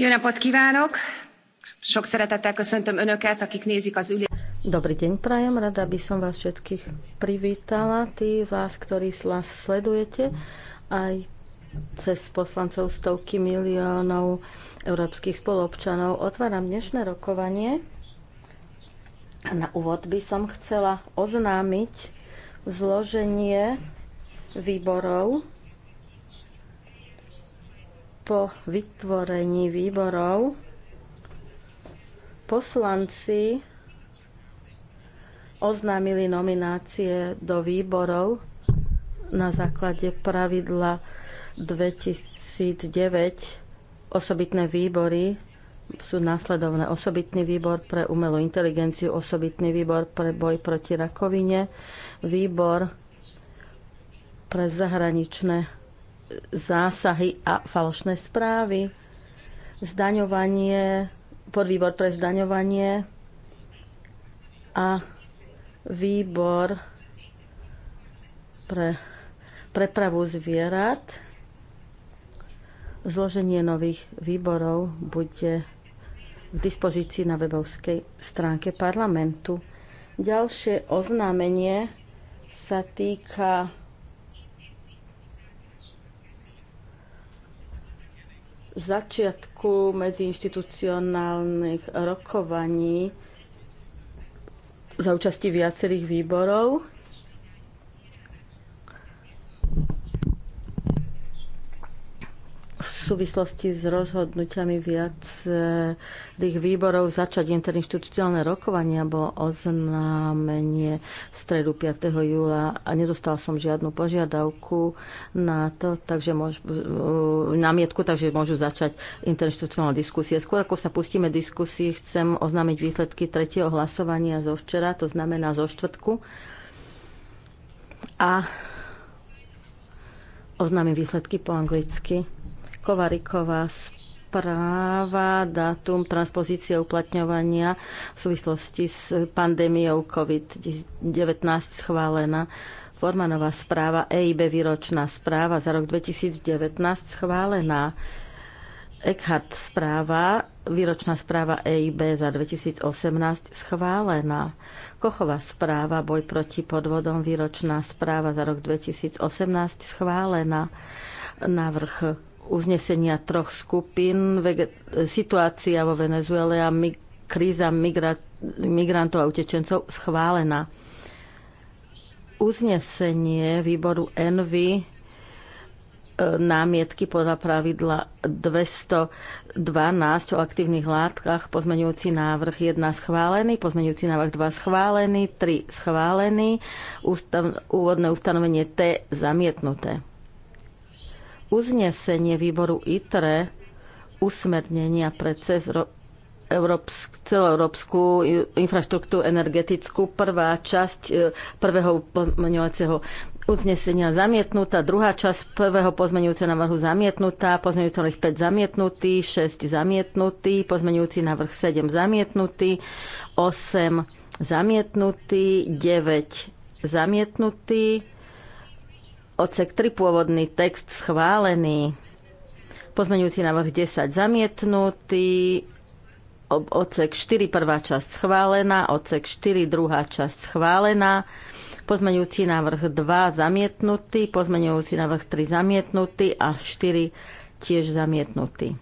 Dobrý deň, prajem. Rada by som vás všetkých privítala, tí z vás, ktorí nás sledujete, aj cez poslancov stovky miliónov európskych spolobčanov. Otváram dnešné rokovanie. Na úvod by som chcela oznámiť zloženie výborov po vytvorení výborov poslanci oznámili nominácie do výborov na základe pravidla 2009 osobitné výbory sú následovné. Osobitný výbor pre umelú inteligenciu, osobitný výbor pre boj proti rakovine, výbor pre zahraničné zásahy a falošné správy, zdaňovanie, podvýbor pre zdaňovanie a výbor pre prepravu zvierat. Zloženie nových výborov bude v dispozícii na webovskej stránke parlamentu. Ďalšie oznámenie sa týka začiatku medziinstitucionálnych rokovaní za účasti viacerých výborov v súvislosti s rozhodnutiami viacerých výborov začať interinstitucionálne rokovania. Bolo oznámenie v stredu 5. júla a nedostal som žiadnu požiadavku na to, takže môž, e, námietku, takže môžu začať interinstitucionálne diskusie. Skôr ako sa pustíme diskusii, chcem oznámiť výsledky tretieho hlasovania zo včera, to znamená zo štvrtku. A oznámim výsledky po anglicky. Kovariková správa, dátum transpozície uplatňovania v súvislosti s pandémiou COVID-19 schválená. Formanová správa, EIB výročná správa za rok 2019 schválená. Eckhart správa, výročná správa EIB za 2018 schválená. Kochová správa, boj proti podvodom, výročná správa za rok 2018 schválená. Návrh uznesenia troch skupín, situácia vo Venezuele a mig- kríza migra- migrantov a utečencov schválená. Uznesenie výboru Envy e, námietky podľa pravidla 212 o aktívnych látkach, pozmeňujúci návrh 1 schválený, pozmeňujúci návrh 2 schválený, 3 schválený, ústav, úvodné ustanovenie T zamietnuté uznesenie výboru ITRE usmernenia pre cez Európsk, celoeurópsku infraštruktúru energetickú. Prvá časť e, prvého pozmeňovacieho uznesenia zamietnutá, druhá časť prvého pozmeňujúceho návrhu zamietnutá, pozmeňujúci 5 zamietnutý, 6 zamietnutý, pozmeňujúci návrh 7 zamietnutý, 8 zamietnutý, 9 zamietnutý, Odsek 3, pôvodný text schválený. Pozmeňujúci návrh 10 zamietnutý. Odsek 4, prvá časť schválená. Odsek 4, druhá časť schválená. Pozmeňujúci návrh 2 zamietnutý. Pozmeňujúci návrh 3 zamietnutý. A 4 tiež zamietnutý.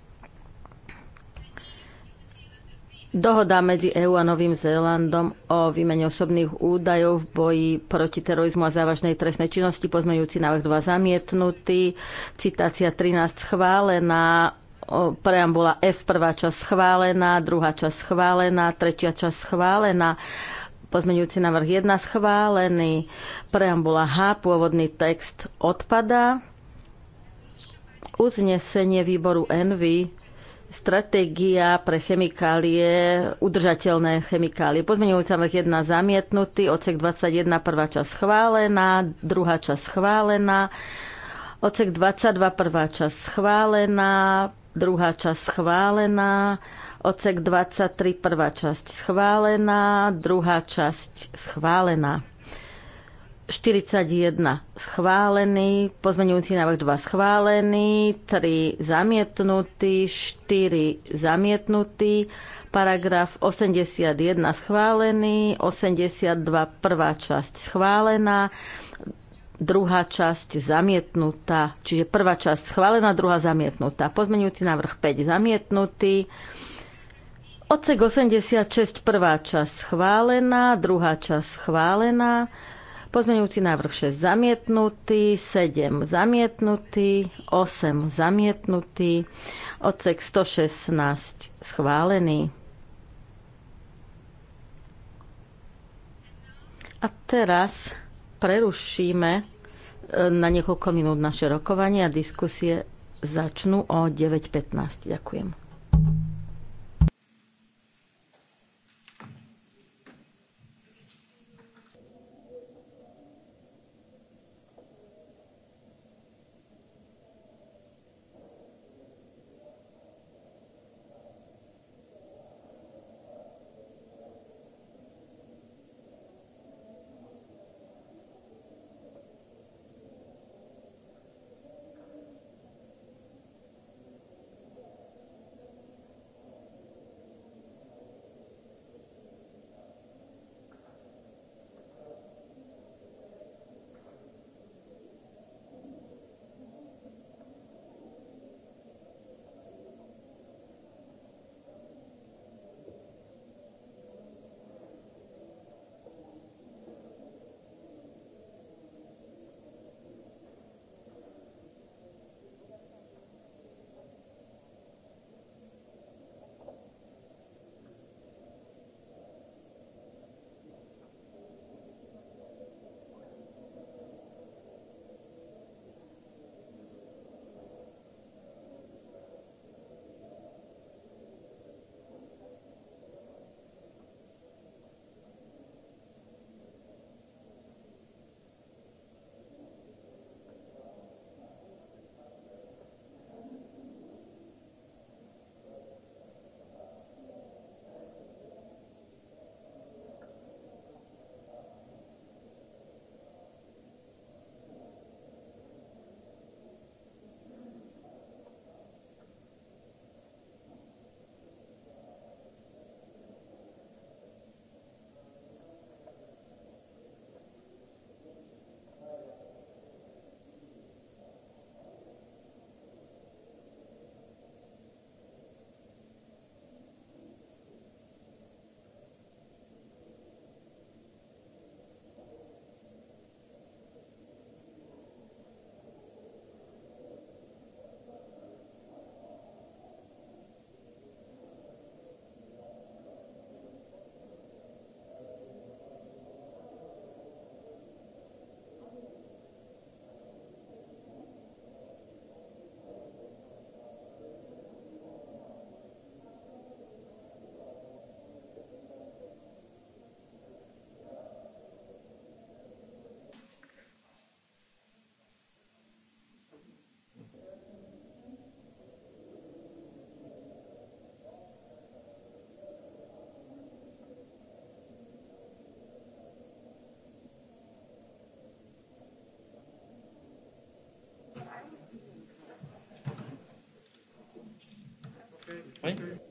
Dohoda medzi EÚ a Novým Zélandom o výmene osobných údajov v boji proti terorizmu a závažnej trestnej činnosti, pozmeňujúci návrh 2 zamietnutý, citácia 13 schválená, preambula F prvá časť schválená, druhá časť schválená, tretia časť schválená, pozmeňujúci návrh 1 schválený, preambula H, pôvodný text odpadá, uznesenie výboru Envy stratégia pre chemikálie, udržateľné chemikálie. Pozmeňujúca vrch 1 zamietnutý, odsek 21, prvá časť schválená, druhá časť schválená, odsek 22, prvá časť schválená, druhá časť schválená, odsek 23, prvá časť schválená, druhá časť schválená. 41 schválený, pozmeňujúci návrh 2 schválený, 3 zamietnutý, 4 zamietnutý, paragraf 81 schválený, 82 prvá časť schválená, druhá časť zamietnutá, čiže prvá časť schválená, druhá zamietnutá. Pozmeňujúci návrh 5 zamietnutý, Odsek 86, prvá časť schválená, druhá časť schválená, Pozmeňujúci návrh 6 zamietnutý, 7 zamietnutý, 8 zamietnutý, odsek 116 schválený. A teraz prerušíme e, na niekoľko minút naše rokovanie a diskusie začnú o 9.15. Ďakujem. Hej?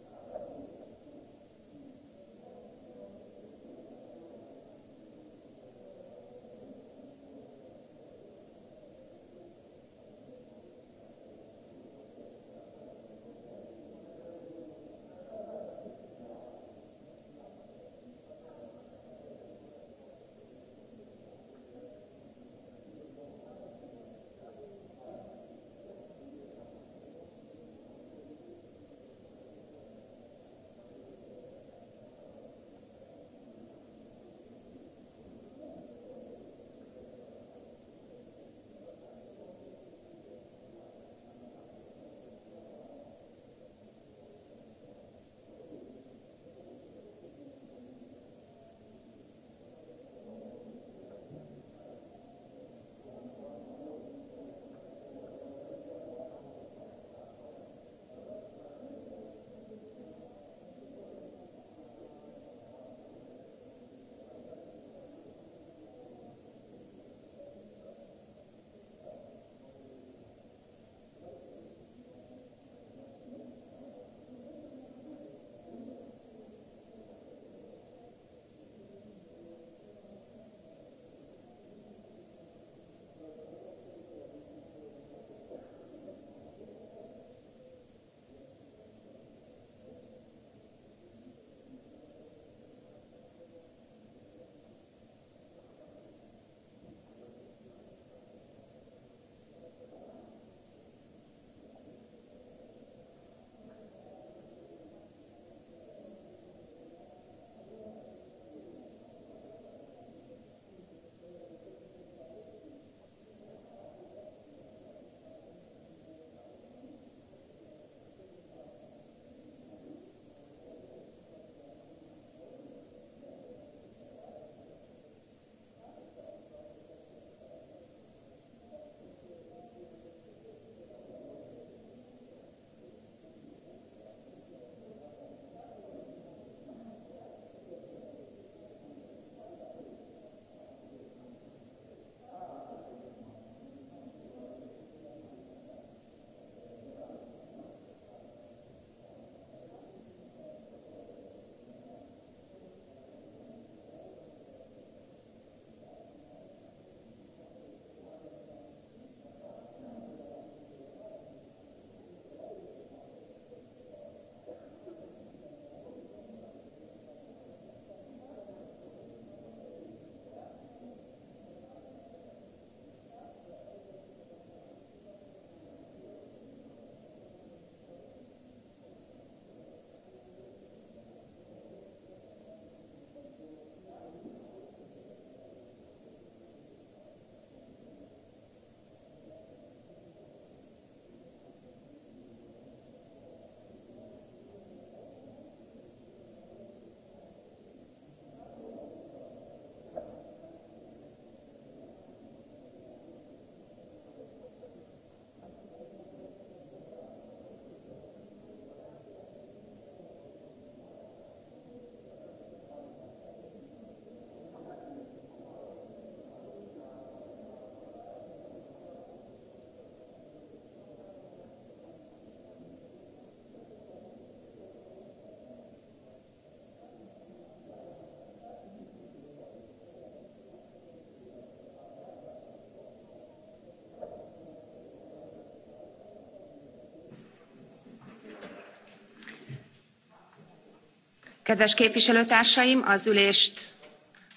Kedves képviselőtársaim, az ülést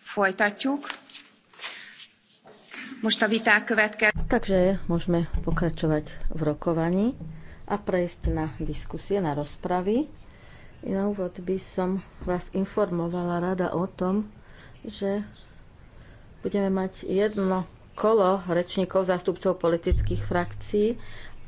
folytatjuk. Most a viták következnek. Takže môžeme pokračovať v rokovaní a prejsť na diskusie, na rozpravy. I Na úvod by som vás informovala rada o tom, že budeme mať jedno kolo rečníkov zástupcov politických frakcií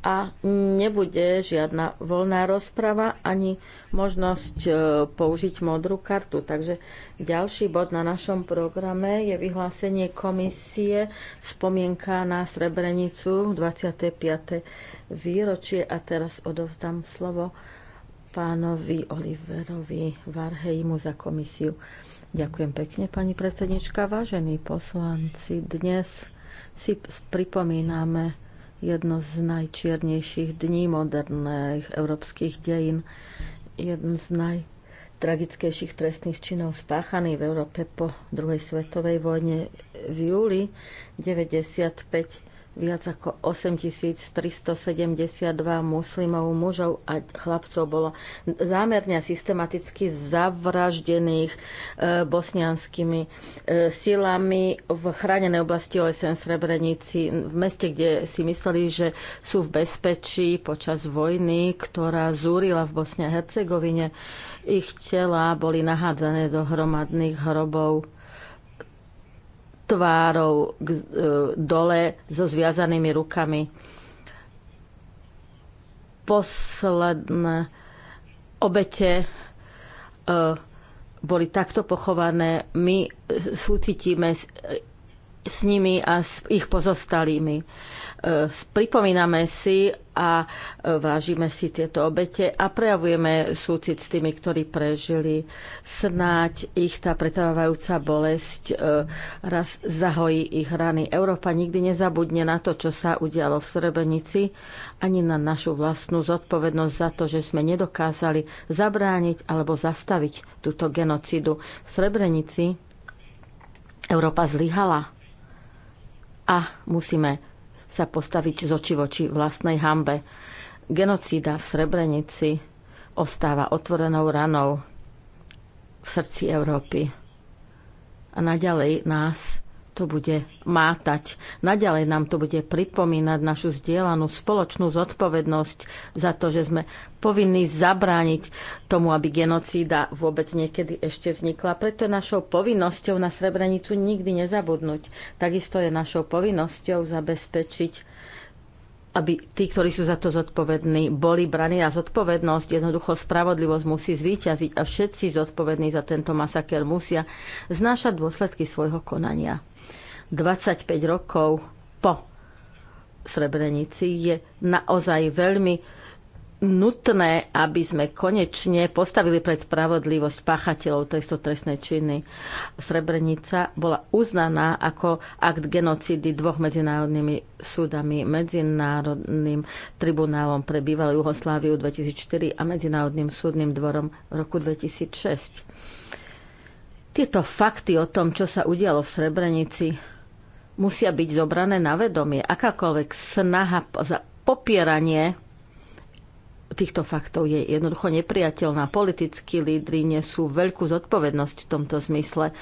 a nebude žiadna voľná rozprava ani možnosť e, použiť modrú kartu. Takže ďalší bod na našom programe je vyhlásenie komisie spomienka na Srebrenicu 25. výročie a teraz odovzdám slovo pánovi Oliverovi Varhejmu za komisiu. Ďakujem pekne, pani predsednička. Vážení poslanci, dnes si pripomíname jedno z najčiernejších dní moderných európskych dejín, jeden z najtragickejších trestných činov spáchaných v Európe po druhej svetovej vojne v júli 95 Viac ako 8372 muslimov, mužov a chlapcov bolo zámerne systematicky zavraždených e, bosnianskými e, silami v chránenej oblasti OSN Srebrenici, v meste, kde si mysleli, že sú v bezpečí počas vojny, ktorá zúrila v Bosne a Hercegovine. Ich tela boli nahádzané do hromadných hrobov tvárou k, e, dole so zviazanými rukami. Posledné obete e, boli takto pochované. My súcitíme s, e, s nimi a s ich pozostalými Eh, pripomíname si a eh, vážime si tieto obete a prejavujeme súcit s tými, ktorí prežili. Snáď ich tá pretrvávajúca bolesť eh, raz zahojí ich rany. Európa nikdy nezabudne na to, čo sa udialo v Srebrenici, ani na našu vlastnú zodpovednosť za to, že sme nedokázali zabrániť alebo zastaviť túto genocidu. V Srebrenici Európa zlyhala a musíme sa postaviť z oči voči vlastnej hambe. Genocída v Srebrenici ostáva otvorenou ranou v srdci Európy. A naďalej nás to bude mátať. Naďalej nám to bude pripomínať našu zdieľanú spoločnú zodpovednosť za to, že sme povinní zabrániť tomu, aby genocída vôbec niekedy ešte vznikla. Preto je našou povinnosťou na Srebrenicu nikdy nezabudnúť. Takisto je našou povinnosťou zabezpečiť aby tí, ktorí sú za to zodpovední, boli braní na zodpovednosť. Jednoducho spravodlivosť musí zvíťaziť a všetci zodpovední za tento masaker musia znášať dôsledky svojho konania. 25 rokov po Srebrenici je naozaj veľmi nutné, aby sme konečne postavili pred spravodlivosť páchateľov tejto trestnej činy. Srebrenica bola uznaná ako akt genocídy dvoch medzinárodnými súdami, Medzinárodným tribunálom pre bývalú Jugosláviu 2004 a Medzinárodným súdnym dvorom v roku 2006. Tieto fakty o tom, čo sa udialo v Srebrenici, musia byť zobrané na vedomie. Akákoľvek snaha za popieranie týchto faktov je jednoducho nepriateľná. Politickí lídry nesú veľkú zodpovednosť v tomto zmysle.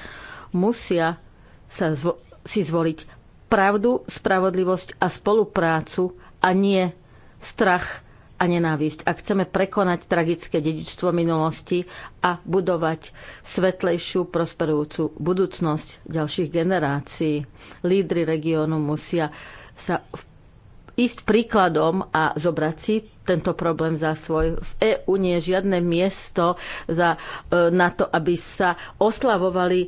Musia sa zvo- si zvoliť pravdu, spravodlivosť a spoluprácu a nie strach a nenávisť. Ak chceme prekonať tragické dedičstvo minulosti a budovať svetlejšiu, prosperujúcu budúcnosť ďalších generácií, lídry regiónu musia sa v ísť príkladom a zobrať si tento problém za svoj. V EÚ nie je žiadne miesto za, e, na to, aby sa oslavovali e,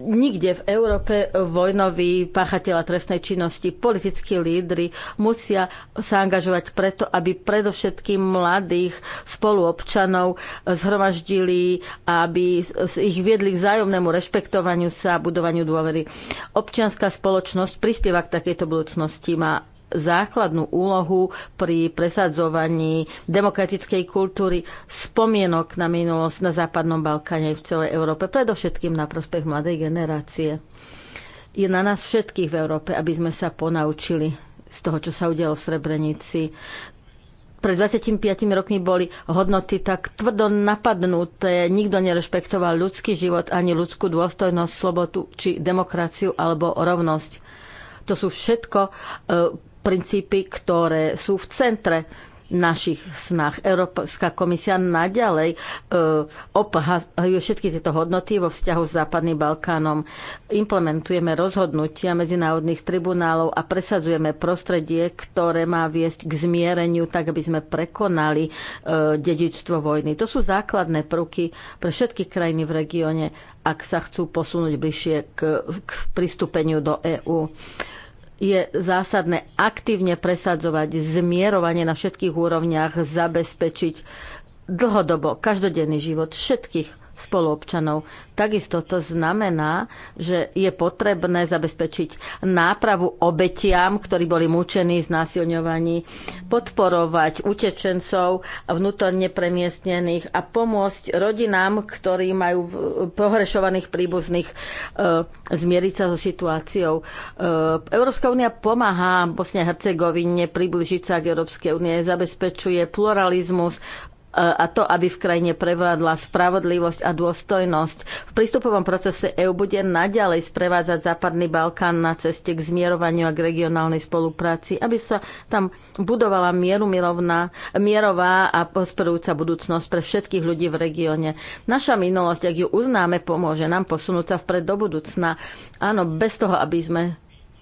nikde v Európe vojnoví páchatela trestnej činnosti. Politickí lídry musia sa angažovať preto, aby predovšetkým mladých spoluobčanov zhromaždili, aby ich viedli k vzájomnému rešpektovaniu sa a budovaniu dôvery. Občianská spoločnosť prispieva k takejto budúcnosti. Má základnú úlohu pri presadzovaní demokratickej kultúry spomienok na minulosť na Západnom Balkáne aj v celej Európe, predovšetkým na prospech mladej generácie. Je na nás všetkých v Európe, aby sme sa ponaučili z toho, čo sa udialo v Srebrenici, pred 25 rokmi boli hodnoty tak tvrdo napadnuté, nikto nerešpektoval ľudský život, ani ľudskú dôstojnosť, slobodu či demokraciu alebo rovnosť. To sú všetko e, princípy, ktoré sú v centre našich snách. Európska komisia naďalej e, obhajuje všetky tieto hodnoty vo vzťahu s Západným Balkánom. Implementujeme rozhodnutia medzinárodných tribunálov a presadzujeme prostredie, ktoré má viesť k zmiereniu, tak aby sme prekonali e, dedičstvo vojny. To sú základné prvky pre všetky krajiny v regióne, ak sa chcú posunúť bližšie k, k pristúpeniu do EÚ je zásadné aktívne presadzovať zmierovanie na všetkých úrovniach, zabezpečiť dlhodobo, každodenný život všetkých spoluobčanov. Takisto to znamená, že je potrebné zabezpečiť nápravu obetiam, ktorí boli mučení, znásilňovaní, podporovať utečencov vnútorne premiestnených a pomôcť rodinám, ktorí majú pohrešovaných príbuzných e, zmieriť sa so situáciou. E, Európska únia pomáha Bosne a Hercegovine približiť sa k Európskej únie, zabezpečuje pluralizmus, a to, aby v krajine prevládla spravodlivosť a dôstojnosť. V prístupovom procese EÚ bude naďalej sprevádzať Západný Balkán na ceste k zmierovaniu a k regionálnej spolupráci, aby sa tam budovala mieru milovná, mierová a prosperujúca budúcnosť pre všetkých ľudí v regióne. Naša minulosť, ak ju uznáme, pomôže nám posunúť sa vpred do budúcna. Áno, bez toho, aby sme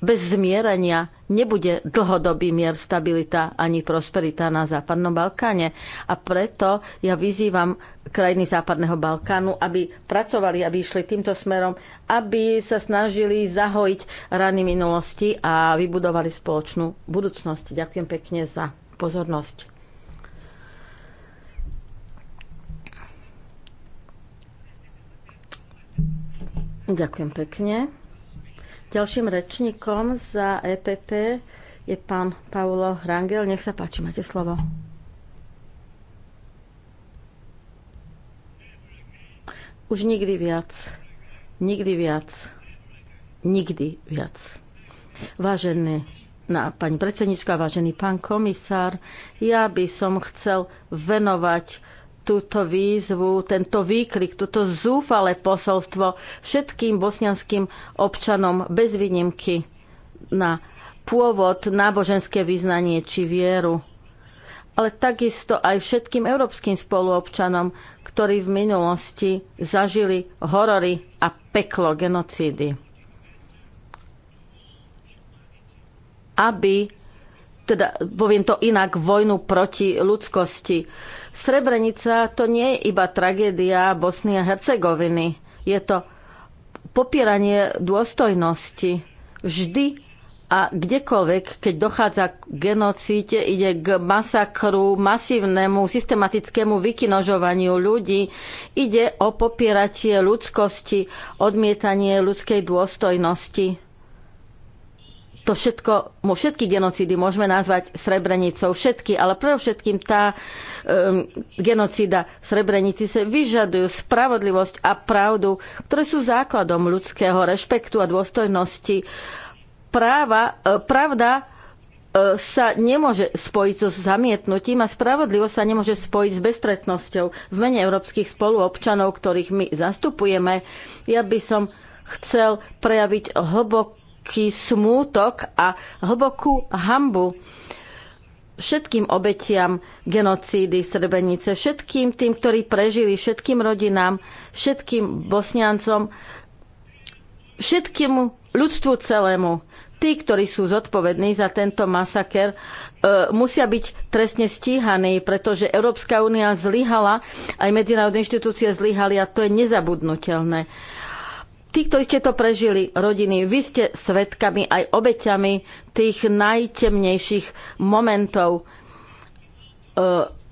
bez zmierenia nebude dlhodobý mier, stabilita ani prosperita na Západnom Balkáne. A preto ja vyzývam krajiny Západného Balkánu, aby pracovali, aby išli týmto smerom, aby sa snažili zahojiť rany minulosti a vybudovali spoločnú budúcnosť. Ďakujem pekne za pozornosť. Ďakujem pekne. Ďalším rečníkom za EPP je pán Paulo Rangel. Nech sa páči, máte slovo. Už nikdy viac. Nikdy viac. Nikdy viac. Vážený na pani predsednička, vážený pán komisár, ja by som chcel venovať túto výzvu, tento výklik, toto zúfale posolstvo všetkým bosnianským občanom bez výnimky na pôvod, náboženské význanie či vieru. Ale takisto aj všetkým európskym spoluobčanom, ktorí v minulosti zažili horory a peklo genocídy. Aby, teda poviem to inak, vojnu proti ľudskosti Srebrenica to nie je iba tragédia Bosny a Hercegoviny. Je to popieranie dôstojnosti. Vždy a kdekoľvek, keď dochádza k genocíde, ide k masakru, masívnemu, systematickému vykinožovaniu ľudí, ide o popieratie ľudskosti, odmietanie ľudskej dôstojnosti to všetko, všetky genocídy môžeme nazvať Srebrenicou, všetky, ale predovšetkým tá um, genocída Srebrenici sa vyžadujú spravodlivosť a pravdu, ktoré sú základom ľudského rešpektu a dôstojnosti. Práva, e, pravda e, sa nemôže spojiť so zamietnutím a spravodlivosť sa nemôže spojiť s bestretnosťou v mene európskych spoluobčanov, ktorých my zastupujeme. Ja by som chcel prejaviť hlbok, veľký smútok a hlbokú hambu všetkým obetiam genocídy Srebrenice, všetkým tým, ktorí prežili, všetkým rodinám, všetkým bosniancom, všetkému ľudstvu celému. Tí, ktorí sú zodpovední za tento masaker, e, musia byť trestne stíhaní, pretože Európska únia zlyhala, aj medzinárodné inštitúcie zlyhali a to je nezabudnutelné tí, ktorí ste to prežili, rodiny, vy ste svetkami aj obeťami tých najtemnejších momentov. E,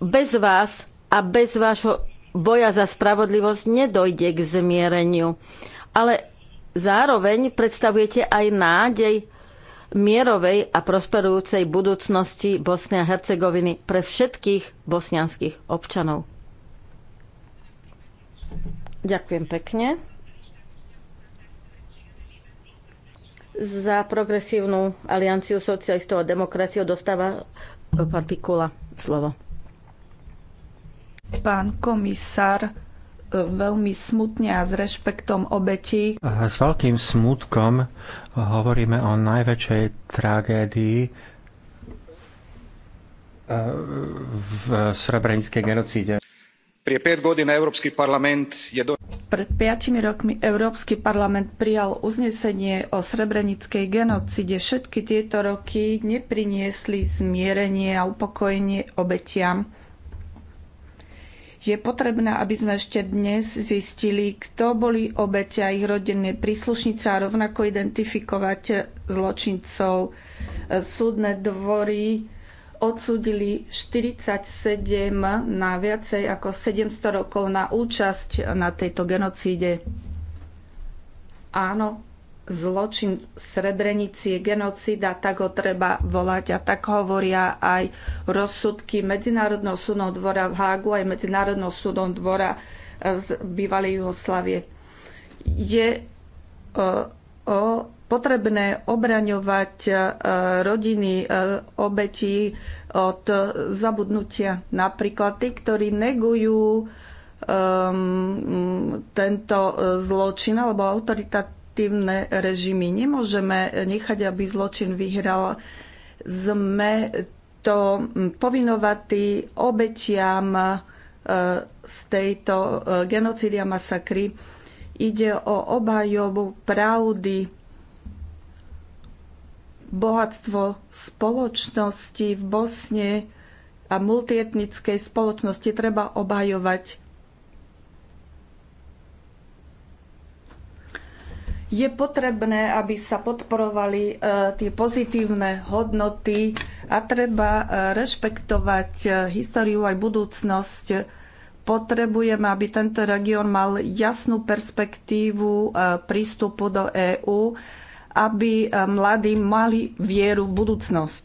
bez vás a bez vášho boja za spravodlivosť nedojde k zmiereniu. Ale zároveň predstavujete aj nádej mierovej a prosperujúcej budúcnosti Bosny a Hercegoviny pre všetkých bosnianských občanov. Ďakujem pekne. Za progresívnu alianciu socialistov a demokraciou dostáva e, pán Pikula slovo. Pán komisár, e, veľmi smutne a s rešpektom obetí. S veľkým smutkom hovoríme o najväčšej tragédii e, v srebrenickej genocíde prije godina Európsky parlament je do... Pred piatimi rokmi Európsky parlament prijal uznesenie o srebrenickej genocide. Všetky tieto roky nepriniesli zmierenie a upokojenie obetiam. Je potrebné, aby sme ešte dnes zistili, kto boli obete a ich rodinné príslušníci a rovnako identifikovať zločincov. Súdne dvory odsúdili 47 na viacej ako 700 rokov na účasť na tejto genocíde. Áno, zločin v Srebrenici je genocída, tak ho treba volať a tak hovoria aj rozsudky Medzinárodného súdneho dvora v Hágu aj Medzinárodného súdneho dvora z bývalej Jugoslavie. Je e, o, o potrebné obraňovať e, rodiny e, obetí od zabudnutia. Napríklad tí, ktorí negujú um, tento e, zločin alebo autoritatívne režimy. Nemôžeme nechať, aby zločin vyhral. Sme to povinovatí obetiam z tejto genocídia masakry. Ide o obhajobu pravdy bohatstvo spoločnosti v Bosne a multietnickej spoločnosti treba obhajovať. Je potrebné, aby sa podporovali e, tie pozitívne hodnoty a treba e, rešpektovať e, históriu aj budúcnosť. Potrebujeme, aby tento región mal jasnú perspektívu prístupu do EÚ aby eh, mladí mali vieru v budúcnosť.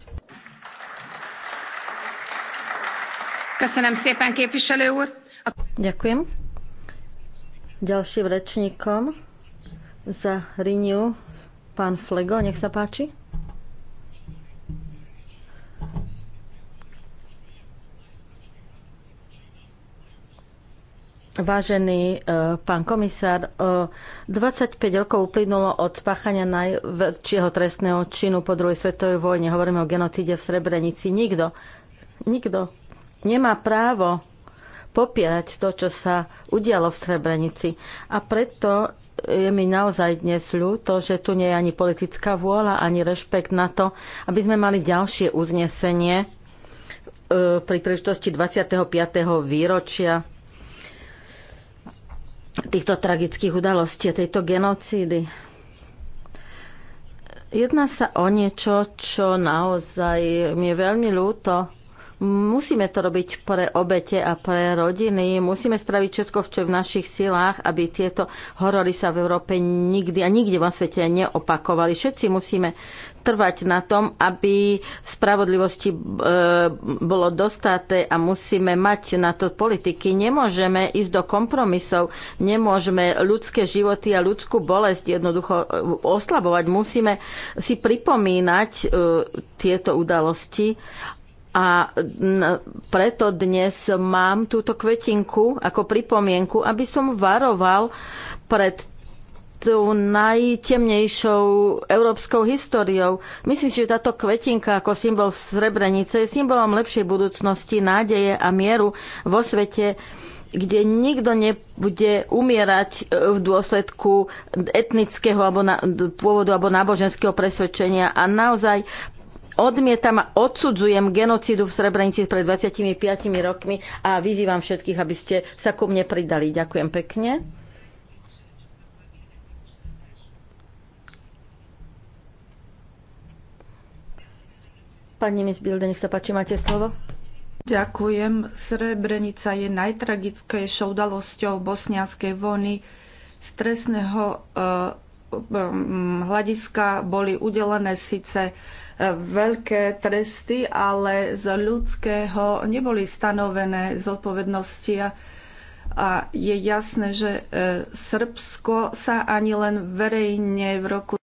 Ďakujem. Ďalším rečníkom za Riniu pán Flego, nech sa páči. Vážený e, pán komisár, 25 e, rokov uplynulo od spáchania najväčšieho trestného činu po druhej svetovej vojne. Hovoríme o genocíde v Srebrenici. Nikto, nikto nemá právo popierať to, čo sa udialo v Srebrenici. A preto je mi naozaj dnes ľúto, že tu nie je ani politická vôľa, ani rešpekt na to, aby sme mali ďalšie uznesenie e, pri príležitosti 25. výročia týchto tragických udalostí, tejto genocídy. Jedná sa o niečo, čo naozaj mi je veľmi ľúto. Musíme to robiť pre obete a pre rodiny. Musíme spraviť všetko, čo je v našich silách, aby tieto horory sa v Európe nikdy a nikde vo svete neopakovali. Všetci musíme trvať na tom, aby spravodlivosti e, bolo dostaté a musíme mať na to politiky. Nemôžeme ísť do kompromisov, nemôžeme ľudské životy a ľudskú bolesť jednoducho e, oslabovať. Musíme si pripomínať e, tieto udalosti a preto dnes mám túto kvetinku ako pripomienku, aby som varoval pred tou najtemnejšou európskou históriou. Myslím, že táto kvetinka ako symbol v Srebrenice je symbolom lepšej budúcnosti, nádeje a mieru vo svete, kde nikto nebude umierať e, v dôsledku etnického alebo na, pôvodu alebo náboženského presvedčenia. A naozaj odmietam a odsudzujem genocidu v Srebrenici pred 25 rokmi a vyzývam všetkých, aby ste sa ku mne pridali. Ďakujem pekne. Pani nech sa páči, máte slovo. Ďakujem. Srebrenica je najtragickejšou udalosťou bosnianskej vojny. Z trestného eh, hľadiska boli udelené síce eh, veľké tresty, ale z ľudského neboli stanovené zodpovednosti a je jasné, že eh, Srbsko sa ani len verejne v roku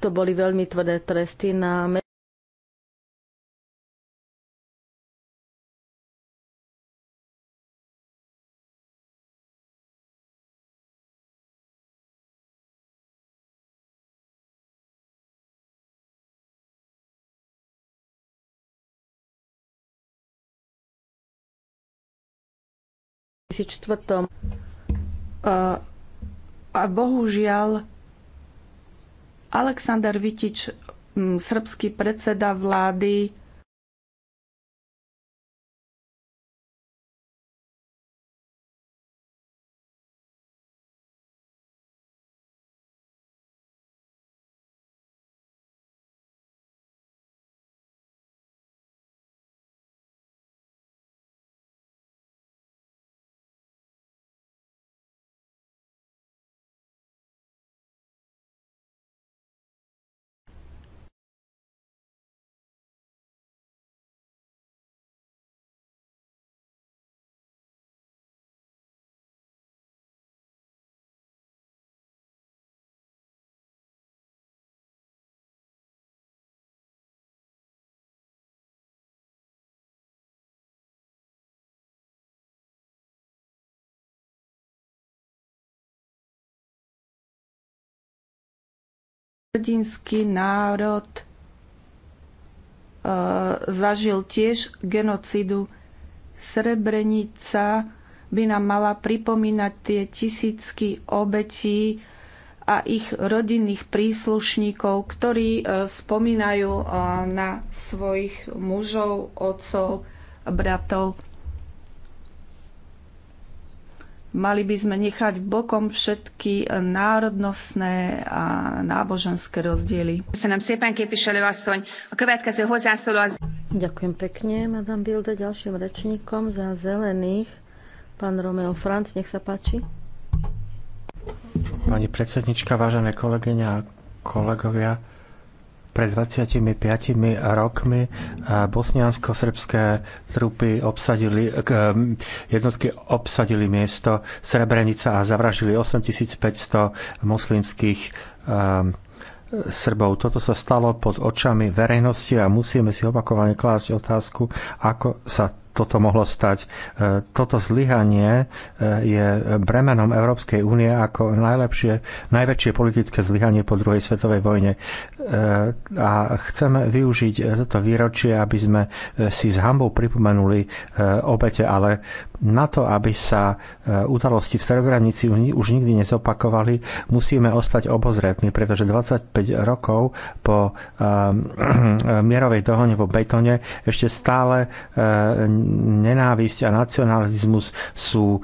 to boli veľmi tvrdé tresty na A, a bohužiaľ Aleksandar Vitič, srbský predseda vlády, hrdinský národ e, zažil tiež genocidu. Srebrenica by nám mala pripomínať tie tisícky obetí a ich rodinných príslušníkov, ktorí e, spomínajú e, na svojich mužov, otcov, bratov. Mali by sme nechať bokom všetky národnostné a náboženské rozdiely. Ďakujem pekne, Madame Bilde. Ďalším rečníkom za zelených, pán Romeo Franc, nech sa páči. Pani predsednička, vážené kolegyňa a kolegovia, pred 25 rokmi bosniansko-srbské trupy obsadili, jednotky obsadili miesto Srebrenica a zavražili 8500 moslimských um, Srbov. Toto sa stalo pod očami verejnosti a musíme si opakovane klásť otázku, ako sa toto mohlo stať. E, toto zlyhanie e, je bremenom Európskej únie ako najlepšie, najväčšie politické zlyhanie po druhej svetovej vojne. E, a chceme využiť toto výročie, aby sme si s hambou pripomenuli obete, ale na to, aby sa e, udalosti v Srebrenici už nikdy nezopakovali, musíme ostať obozretní, pretože 25 rokov po e, e, mierovej dohone vo Bejtone ešte stále nenávisť a nacionalizmus sú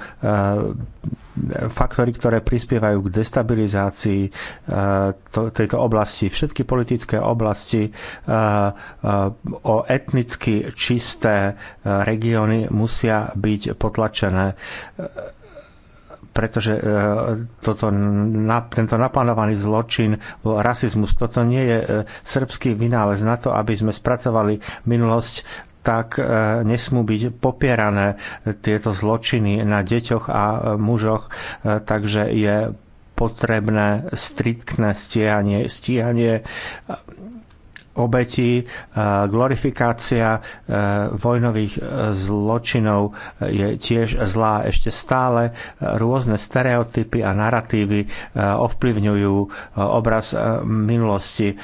faktory, ktoré prispievajú k destabilizácii tejto oblasti. Všetky politické oblasti o etnicky čisté regióny musia byť potlačené e, pretože e, toto, tento naplánovaný zločin, e, rasizmus, toto nie je srbský vynález na to, aby sme spracovali minulosť tak nesmú byť popierané tieto zločiny na deťoch a mužoch, takže je potrebné striktné stíhanie, stíhanie obetí. E, glorifikácia e, vojnových e, zločinov je tiež zlá. Ešte stále rôzne stereotypy a narratívy ovplyvňujú obraz minulosti.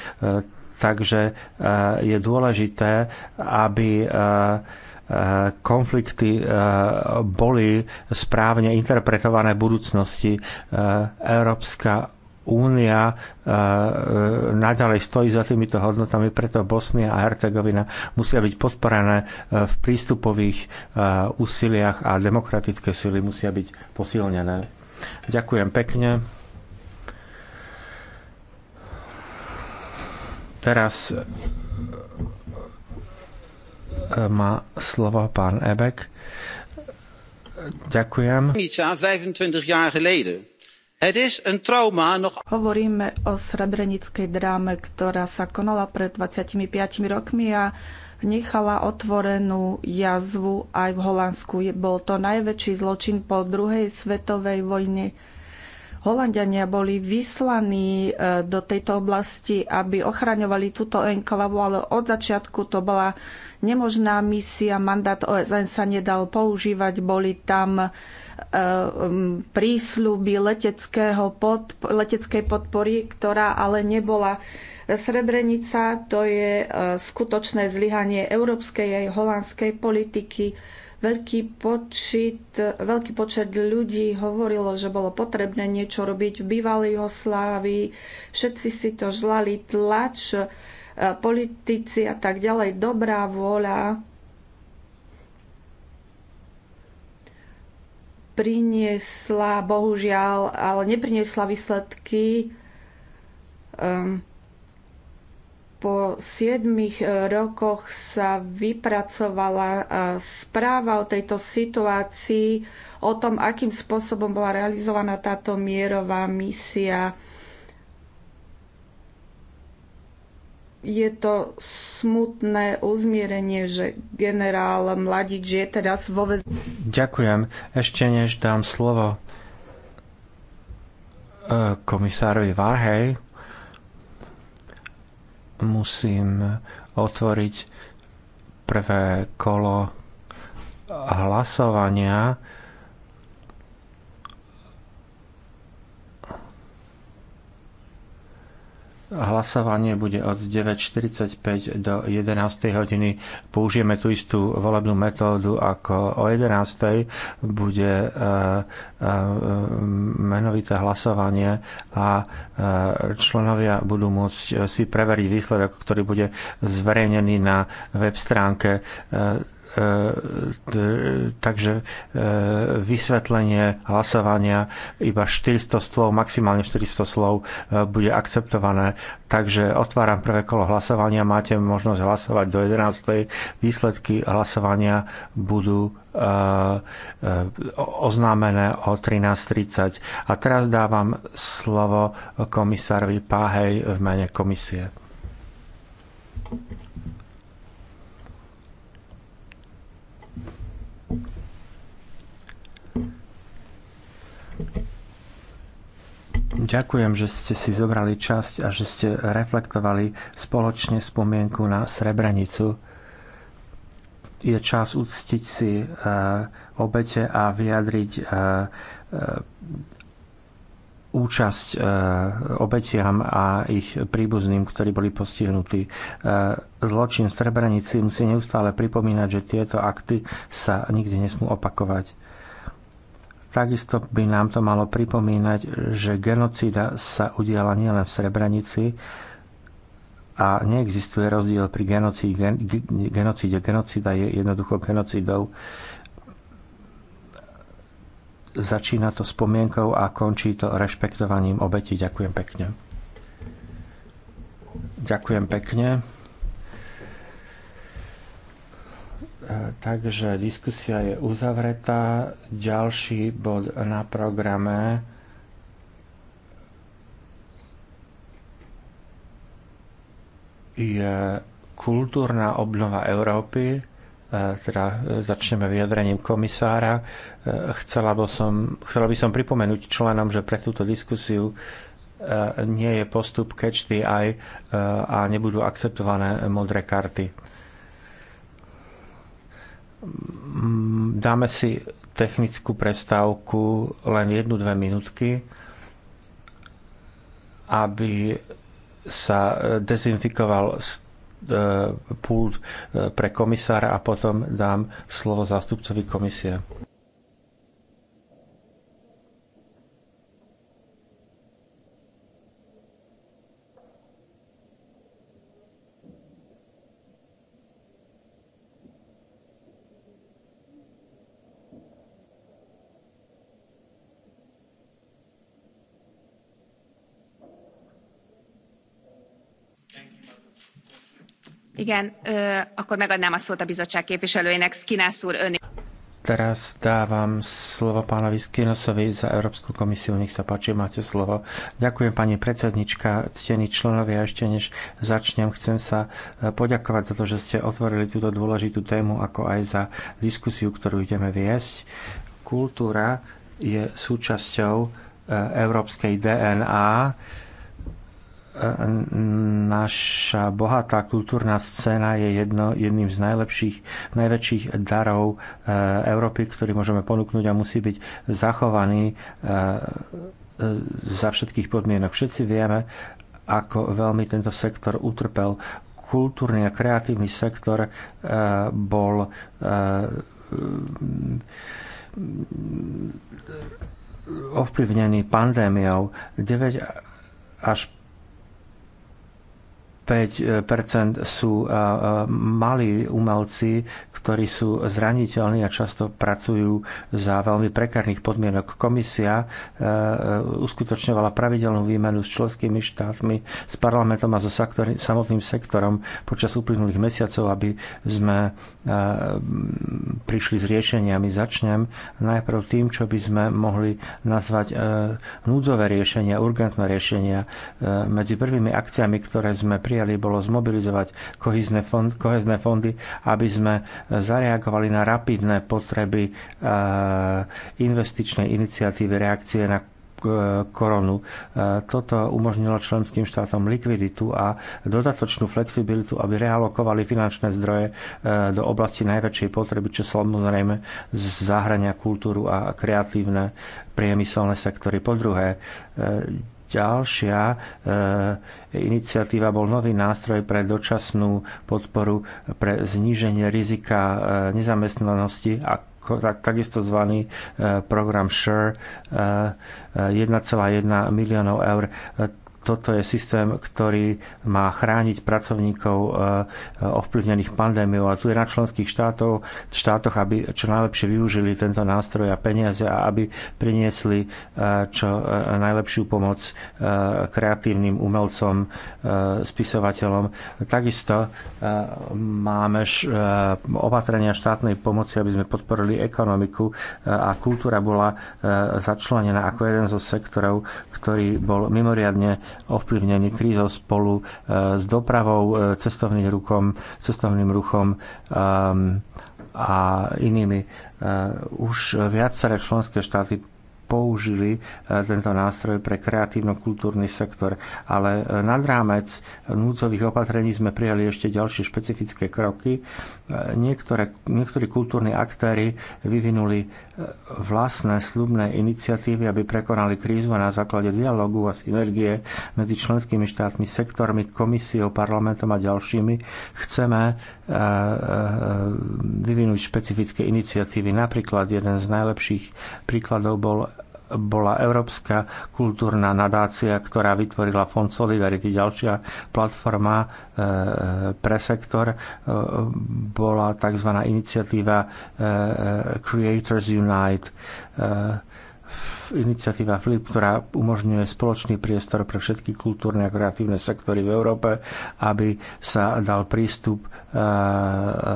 Takže je dôležité, aby konflikty boli správne interpretované v budúcnosti. Európska únia e, nadalej stojí za týmito hodnotami, preto Bosnia a Hercegovina musia byť podporené e, v prístupových e, úsiliach a demokratické sily musia byť posilnené. Ďakujem pekne. Teraz má slovo pán Ebek. Ďakujem. 25 jaar geleden Hovoríme o srebrenickej dráme, ktorá sa konala pred 25 rokmi a nechala otvorenú jazvu aj v Holandsku. Bol to najväčší zločin po druhej svetovej vojne. Holandiania boli vyslaní e, do tejto oblasti, aby ochraňovali túto enklavu, ale od začiatku to bola nemožná misia. Mandát OSN sa nedal používať, boli tam Eh, prísľuby podp leteckej podpory, ktorá ale nebola. Srebrenica to je eh, skutočné zlyhanie európskej aj holandskej politiky. Veľký, počet, veľký počet ľudí hovorilo, že bolo potrebné niečo robiť v bývalej Jugoslávii. Všetci si to žlali, tlač, eh, politici a tak ďalej. Dobrá vôľa priniesla, bohužiaľ, ale nepriniesla výsledky. Um, po 7 eh, rokoch sa vypracovala eh, správa o tejto situácii, o tom, akým spôsobom bola realizovaná táto mierová misia je to smutné uzmierenie, že generál Mladič je teraz vo väz... Ďakujem. Ešte než dám slovo e, komisárovi Varhej, musím otvoriť prvé kolo hlasovania Hlasovanie bude od 9.45 do 11. hodiny. Použijeme tú istú volebnú metódu ako o 11. Bude e, e, menovité hlasovanie a e, členovia budú môcť si preveriť výsledok, ktorý bude zverejnený na web stránke E, takže e, vysvetlenie hlasovania iba 400 slov, maximálne 400 slov e, bude akceptované. Takže otváram prvé kolo hlasovania, máte možnosť hlasovať do 11. Výsledky hlasovania budú oznámené o 13.30. A teraz dávam slovo komisárovi Páhej v mene komisie. Ďakujem, že ste si zobrali časť a že ste reflektovali spoločne spomienku na Srebrenicu. Je čas uctiť si e, obete a vyjadriť e, e, účasť obetiam a ich príbuzným, ktorí boli postihnutí. Zločin v Srebrenici musí neustále pripomínať, že tieto akty sa nikdy nesmú opakovať. Takisto by nám to malo pripomínať, že genocída sa udiala nielen v Srebrenici a neexistuje rozdiel pri genocíde. genocíde. Genocída je jednoducho genocídou. Začína to spomienkou a končí to rešpektovaním obeti. Ďakujem pekne. Ďakujem pekne. E, takže diskusia je uzavretá. Ďalší bod na programe je kultúrna obnova Európy. E, teda e, začneme vyjadrením komisára. Chcela by, som, chcela by som pripomenúť členom, že pre túto diskusiu nie je postup catch the eye a nebudú akceptované modré karty Mm, dáme si technickú prestávku len jednu, dve minútky, aby sa e, dezinfikoval e, pult e, pre komisára a potom dám slovo zástupcovi komisie. Igen, ö, akkor megadnám a szót a bizottság képviselőjének. Skinász úr, ön... Teraz dávam slovo pánovi Skinosovi za Európsku komisiu. Nech sa páči, máte slovo. Ďakujem pani predsednička, ctení členovia. Ešte než začnem, chcem sa e, poďakovať za to, že ste otvorili túto dôležitú tému, ako aj za diskusiu, ktorú ideme viesť. Kultúra je súčasťou e, európskej DNA naša bohatá kultúrna scéna je jedno, jedným z najlepších, najväčších darov e, Európy, ktorý môžeme ponúknuť a musí byť zachovaný e, e, za všetkých podmienok. Všetci vieme, ako veľmi tento sektor utrpel. Kultúrny a kreatívny sektor bol ovplyvnený pandémiou. 9 až 5 sú e, e, malí umelci, ktorí sú zraniteľní a často pracujú za veľmi prekárnych podmienok. Komisia e, uskutočňovala pravidelnú výmenu s členskými štátmi, s parlamentom a so samotným sektorom počas uplynulých mesiacov, aby sme prišli s riešeniami. Začnem najprv tým, čo by sme mohli nazvať núdzové riešenia, urgentné riešenia. Medzi prvými akciami, ktoré sme prijali, prijali, bolo zmobilizovať kohezné fond, fondy, aby sme e, zareagovali na rapidné potreby e, investičnej iniciatívy reakcie na e, koronu. Toto umožnilo členským štátom likviditu a dodatočnú flexibilitu, aby realokovali finančné zdroje do oblasti najväčšej potreby, čo samozrejme zahrania kultúru a kreatívne priemyselné sektory. Po druhé, Ďalšia e, iniciatíva bol nový nástroj pre dočasnú podporu pre zníženie rizika e, nezamestnanosti a tak, takisto zvaný e, program Share 1,1 e, e, miliónov eur toto je systém, ktorý má chrániť pracovníkov eh, eh, ovplyvnených pandémiou a tu je na členských štátov, štátoch, aby čo najlepšie využili tento nástroj a peniaze a aby priniesli eh, čo najlepšiu pomoc kreatívnym umelcom, spisovateľom. Takisto máme opatrenia štátnej pomoci, aby sme podporili ekonomiku a kultúra bola začlenená ako jeden zo sektorov, ktorý bol mimoriadne ovplyvnený krízou spolu e, s dopravou, e, cestovným ruchom, cestovným ruchom e, a inými. Už viaceré členské štáty použili e, tento nástroj pre kreatívno-kultúrny sektor. Ale e, nad rámec núdzových opatrení sme prijali ešte ďalšie špecifické kroky. E, niektoré, niektorí kultúrni aktéry vyvinuli vlastné slubné iniciatívy, aby prekonali krízu a na základe dialogu a synergie medzi členskými štátmi, sektormi, komisiou, parlamentom a ďalšími chceme vyvinúť špecifické iniciatívy. Napríklad jeden z najlepších príkladov bol bola Európska kultúrna nadácia, ktorá vytvorila Fond Solidarity. Ďalšia platforma e, pre sektor e, bola tzv. iniciatíva e, Creators Unite iniciatíva FLIP, ktorá umožňuje spoločný priestor pre všetky kultúrne a kreatívne sektory v Európe, aby sa dal prístup Eh,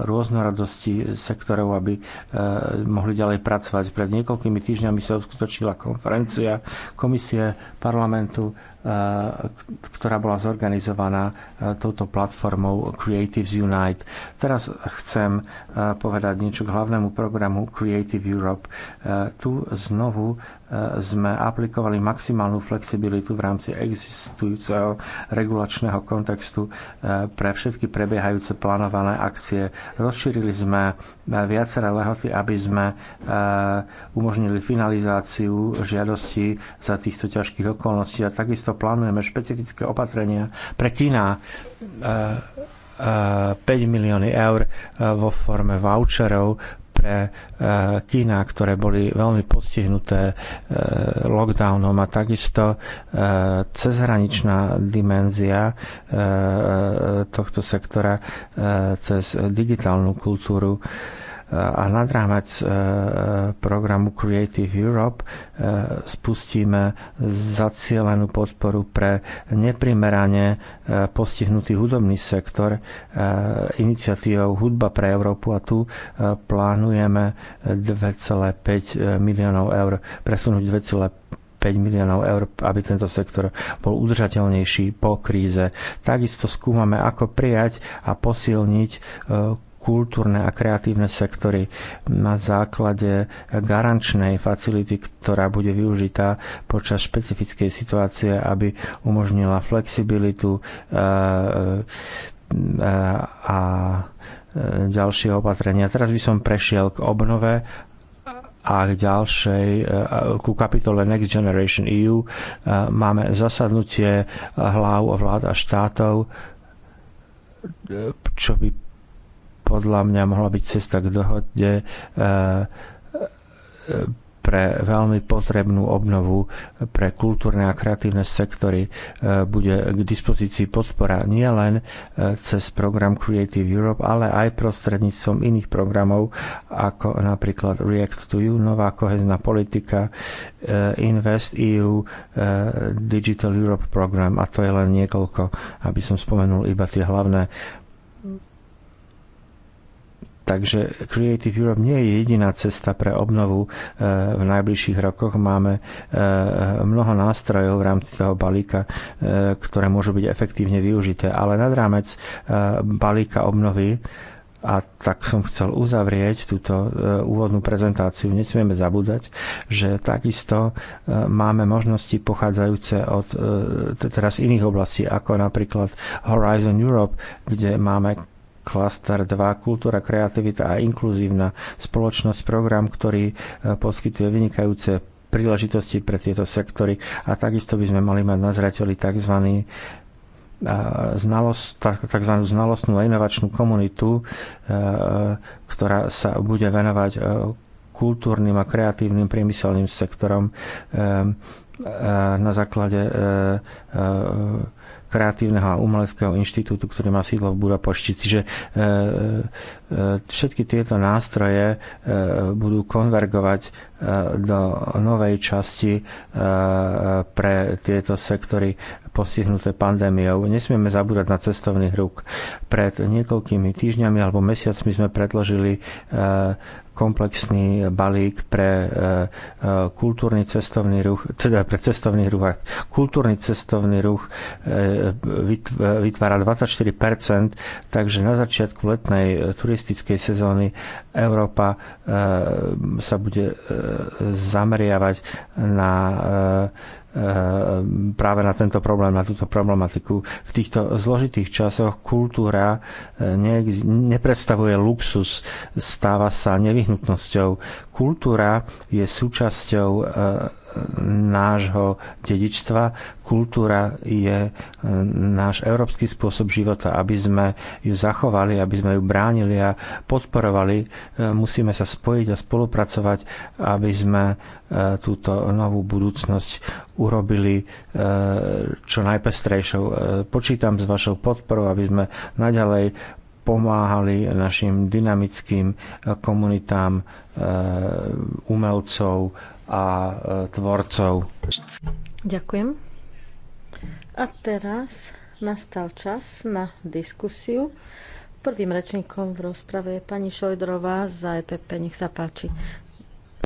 rôznorodosti sektorov, aby eh, mohli ďalej pracovať. Pred niekoľkými týždňami sa uskutočnila konferencia komisie parlamentu, eh, ktorá bola zorganizovaná touto platformou Creatives Unite. Teraz chcem povedať niečo k hlavnému programu Creative Europe. Tu znovu sme aplikovali maximálnu flexibilitu v rámci existujúceho regulačného kontextu pre všetky prebiehajúce plány plánované akcie. Rozšírili sme e, viaceré lehoty, aby sme e, umožnili finalizáciu žiadosti za týchto ťažkých okolností a takisto plánujeme špecifické opatrenia pre Kína 5 e, milióny eur vo forme voucherov pre e, kína, ktoré boli veľmi postihnuté e, lockdownom a takisto e, cezhraničná dimenzia tohto sektora cez digitálnu kultúru a nad rámec e, programu Creative Europe e, spustíme zacielenú podporu pre neprimerane e, postihnutý hudobný sektor iniciatívou Hudba pre Európu a tu plánujeme 2,5 miliónov eur, presunúť 2,5 5 miliónov eur, aby tento sektor bol udržateľnejší po kríze. Takisto skúmame, ako prijať a posilniť kultúrne a kreatívne sektory na základe garančnej facility, ktorá bude využitá počas špecifickej situácie, aby umožnila flexibilitu e, e, e, a ďalšie opatrenia. Teraz by som prešiel k obnove a k ďalšej, ku kapitole Next Generation EU máme zasadnutie hlav vlád a štátov, čo by podľa mňa mohla byť cesta k dohode e, e, pre veľmi potrebnú obnovu pre kultúrne a kreatívne sektory e, bude k dispozícii podpora nielen cez program Creative Europe, ale aj prostredníctvom iných programov, ako napríklad React to You, nová kohezná politika, Invest EU, Digital Europe program a to je len niekoľko, aby som spomenul iba tie hlavné Takže Creative Europe nie je jediná cesta pre obnovu e, v najbližších rokoch. Máme e, mnoho nástrojov v rámci toho balíka, e, ktoré môžu byť efektívne využité. Ale nad rámec balíka obnovy a tak som chcel uzavrieť túto úvodnú prezentáciu. Nesmieme zabúdať, že takisto máme možnosti pochádzajúce od teraz iných oblastí, ako napríklad Horizon Europe, kde máme klaster 2 Kultúra, kreativita a inkluzívna spoločnosť, program, ktorý e, poskytuje vynikajúce príležitosti pre tieto sektory a takisto by sme mali mať na zreteli tzv. E, znalost, tzv. znalostnú a inovačnú komunitu, e, ktorá sa bude venovať kultúrnym a kreatívnym priemyselným sektorom na základe kreatívneho a umeleckého inštitútu, ktorý má sídlo v Budapešti. Čiže e, e, e, všetky tieto nástroje budú konvergovať do novej časti pre tieto sektory postihnuté pandémiou. Nesmieme zabúdať na cestovný ruk. Pred niekoľkými týždňami alebo mesiacmi sme predložili komplexný balík pre e, e, kultúrny cestovný ruch, teda pre cestovný ruch. Kultúrny cestovný ruch e, vytvára 24%, takže na začiatku letnej turistickej sezóny Európa sa bude zameriavať na Eh, práve na tento problém, na túto problematiku. V týchto zložitých časoch kultúra eh, ne, nepredstavuje luxus, stáva sa nevyhnutnosťou. Kultúra je súčasťou eh, nášho dedičstva. Kultúra je e, náš európsky spôsob života. Aby sme ju zachovali, aby sme ju bránili a podporovali, e, musíme sa spojiť a spolupracovať, aby sme e, túto novú budúcnosť urobili čo najpestrejšou. Počítam s vašou podporou, aby sme naďalej pomáhali našim dynamickým komunitám umelcov, a e, tvorcov. Ďakujem. A teraz nastal čas na diskusiu. Prvým rečníkom v rozprave je pani Šojdrová za EPP. Nech sa páči.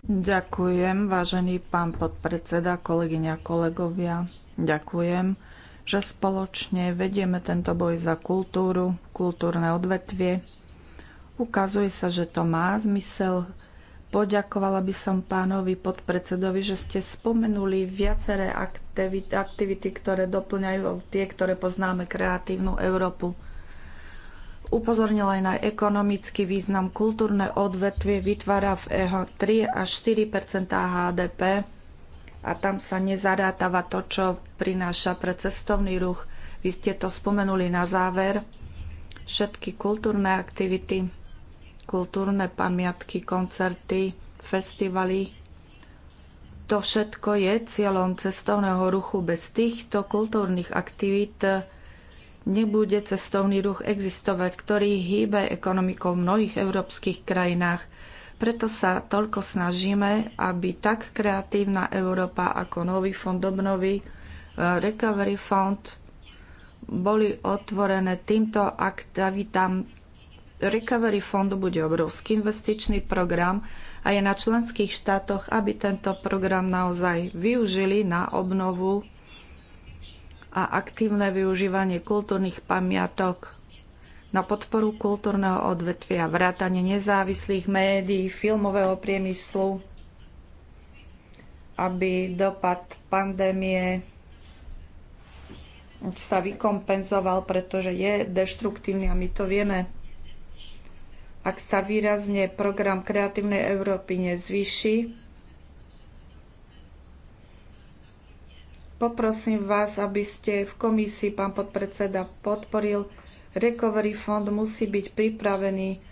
Ďakujem, vážený pán podpredseda, kolegyňa, kolegovia. Ďakujem, že spoločne vedieme tento boj za kultúru, kultúrne odvetvie. Ukazuje sa, že to má zmysel, Poďakovala by som pánovi podpredsedovi, že ste spomenuli viaceré aktivity, aktivity ktoré doplňajú tie, ktoré poznáme kreatívnu Európu. Upozornila aj na ekonomický význam. Kultúrne odvetvie vytvára v EHO 3 až 4 HDP a tam sa nezarátava to, čo prináša pre cestovný ruch. Vy ste to spomenuli na záver. Všetky kultúrne aktivity kultúrne pamiatky, koncerty, festivaly. To všetko je cieľom cestovného ruchu. Bez týchto kultúrnych aktivít nebude cestovný ruch existovať, ktorý hýbe ekonomikou v mnohých európskych krajinách. Preto sa toľko snažíme, aby tak kreatívna Európa ako Nový fond obnovy, eh, Recovery Fond boli otvorené týmto aktivitám Recovery fondu bude obrovský investičný program a je na členských štátoch, aby tento program naozaj využili na obnovu a aktívne využívanie kultúrnych pamiatok na podporu kultúrneho odvetvia, vrátanie nezávislých médií, filmového priemyslu, aby dopad pandémie sa vykompenzoval, pretože je deštruktívny a my to vieme. Ak sa výrazne program Kreatívnej Európy nezvýši, poprosím vás, aby ste v komisii, pán podpredseda, podporil. Recovery fond musí byť pripravený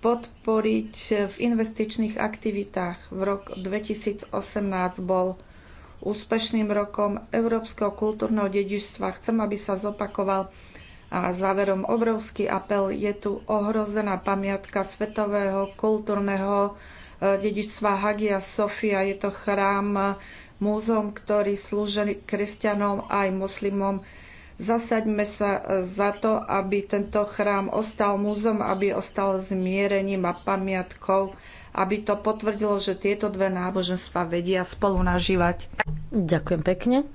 podporiť v investičných aktivitách. V rok 2018 bol úspešným rokom Európskeho kultúrneho dedičstva. Chcem, aby sa zopakoval a záverom obrovský apel, je tu ohrozená pamiatka svetového kultúrneho e, dedičstva Hagia Sofia. Je to chrám, e, múzom, ktorý slúži kresťanom aj moslimom. Zasaďme sa e, za to, aby tento chrám ostal múzom, aby ostal zmierením a pamiatkou, aby to potvrdilo, že tieto dve náboženstva vedia spolu nažívať. Ďakujem pekne.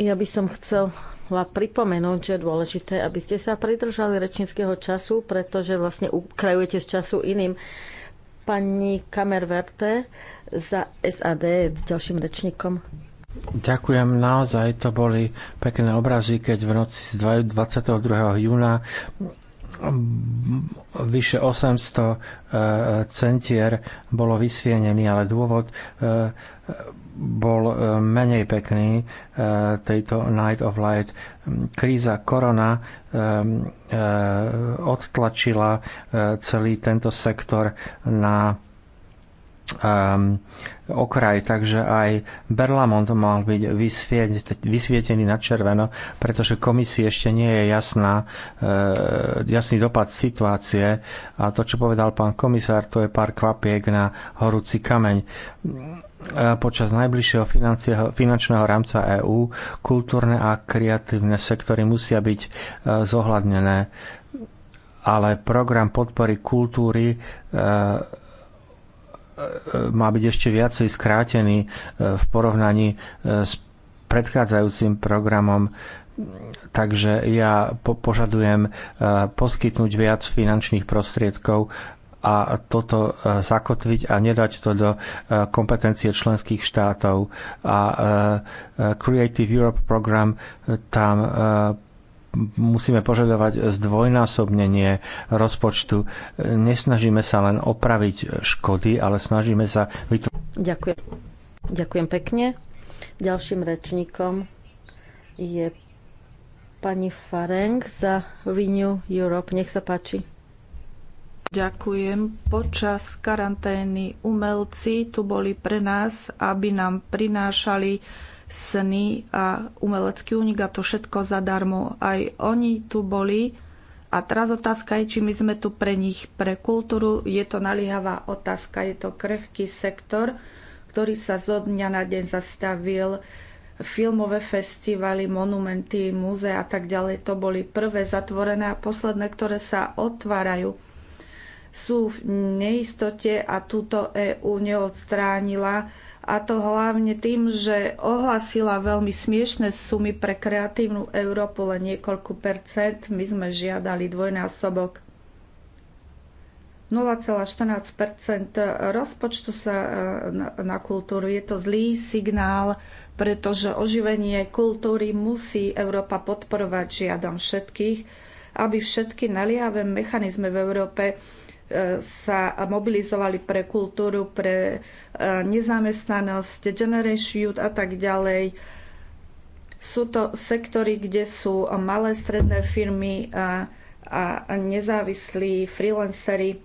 Ja by som chcel pripomenúť, že je dôležité, aby ste sa pridržali rečníckého času, pretože vlastne ukrajujete z času iným. Pani Kamerverte za SAD ďalším rečníkom. Ďakujem, naozaj to boli pekné obrazy, keď v noci z 22. júna vyše 800 e, centier bolo vysvienený, ale dôvod e, bol e, menej pekný tejto Night of Light. Kríza korona odtlačila celý tento sektor na um, okraj, takže aj Berlamont mal byť vysvietený na červeno, pretože komisii ešte nie je jasná, eh, jasný dopad situácie a to, čo povedal pán komisár, to je pár kvapiek na horúci kameň. Eh, počas najbližšieho finančného rámca EÚ kultúrne a kreatívne sektory musia byť eh, zohľadnené, ale program podpory kultúry E, má byť ešte viacej skrátený e, v porovnaní e, s predchádzajúcim programom. Takže ja po- požadujem poskytnúť viac finančných prostriedkov a toto zakotviť a nedať to do kompetencie členských štátov. A Creative Europe program tam musíme požadovať zdvojnásobnenie rozpočtu. Nesnažíme sa len opraviť škody, ale snažíme sa vytvoriť. Ďakujem. Ďakujem pekne. Ďalším rečníkom je pani Fareng za Renew Europe. Nech sa páči. Ďakujem. Počas karantény umelci tu boli pre nás, aby nám prinášali sny a umelecký únik a to všetko zadarmo. Aj oni tu boli a teraz otázka je, či my sme tu pre nich, pre kultúru. Je to naliehavá otázka, je to krehký sektor, ktorý sa zo dňa na deň zastavil filmové festivaly, monumenty, múzea a tak ďalej. To boli prvé zatvorené a posledné, ktoré sa otvárajú. Sú v neistote a túto EÚ neodstránila a to hlavne tým, že ohlasila veľmi smiešné sumy pre kreatívnu Európu len niekoľko percent. My sme žiadali dvojnásobok. 0,14 rozpočtu sa e, na, na kultúru. Je to zlý signál, pretože oživenie kultúry musí Európa podporovať. Žiadam všetkých, aby všetky naliehavé mechanizmy v Európe sa mobilizovali pre kultúru, pre e, nezamestnanosť, Generation Youth a tak ďalej. Sú to sektory, kde sú malé stredné firmy a, a nezávislí freelancery.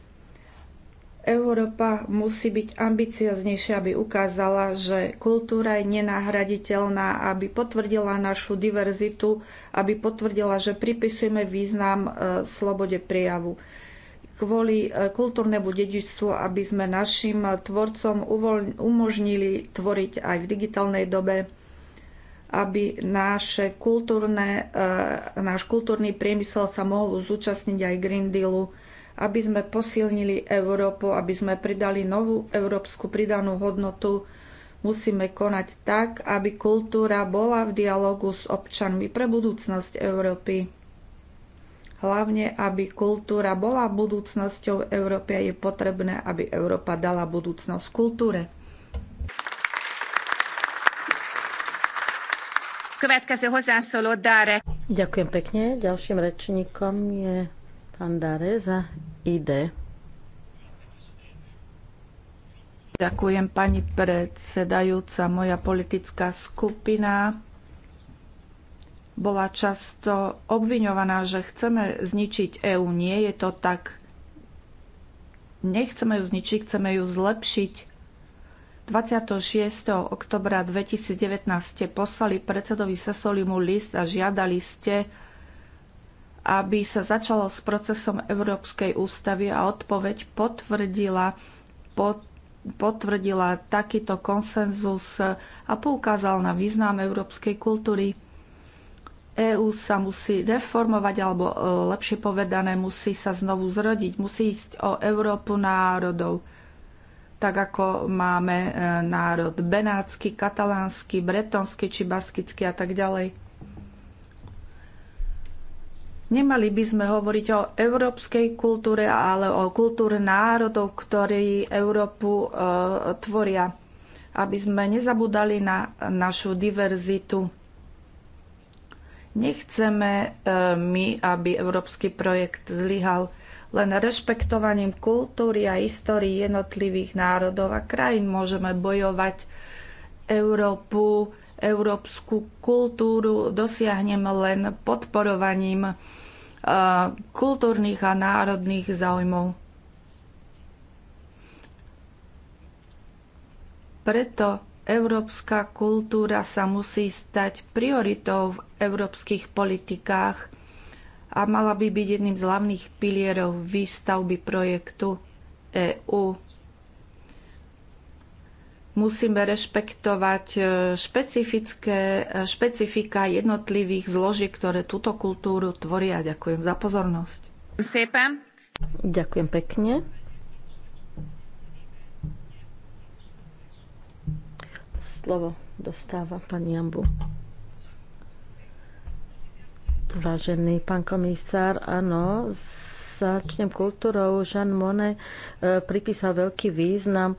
Európa musí byť ambicioznejšia, aby ukázala, že kultúra je nenahraditeľná, aby potvrdila našu diverzitu, aby potvrdila, že pripisujeme význam e, slobode prijavu kvôli e, kultúrnemu dedičstvu, aby sme našim tvorcom umožnili tvoriť aj v digitálnej dobe, aby naše kultúrne, e, náš kultúrny priemysel sa mohol zúčastniť aj Green Dealu, aby sme posilnili Európu, aby sme pridali novú európsku pridanú hodnotu. Musíme konať tak, aby kultúra bola v dialogu s občanmi pre budúcnosť Európy. Hlavne, aby kultúra bola budúcnosťou Európy a je potrebné, aby Európa dala budúcnosť kultúre. Ďakujem pekne. Ďalším rečníkom je pán Dare za ID. Ďakujem pani predsedajúca. Moja politická skupina bola často obviňovaná, že chceme zničiť EÚ. Nie je to tak. Nechceme ju zničiť, chceme ju zlepšiť. 26. oktobra 2019 ste poslali predsedovi Sasolimu list a žiadali ste, aby sa začalo s procesom Európskej ústavy a odpoveď potvrdila, pot, potvrdila takýto konsenzus a poukázal na význam európskej kultúry. EÚ sa musí reformovať, alebo e, lepšie povedané, musí sa znovu zrodiť, musí ísť o Európu národov, tak ako máme e, národ benátsky, katalánsky, bretonský či baskický a tak ďalej. Nemali by sme hovoriť o európskej kultúre, ale o kultúre národov, ktorí Európu e, tvoria, aby sme nezabudali na našu diverzitu Nechceme e, my, aby európsky projekt zlyhal len rešpektovaním kultúry a histórii jednotlivých národov a krajín môžeme bojovať Európu, európsku kultúru dosiahneme len podporovaním e, kultúrnych a národných záujmov. Preto Európska kultúra sa musí stať prioritou v európskych politikách a mala by byť jedným z hlavných pilierov výstavby projektu EÚ. Musíme rešpektovať e, špecifické, e, špecifika jednotlivých zložiek, ktoré túto kultúru tvoria. Ďakujem za pozornosť. Ďakujem pekne. Slovo dostáva pán Jambu. Vážený pán komisár, áno, začnem kultúrou. Jean Monnet eh, pripísal veľký význam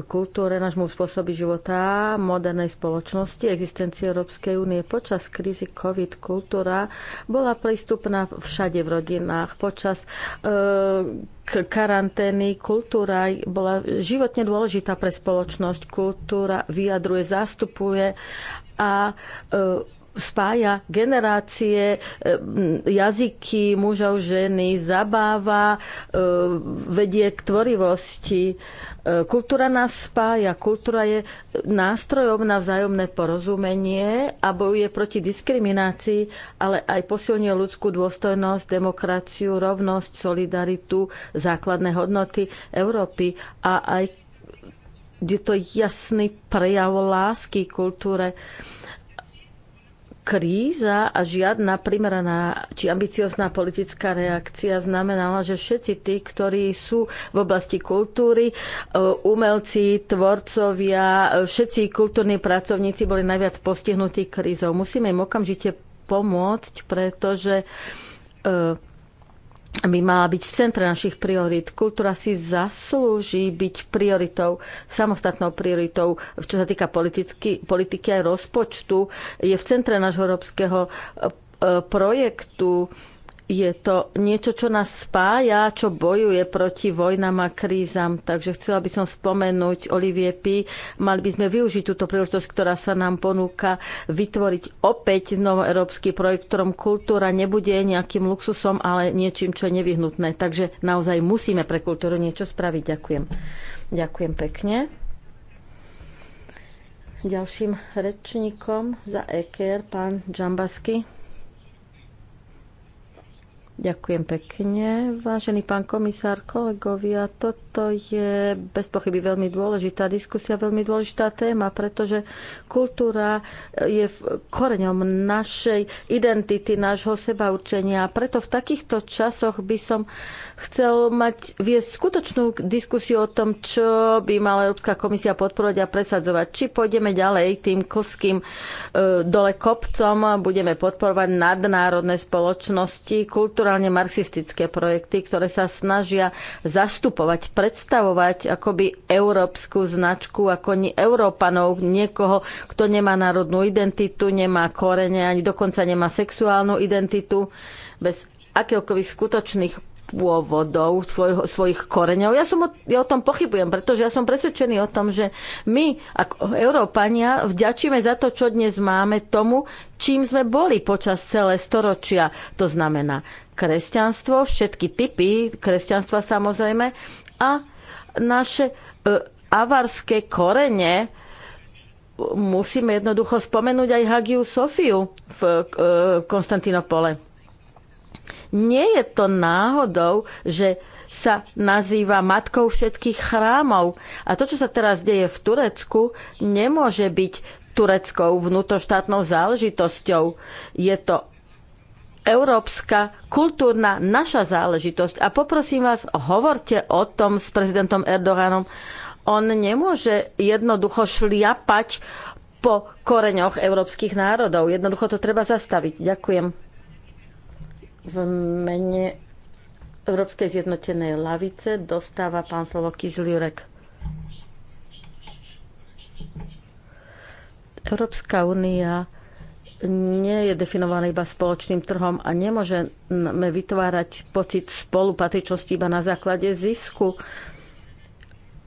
kultúre, nášmu spôsobu života, modernej spoločnosti, existencie Európskej únie. Počas krízy COVID kultúra bola prístupná všade v rodinách. Počas e, karantény kultúra bola životne dôležitá pre spoločnosť. Kultúra vyjadruje, zastupuje a e, spája generácie, e, jazyky mužov, ženy, zabáva, e, vedie k tvorivosti. E, kultúra nás spája, kultúra je nástrojom na vzájomné porozumenie a bojuje proti diskriminácii, ale aj posilňuje ľudskú dôstojnosť, demokraciu, rovnosť, solidaritu, základné hodnoty Európy a aj je to jasný prejav lásky kultúre kríza a žiadna primeraná či ambiciozná politická reakcia znamenala, že všetci tí, ktorí sú v oblasti kultúry, e, umelci, tvorcovia, e, všetci kultúrni pracovníci boli najviac postihnutí krízou. Musíme im okamžite pomôcť, pretože e, by mala byť v centre našich priorít. Kultúra si zaslúži byť prioritou, samostatnou prioritou, čo sa týka politicky, politiky aj rozpočtu. Je v centre nášho európskeho e, projektu je to niečo, čo nás spája, čo bojuje proti vojnám a krízam. Takže chcela by som spomenúť Olivie P. Mali by sme využiť túto príležitosť, ktorá sa nám ponúka, vytvoriť opäť znovu európsky projekt, ktorom kultúra nebude nejakým luxusom, ale niečím, čo je nevyhnutné. Takže naozaj musíme pre kultúru niečo spraviť. Ďakujem. Ďakujem pekne. Ďalším rečníkom za EKR, pán Džambasky. Ďakujem pekne. Vážený pán komisár, kolegovia, toto je bez pochyby veľmi dôležitá diskusia, veľmi dôležitá téma, pretože kultúra je koreňom našej identity, nášho sebaurčenia. preto v takýchto časoch by som chcel mať, viesť skutočnú diskusiu o tom, čo by mala Európska komisia podporovať a presadzovať. Či pôjdeme ďalej tým klským e, dole kopcom, budeme podporovať nadnárodné spoločnosti, kulturálne marxistické projekty, ktoré sa snažia zastupovať, predstavovať akoby európsku značku, ako ni Európanov, niekoho, kto nemá národnú identitu, nemá korene, ani dokonca nemá sexuálnu identitu, bez akýchkoľvek skutočných pôvodov, svojho, svojich koreňov. Ja, som o, ja o tom pochybujem, pretože ja som presvedčený o tom, že my ako Európania vďačíme za to, čo dnes máme tomu, čím sme boli počas celé storočia. To znamená kresťanstvo, všetky typy kresťanstva samozrejme a naše e, avarské korene musíme jednoducho spomenúť aj Hagiu Sofiu v e, Konstantinopole nie je to náhodou, že sa nazýva matkou všetkých chrámov. A to, čo sa teraz deje v Turecku, nemôže byť tureckou vnútroštátnou záležitosťou. Je to európska, kultúrna, naša záležitosť. A poprosím vás, hovorte o tom s prezidentom Erdoganom. On nemôže jednoducho šliapať po koreňoch európskych národov. Jednoducho to treba zastaviť. Ďakujem v mene Európskej zjednotenej lavice dostáva pán slovo Kizliurek. Európska únia nie je definovaná iba spoločným trhom a nemôžeme vytvárať pocit spolupatričnosti iba na základe zisku.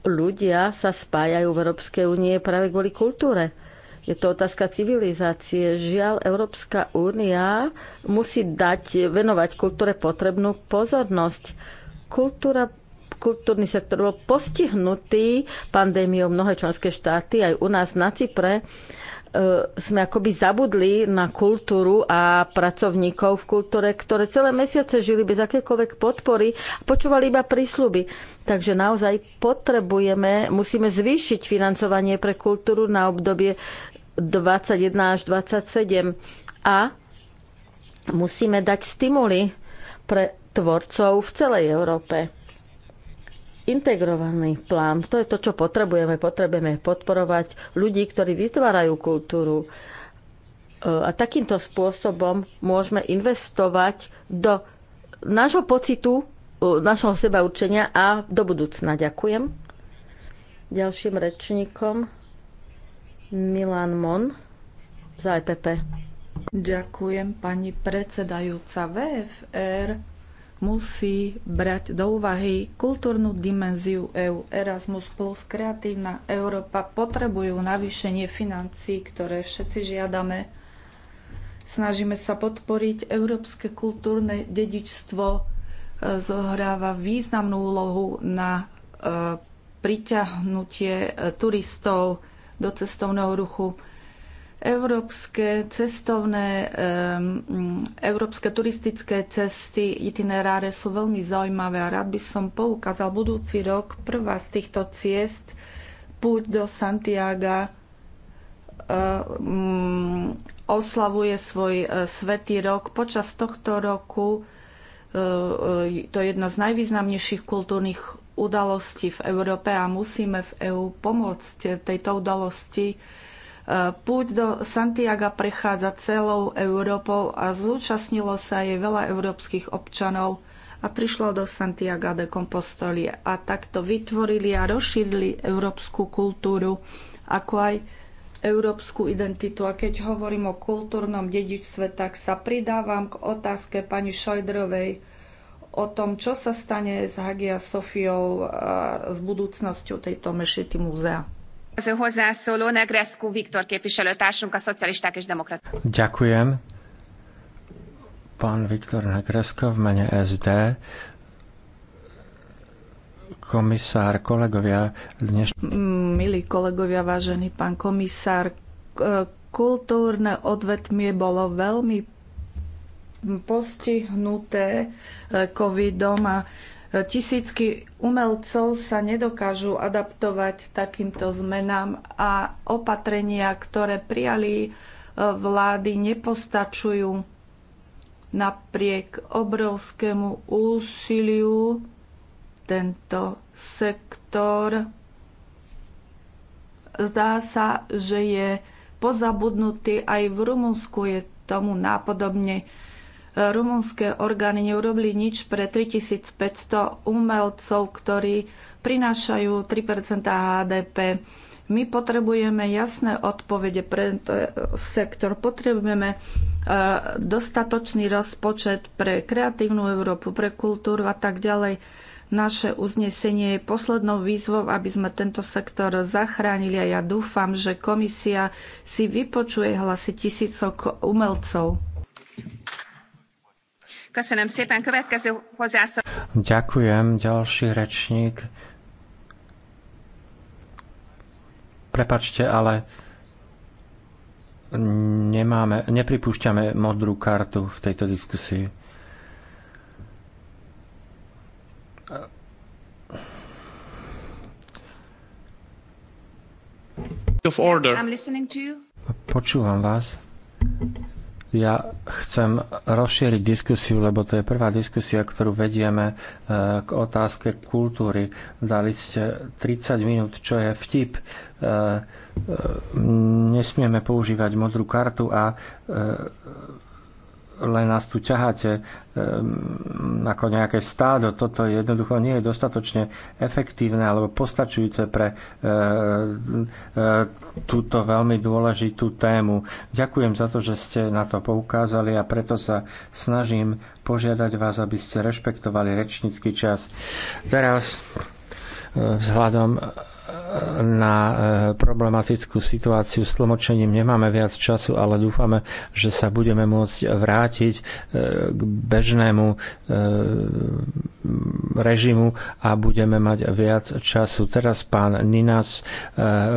Ľudia sa spájajú v Európskej únie práve kvôli kultúre je to otázka civilizácie. Žiaľ, Európska únia musí dať, venovať kultúre potrebnú pozornosť. Kultúra kultúrny sektor bol postihnutý pandémiou mnohé členské štáty, aj u nás na Cypre e, sme akoby zabudli na kultúru a pracovníkov v kultúre, ktoré celé mesiace žili bez akékoľvek podpory a počúvali iba prísľuby. Takže naozaj potrebujeme, musíme zvýšiť financovanie pre kultúru na obdobie 21 až 27 a musíme dať stimuly pre tvorcov v celej Európe. Integrovaný plán, to je to, čo potrebujeme. Potrebujeme podporovať ľudí, ktorí vytvárajú kultúru. E, a takýmto spôsobom môžeme investovať do nášho pocitu, e, našho učenia a do budúcna. Ďakujem. Ďalším rečníkom Milan Mon za EPP. Ďakujem pani predsedajúca. VFR musí brať do úvahy kultúrnu dimenziu EU. Erasmus plus kreatívna Európa potrebujú navýšenie financií, ktoré všetci žiadame. Snažíme sa podporiť európske kultúrne dedičstvo, e, zohráva významnú úlohu na e, priťahnutie e, turistov, do cestovného ruchu. Európske cestovné, európske turistické cesty, itineráre sú veľmi zaujímavé a rád by som poukázal budúci rok prvá z týchto ciest púť do Santiaga eh, mm, oslavuje svoj eh, svetý rok. Počas tohto roku eh, to je jedna z najvýznamnejších kultúrnych udalosti v Európe a musíme v EÚ pomôcť tejto udalosti. E, Púť do Santiaga prechádza celou Európou a zúčastnilo sa jej veľa európskych občanov a prišlo do Santiago de Compostoli a takto vytvorili a rozšírili európsku kultúru, ako aj európsku identitu. A keď hovorím o kultúrnom dedičstve, tak sa pridávam k otázke pani Šojdrovej, o tom, čo sa stane s Hagia Sofiou a s budúcnosťou tejto mešity múzea. Ďakujem. Pán Viktor Negresko v mene SD. Komisár, kolegovia, dneš... Mm, milí kolegovia, vážený pán komisár, e, kultúrne odvetmie bolo veľmi postihnuté e, covidom a e, tisícky umelcov sa nedokážu adaptovať takýmto zmenám a opatrenia, ktoré prijali e, vlády, nepostačujú napriek obrovskému úsiliu tento sektor zdá sa, že je pozabudnutý aj v Rumunsku je tomu nápodobne rumunské orgány neurobili nič pre 3500 umelcov, ktorí prinášajú 3 HDP. My potrebujeme jasné odpovede pre tento eh, sektor, potrebujeme eh, dostatočný rozpočet pre kreatívnu Európu, pre kultúru a tak ďalej. Naše uznesenie je poslednou výzvou, aby sme tento sektor zachránili a ja dúfam, že komisia si vypočuje hlasy tisícok umelcov. Ďakujem, ďalší rečník. Prepačte, ale nemáme, nepripúšťame modrú kartu v tejto diskusii. Počúvam vás. Ja chcem rozšíriť diskusiu, lebo to je prvá diskusia, ktorú vedieme e, k otázke kultúry. Dali ste 30 minút, čo je vtip. E, e, nesmieme používať modrú kartu a len nás tu ťaháte e, ako nejaké stádo. Toto jednoducho nie je dostatočne efektívne alebo postačujúce pre e, e, túto veľmi dôležitú tému. Ďakujem za to, že ste na to poukázali a preto sa snažím požiadať vás, aby ste rešpektovali rečnícky čas. Teraz vzhľadom na e, problematickú situáciu s tlmočením nemáme viac času, ale dúfame, že sa budeme môcť vrátiť e, k bežnému e, režimu a budeme mať viac času. Teraz pán Ninas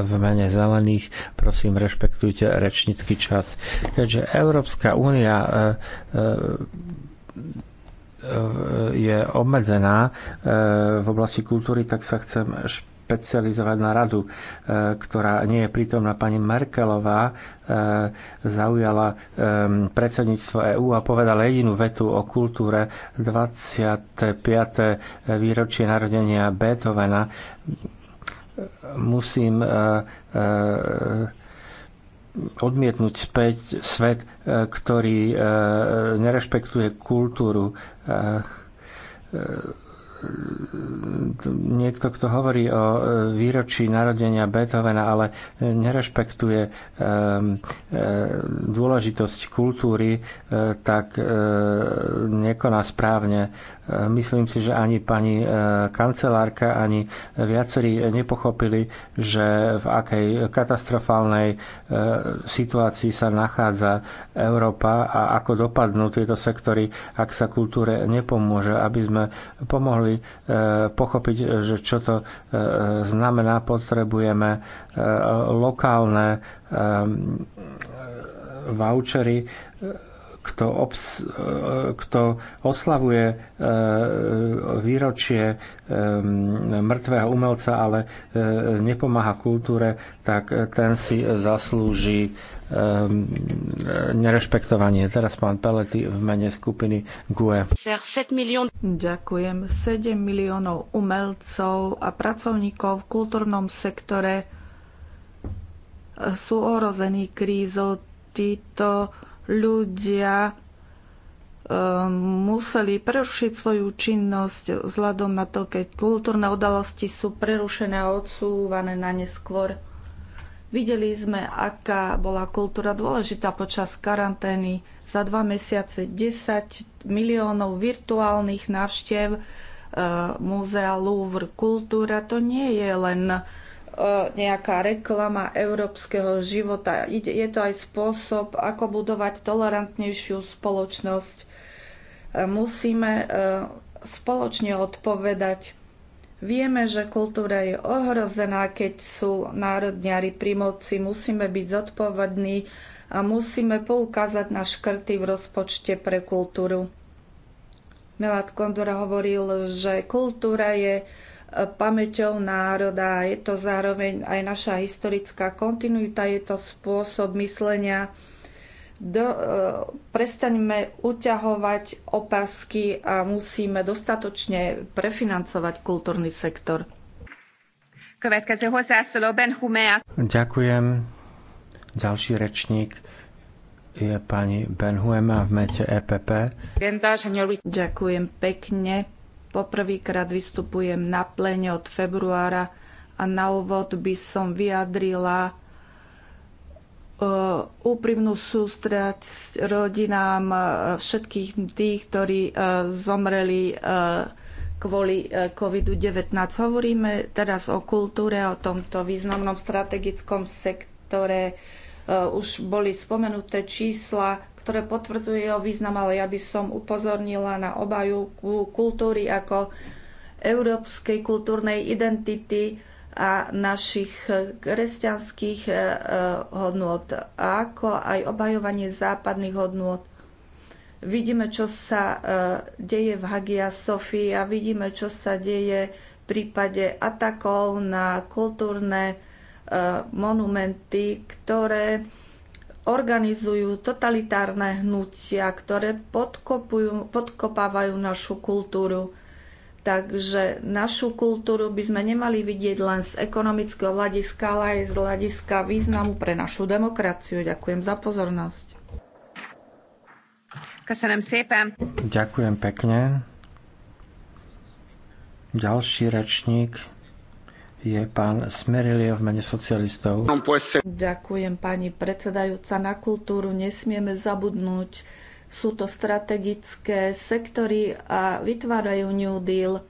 v mene zelených, prosím, rešpektujte rečnický čas. Keďže Európska únia je obmedzená v oblasti kultúry, tak sa chcem špeciálne špecializovať na radu, e, ktorá nie je prítomná. Pani Merkelová e, zaujala e, predsedníctvo EÚ a povedala jedinú vetu o kultúre 25. výročie narodenia Beethovena. Musím odmietnúť späť svet, ktorý nerešpektuje kultúru niekto, kto hovorí o e, výročí narodenia Beethovena, ale nerešpektuje e, e, dôležitosť kultúry, tak nekoná správne. Myslím si, že ani pani kancelárka, ani viacerí nepochopili, že v akej katastrofálnej situácii sa nachádza Európa a ako dopadnú tieto sektory, ak sa kultúre nepomôže, aby sme pomohli mohli e, pochopiť, e, že čo to e, znamená. Potrebujeme lokálne vouchery, kto, obs, kto oslavuje výročie mŕtvého umelca, ale nepomáha kultúre, tak ten si zaslúži Ehm, nerešpektovanie. Teraz pán Pelety v mene skupiny GUE. Ďakujem. 7 miliónov umelcov a pracovníkov v kultúrnom sektore eh, sú ohrození krízou. Títo ľudia ehm, museli prerušiť svoju činnosť vzhľadom na to, keď kultúrne udalosti sú prerušené a odsúvané na neskôr Videli sme, aká bola kultúra dôležitá počas karantény. Za dva mesiace 10 miliónov virtuálnych návštev e, Múzea Louvre. Kultúra to nie je len e, nejaká reklama európskeho života. Je to aj spôsob, ako budovať tolerantnejšiu spoločnosť. E, musíme e, spoločne odpovedať Vieme, že kultúra je ohrozená, keď sú národňari pri moci. Musíme byť zodpovední a musíme poukázať na škrty v rozpočte pre kultúru. Milad Kondora hovoril, že kultúra je e, pamäťou národa, je to zároveň aj naša historická kontinuita, je to spôsob myslenia, do, e, prestaňme uťahovať opasky a musíme dostatočne prefinancovať kultúrny sektor. Ďakujem. Ďalší rečník je pani Benhuema v mete EPP. Ďakujem pekne. Poprvýkrát vystupujem na plene od februára a na úvod by som vyjadrila Uh, úprimnú sústrať rodinám uh, všetkých tých, ktorí uh, zomreli kvôli COVID-19. Hovoríme teraz o kultúre, o tomto významnom strategickom sektore. Už boli spomenuté čísla, ktoré potvrdzujú jeho význam, ale ja by som upozornila na obaju kultúry ako európskej kultúrnej identity, a našich e, kresťanských e, e, hodnôt, ako aj obhajovanie západných hodnôt. Vidíme, čo sa deje v Hagia Sofii a vidíme, čo sa deje v prípade atakov na kultúrne monumenty, ktoré organizujú totalitárne hnutia, ktoré podkopávajú našu kultúru Takže našu kultúru by sme nemali vidieť len z ekonomického hľadiska, ale aj z hľadiska významu pre našu demokraciu. Ďakujem za pozornosť. Ďakujem pekne. Ďalší rečník je pán Smerilio v mene socialistov. Ďakujem pani predsedajúca. Na kultúru nesmieme zabudnúť sú to strategické sektory a vytvárajú New Deal.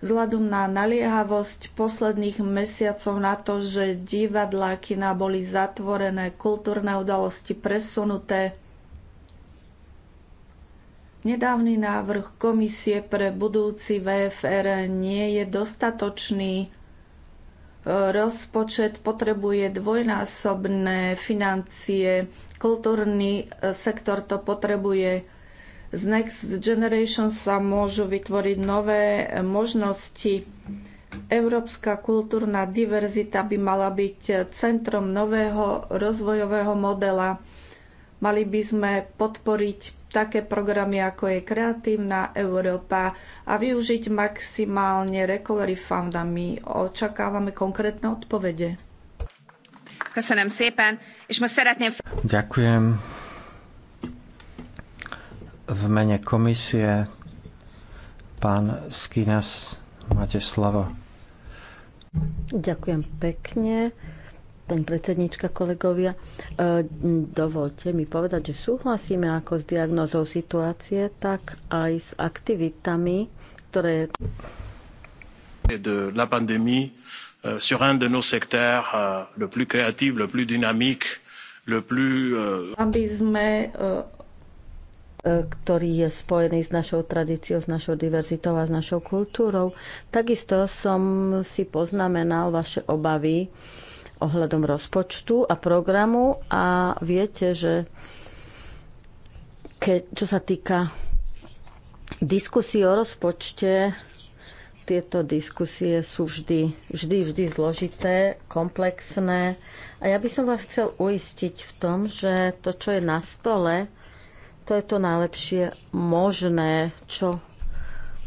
Vzhľadom na naliehavosť posledných mesiacov na to, že divadlá, kina boli zatvorené, kultúrne udalosti presunuté, Nedávny návrh komisie pre budúci VFR nie je dostatočný. Rozpočet potrebuje dvojnásobné financie kultúrny e, sektor to potrebuje. Z Next Generation sa môžu vytvoriť nové e, možnosti. Európska kultúrna diverzita by mala byť e, centrom nového rozvojového modela. Mali by sme podporiť také programy, ako je Kreatívna Európa a využiť maximálne Recovery fundami. očakávame konkrétne odpovede. Ďakujem. V mene komisie pán Skinas, máte slovo. Ďakujem pekne pani predsednička, kolegovia. E, dovolte mi povedať, že súhlasíme ako s diagnózou situácie, tak aj s aktivitami, ktoré... De la pandémie Euh, sur un de nos secteurs euh, le plus créatif, le plus dynamique, le plus... Euh, Aby sme, ktorý je spojený s našou tradíciou, s našou diverzitou a s našou kultúrou. Takisto som si poznamenal vaše obavy ohľadom rozpočtu a programu a viete, že keď, čo sa týka diskusí o rozpočte, tieto diskusie sú vždy, vždy, vždy zložité, komplexné. A ja by som vás chcel uistiť v tom, že to, čo je na stole, to je to najlepšie možné, čo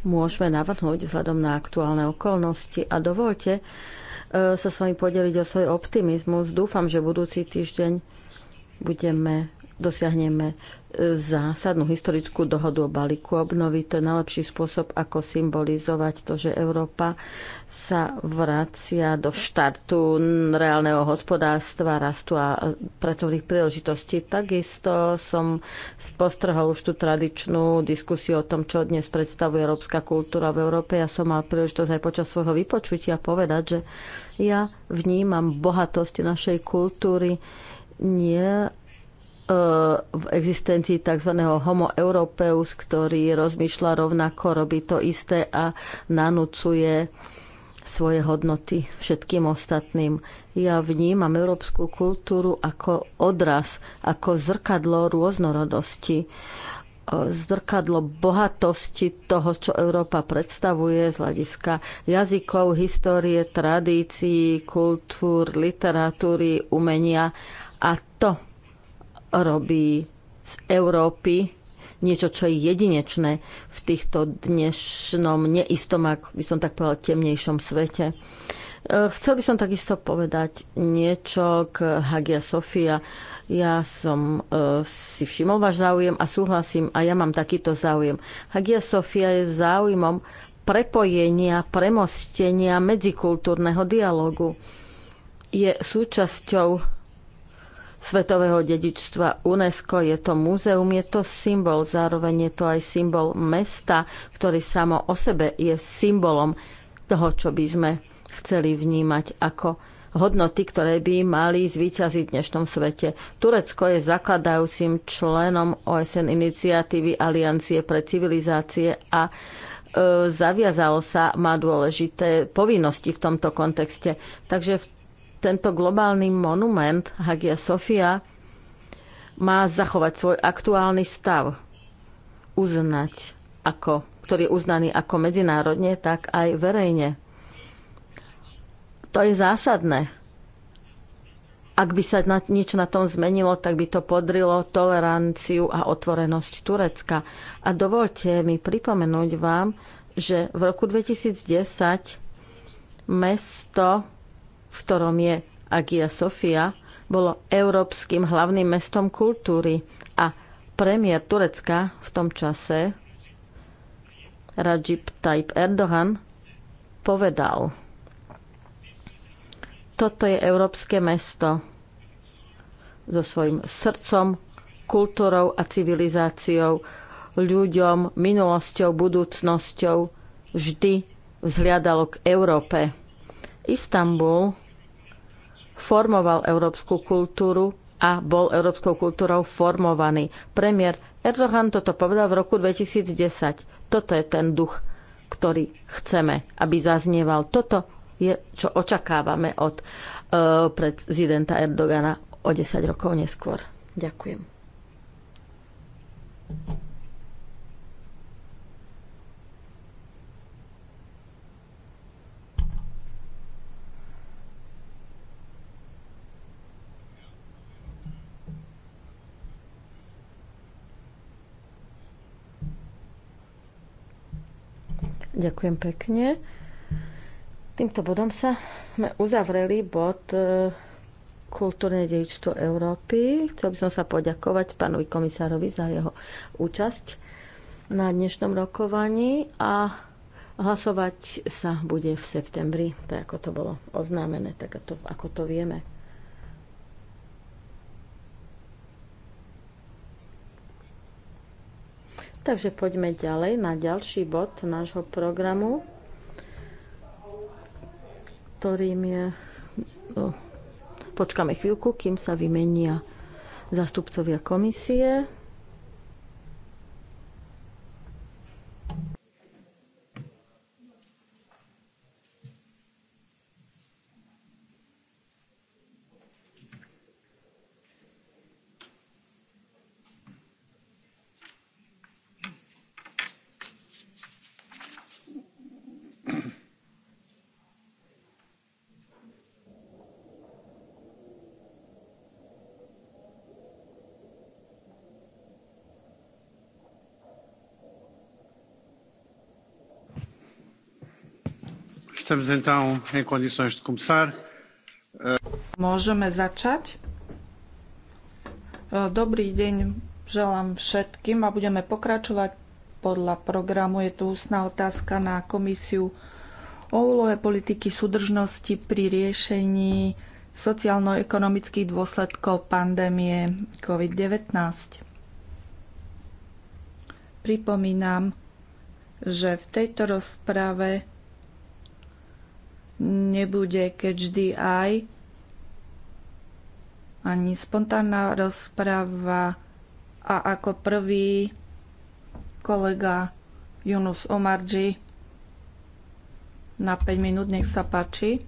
môžeme navrhnúť vzhľadom na aktuálne okolnosti. A dovolte e, sa s vami podeliť o svoj optimizmus. Dúfam, že budúci týždeň budeme dosiahneme e, zásadnú historickú dohodu o balíku obnovy. To je najlepší spôsob, ako symbolizovať to, že Európa sa vracia do štartu reálneho hospodárstva, rastu a pracovných príležitostí. Takisto som postrhol už tú tradičnú diskusiu o tom, čo dnes predstavuje európska kultúra v Európe. Ja som mal príležitosť aj počas svojho vypočutia povedať, že ja vnímam bohatosť našej kultúry nie E, v existencii tzv. homo europeus, ktorý rozmýšľa rovnako, robí to isté a nanúcuje svoje hodnoty všetkým ostatným. Ja vnímam európsku kultúru ako odraz, ako zrkadlo rôznorodosti, e, zrkadlo bohatosti toho, čo Európa predstavuje z hľadiska jazykov, histórie, tradícií, kultúr, literatúry, umenia. A to robí z Európy niečo, čo je jedinečné v týchto dnešnom neistom, ak by som tak povedal, temnejšom svete. E, chcel by som takisto povedať niečo k Hagia Sofia. Ja som e, si všimol váš záujem a súhlasím a ja mám takýto záujem. Hagia Sofia je záujmom prepojenia, premostenia medzikultúrneho dialogu. Je súčasťou svetového dedičstva UNESCO. Je to múzeum, je to symbol, zároveň je to aj symbol mesta, ktorý samo o sebe je symbolom toho, čo by sme chceli vnímať ako hodnoty, ktoré by mali zvíťaziť v dnešnom svete. Turecko je zakladajúcim členom OSN iniciatívy Aliancie pre civilizácie a e, zaviazalo sa, má dôležité povinnosti v tomto kontexte. Takže v tento globálny monument Hagia Sofia má zachovať svoj aktuálny stav, uznať ako, ktorý je uznaný ako medzinárodne, tak aj verejne. To je zásadné. Ak by sa na, nič na tom zmenilo, tak by to podrilo toleranciu a otvorenosť Turecka. A dovolte mi pripomenúť vám, že v roku 2010 mesto v ktorom je Agia Sofia, bolo európskym hlavným mestom kultúry a premiér Turecka v tom čase, Rajib Tayyip Erdogan, povedal, toto je európske mesto so svojím srdcom, kultúrou a civilizáciou, ľuďom, minulosťou, budúcnosťou, vždy vzhliadalo k Európe. Istanbul formoval európsku kultúru a bol európskou kultúrou formovaný. Premiér Erdogan toto povedal v roku 2010. Toto je ten duch, ktorý chceme, aby zaznieval. Toto je, čo očakávame od uh, prezidenta Erdogana o 10 rokov neskôr. Ďakujem. Ďakujem pekne. Týmto bodom sa sme uzavreli bod e, kultúrne dejičstvo Európy. Chcel by som sa poďakovať pánovi komisárovi za jeho účasť na dnešnom rokovaní a hlasovať sa bude v septembri, tak ako to bolo oznámené, tak ako to, ako to vieme. Takže poďme ďalej na ďalší bod nášho programu, ktorým je... No, počkáme chvíľku, kým sa vymenia zástupcovia komisie. Môžeme začať. E, dobrý deň želám všetkým a budeme pokračovať podľa programu. Je tu ústna otázka na komisiu o úlohe politiky súdržnosti pri riešení sociálno-ekonomických dôsledkov pandémie COVID-19. Pripomínam, že v tejto rozprave nebude keď vždy aj ani spontánna rozpráva a ako prvý kolega Yunus Omarji na 5 minút, nech sa páči.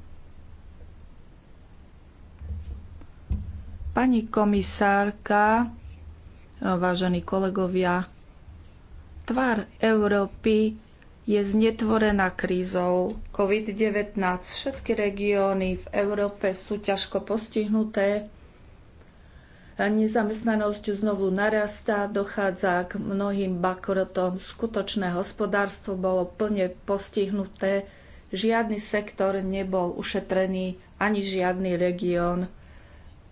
Pani komisárka, vážení kolegovia, tvár Európy je znetvorená krízou COVID-19. Všetky regióny v Európe sú ťažko postihnuté. Nezamestnanosť znovu narastá, dochádza k mnohým bakrotom. Skutočné hospodárstvo bolo plne postihnuté. Žiadny sektor nebol ušetrený, ani žiadny región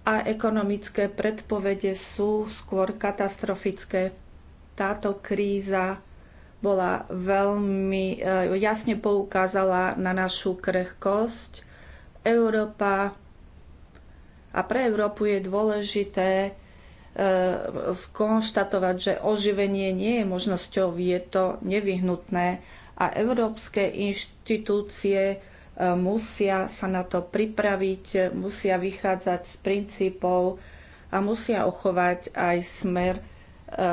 a ekonomické predpovede sú skôr katastrofické. Táto kríza bola veľmi e, jasne poukázala na našu krehkosť. Európa a pre Európu je dôležité e, skonštatovať, že oživenie nie je možnosťou, je to nevyhnutné a európske inštitúcie e, musia sa na to pripraviť, musia vychádzať z princípov a musia uchovať aj smer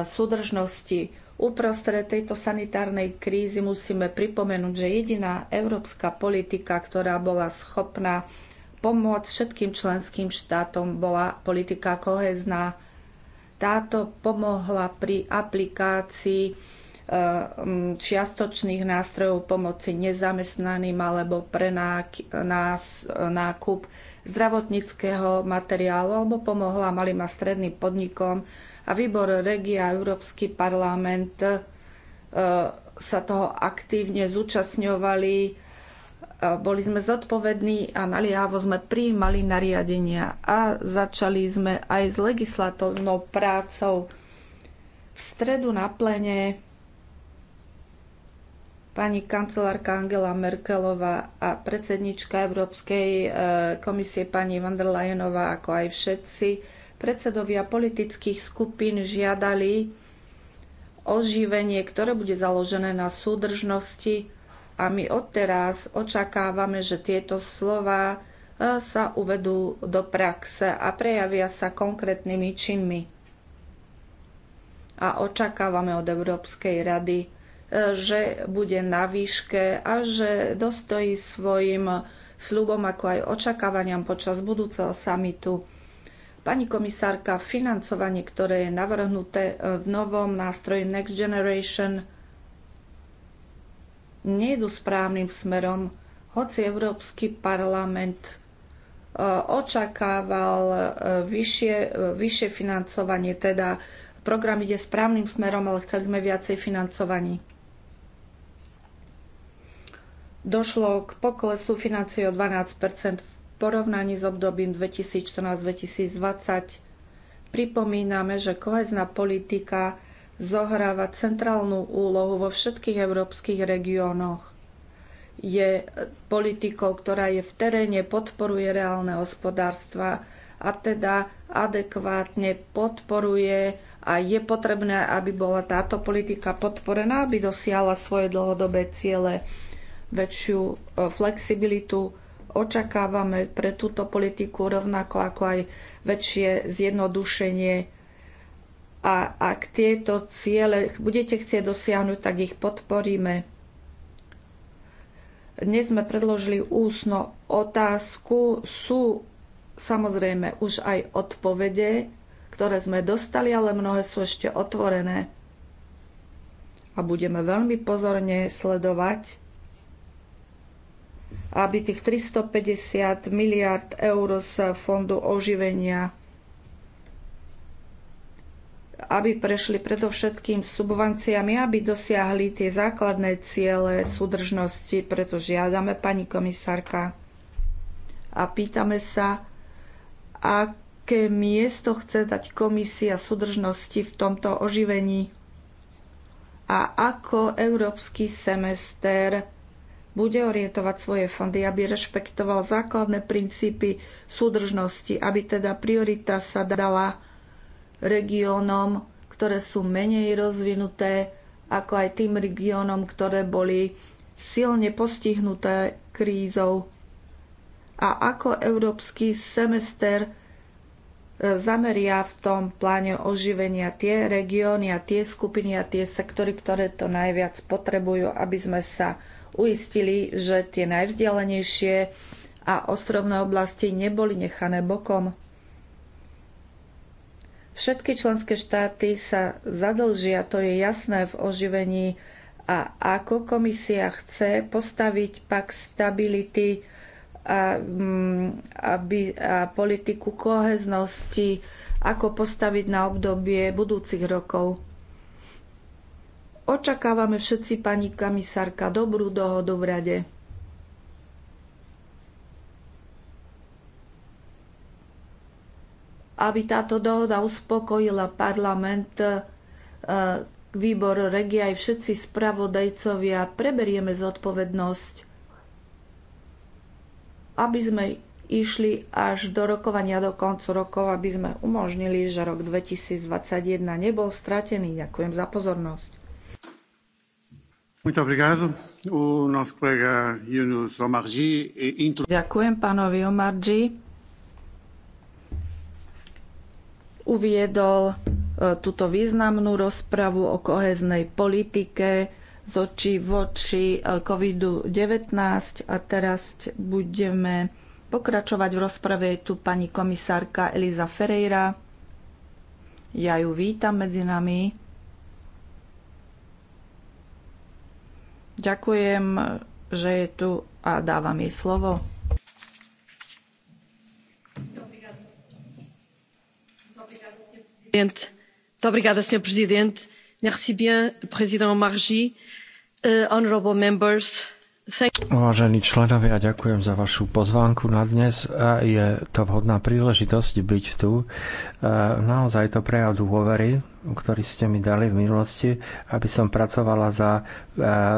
súdržnosti Uprostred tejto sanitárnej krízy musíme pripomenúť, že jediná európska politika, ktorá bola schopná pomôcť všetkým členským štátom, bola politika kohezná. Táto pomohla pri aplikácii eh, mm, čiastočných nástrojov pomoci nezamestnaným alebo pre eh, nákup zdravotníckého materiálu alebo pomohla malým a stredným podnikom a výbor Regia Európsky parlament e, sa toho aktívne zúčastňovali. E, boli sme zodpovední a naliehavo sme prijímali nariadenia a začali sme aj s legislatívnou prácou. V stredu na plene pani kancelárka Angela Merkelová a predsednička Európskej e, komisie pani van der Leyenová, ako aj všetci, Predsedovia politických skupín žiadali oživenie, ktoré bude založené na súdržnosti a my odteraz očakávame, že tieto slova e, sa uvedú do praxe a prejavia sa konkrétnymi činmi. A očakávame od Európskej rady, e, že bude na výške a že dostojí svojim slubom, ako aj očakávaniam počas budúceho samitu. Pani komisárka, financovanie, ktoré je navrhnuté e, v novom nástroji Next Generation, nejdu správnym smerom, hoci Európsky parlament e, očakával e, vyššie, vyššie financovanie, teda program ide správnym smerom, ale chceli sme viacej financovaní. Došlo k poklesu financií o 12 v porovnaní s obdobím 2014-2020. Pripomíname, že kohezná politika zohráva centrálnu úlohu vo všetkých európskych regiónoch. Je politikou, ktorá je v teréne, podporuje reálne hospodárstva a teda adekvátne podporuje a je potrebné, aby bola táto politika podporená, aby dosiahla svoje dlhodobé ciele, väčšiu e, flexibilitu očakávame pre túto politiku rovnako ako aj väčšie zjednodušenie. A ak tieto ciele budete chcieť dosiahnuť, tak ich podporíme. Dnes sme predložili úsno otázku. Sú samozrejme už aj odpovede, ktoré sme dostali, ale mnohé sú ešte otvorené. A budeme veľmi pozorne sledovať, aby tých 350 miliard eur z fondu oživenia aby prešli predovšetkým subvenciami, aby dosiahli tie základné ciele súdržnosti, preto žiadame pani komisárka a pýtame sa, aké miesto chce dať komisia súdržnosti v tomto oživení a ako európsky semester bude orientovať svoje fondy, aby rešpektoval základné princípy súdržnosti, aby teda priorita sa dala regiónom, ktoré sú menej rozvinuté, ako aj tým regiónom, ktoré boli silne postihnuté krízou. A ako európsky semester e, zameria v tom pláne oživenia tie regióny a tie skupiny a tie sektory, ktoré to najviac potrebujú, aby sme sa uistili, že tie najvzdialenejšie a ostrovné oblasti neboli nechané bokom. Všetky členské štáty sa zadlžia, to je jasné v oživení a ako komisia chce postaviť pak stability a, mm, aby, a politiku koheznosti, ako postaviť na obdobie budúcich rokov. Očakávame všetci, pani komisárka, dobrú dohodu v rade. Aby táto dohoda uspokojila parlament, e, výbor regia aj všetci spravodajcovia, preberieme zodpovednosť, aby sme išli až do rokovania do koncu rokov, aby sme umožnili, že rok 2021 nebol stratený. Ďakujem za pozornosť. E Ďakujem pánovi Omarji. Uviedol e, túto významnú rozpravu o koheznej politike z očí v oči e, COVID-19 a teraz budeme pokračovať v rozprave. tu pani komisárka Eliza Ferreira. Ja ju vítam medzi nami. Ďakujem, že je tu a dávam jej slovo. Obrigada, senhor Presidente. Merci bien, Président Margi. Uh, honorable members, Vážení členovia, ďakujem za vašu pozvánku na dnes. Je to vhodná príležitosť byť tu. Uh, naozaj to prejav dôvery ktorý ste mi dali v minulosti, aby som pracovala za e,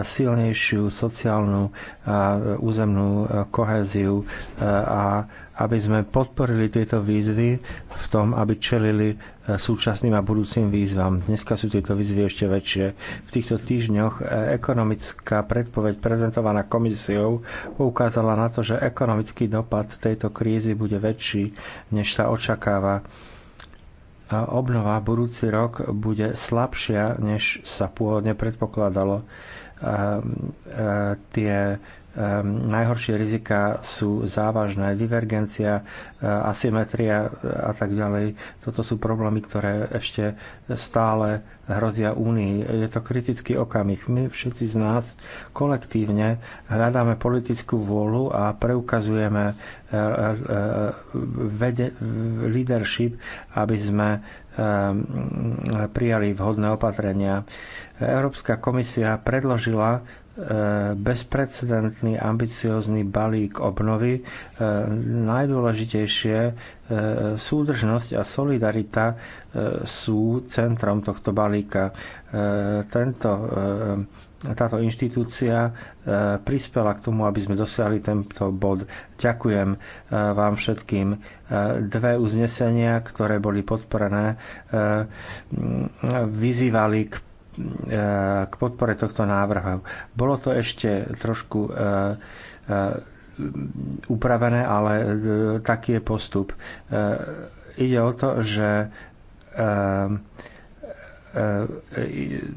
silnejšiu sociálnu a e, územnú e, koheziu a aby sme podporili tieto výzvy v tom, aby čelili súčasným a budúcim výzvam. Dneska sú tieto výzvy ešte väčšie. V týchto týždňoch ekonomická predpoveď prezentovaná komisiou poukázala na to, že ekonomický dopad tejto krízy bude väčší, než sa očakáva obnova budúci rok bude slabšia, než sa pôvodne predpokladalo. tie Ehm, najhoršie rizika sú závažné, divergencia, eh, asymetria eh, a tak ďalej. Toto sú problémy, ktoré ešte stále hrozia Únii. Je to kritický okamih. My všetci z nás kolektívne hľadáme politickú vôľu a preukazujeme eh, vede, leadership, aby sme ehm, prijali vhodné opatrenia. Európska komisia predložila E, bezprecedentný ambiciózny balík obnovy. E, najdôležitejšie e, súdržnosť a solidarita sú centrom tohto balíka. Tento táto inštitúcia prispela k tomu, aby sme dosiahli tento bod. Ďakujem vám všetkým. Dve uznesenia, ktoré boli podporené, vyzývali k k podpore tohto návrhu. Bolo to ešte trošku e, e, upravené, ale e, taký je postup. Ide o to, že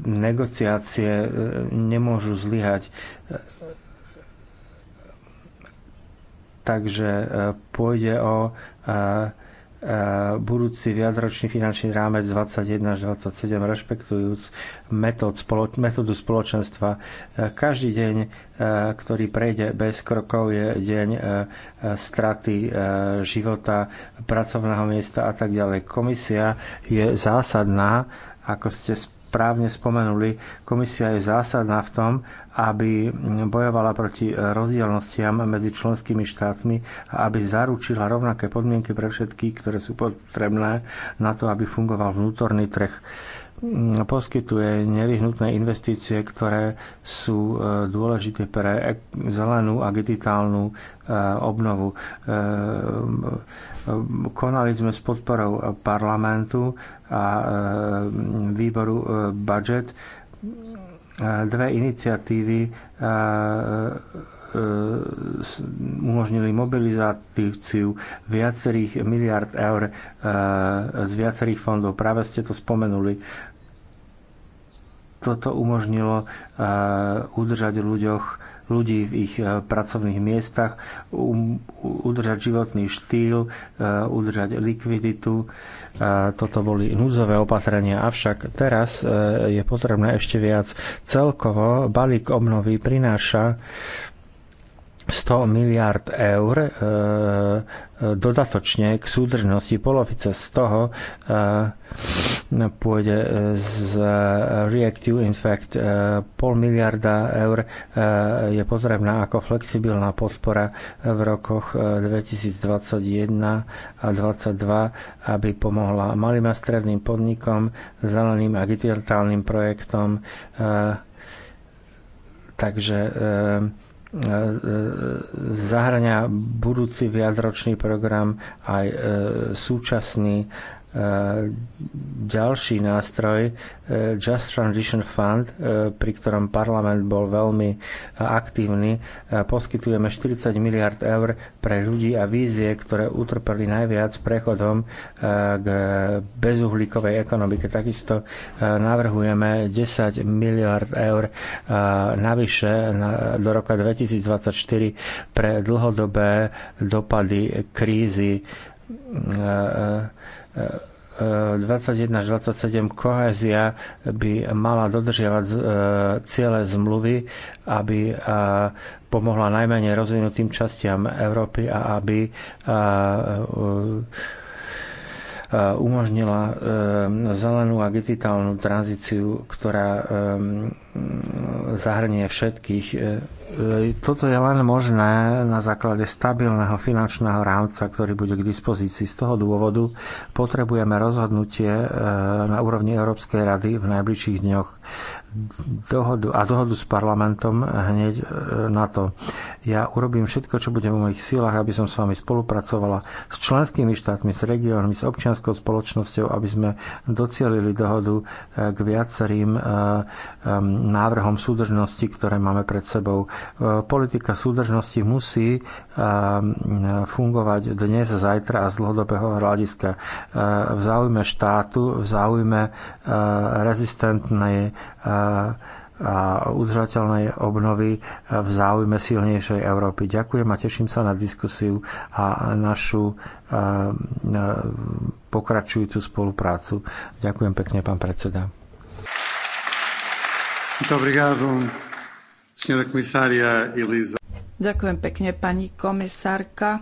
negociácie nemôžu zlyhať. Takže pôjde o E, budúci viacročný finančný rámec 21 až 27 rešpektujúc metód, spolo, metódu spoločenstva. E, každý deň, e, ktorý prejde bez krokov, je deň straty života, pracovného miesta a tak ďalej. Komisia je zásadná, ako ste správne spomenuli, komisia je zásadná v tom, aby bojovala proti rozdielnostiam medzi členskými štátmi a aby zaručila rovnaké podmienky pre všetky, ktoré sú potrebné na to, aby fungoval vnútorný trh poskytuje nevyhnutné investície, ktoré sú e, dôležité pre zelenú a digitálnu e, obnovu. E, konali sme s podporou parlamentu a výboru budget dve iniciatívy umožnili mobilizáciu viacerých miliard eur z viacerých fondov. Práve ste to spomenuli. Toto umožnilo udržať ľuďoch ľudí v ich e, pracovných miestach, um, udržať životný štýl, e, udržať likviditu. E, toto boli núdzové opatrenia, avšak teraz je potrebné ešte viac. Celkovo balík obnovy prináša 100 miliard eur e, e, dodatočne k súdržnosti. Polovica z toho e, pôjde e, z Reactive Infect. E, pol miliarda eur e, je potrebná ako flexibilná podpora v rokoch 2021 e, a 2022, aby pomohla malým a stredným podnikom, zeleným a digitálnym projektom. E, takže e, zahrania budúci viacročný program aj e, súčasný E, ďalší nástroj e, Just Transition Fund, e, pri ktorom parlament bol veľmi aktívny. Poskytujeme 40 miliard eur pre ľudí a vízie, ktoré utrpeli najviac prechodom k bezuhlíkovej ekonomike. Takisto navrhujeme 10 miliard eur navyše do roka 2024 pre dlhodobé dopady krízy 21 e, e, až 27 kohézia by mala dodržiavať e, ciele zmluvy, aby pomohla najmenej rozvinutým častiam Európy a aby umožnila zelenú a digitálnu tranzíciu, ktorá zahrnie všetkých E, toto je len možné na základe stabilného finančného rámca, ktorý bude k dispozícii. Z toho dôvodu potrebujeme rozhodnutie e, na úrovni Európskej rady v najbližších dňoch dohodu, a dohodu s parlamentom hneď e, na to. Ja urobím všetko, čo bude v mojich sílach, aby som s vami spolupracovala s členskými štátmi, s regiónmi, s občianskou spoločnosťou, aby sme docielili dohodu k viacerým návrhom súdržnosti, ktoré máme pred sebou Eh, politika súdržnosti musí eh, fungovať dnes, zajtra a z dlhodobého hľadiska eh, v záujme štátu, v záujme rezistentnej a udržateľnej obnovy v záujme silnejšej Európy. Ďakujem a teším sa na diskusiu a našu pokračujúcu spoluprácu. Ďakujem pekne, pán predseda. Muito obrigado. Ďakujem pekne, pani komisárka,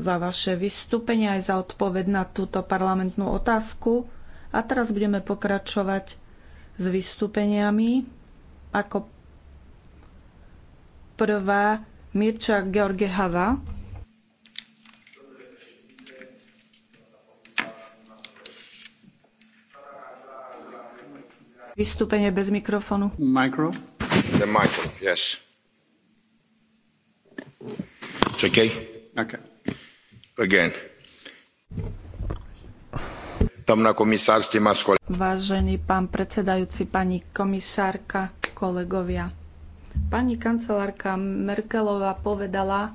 za vaše vystúpenie aj za odpoveď na túto parlamentnú otázku. A teraz budeme pokračovať s vystúpeniami. Ako prvá Mirča Georgehava. Vystúpenie bez mikrofónu. Micro. The micro, yes. It's okay? Okay. Again. Doamna comisar, stimați colegi. Vážený pán predsedajúci, pani komisárka, kolegovia. Pani kancelárka Merkelová povedala,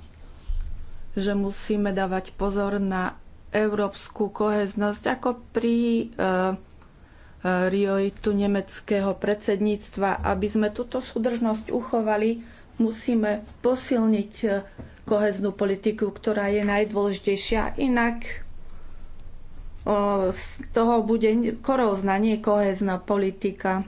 že musíme dávať pozor na európsku koheznosť ako pri eh, prioritu nemeckého predsedníctva. Aby sme túto súdržnosť uchovali, musíme posilniť eh, koheznú politiku, ktorá je najdôležitejšia. Inak z toho bude korózna, nie kohezná politika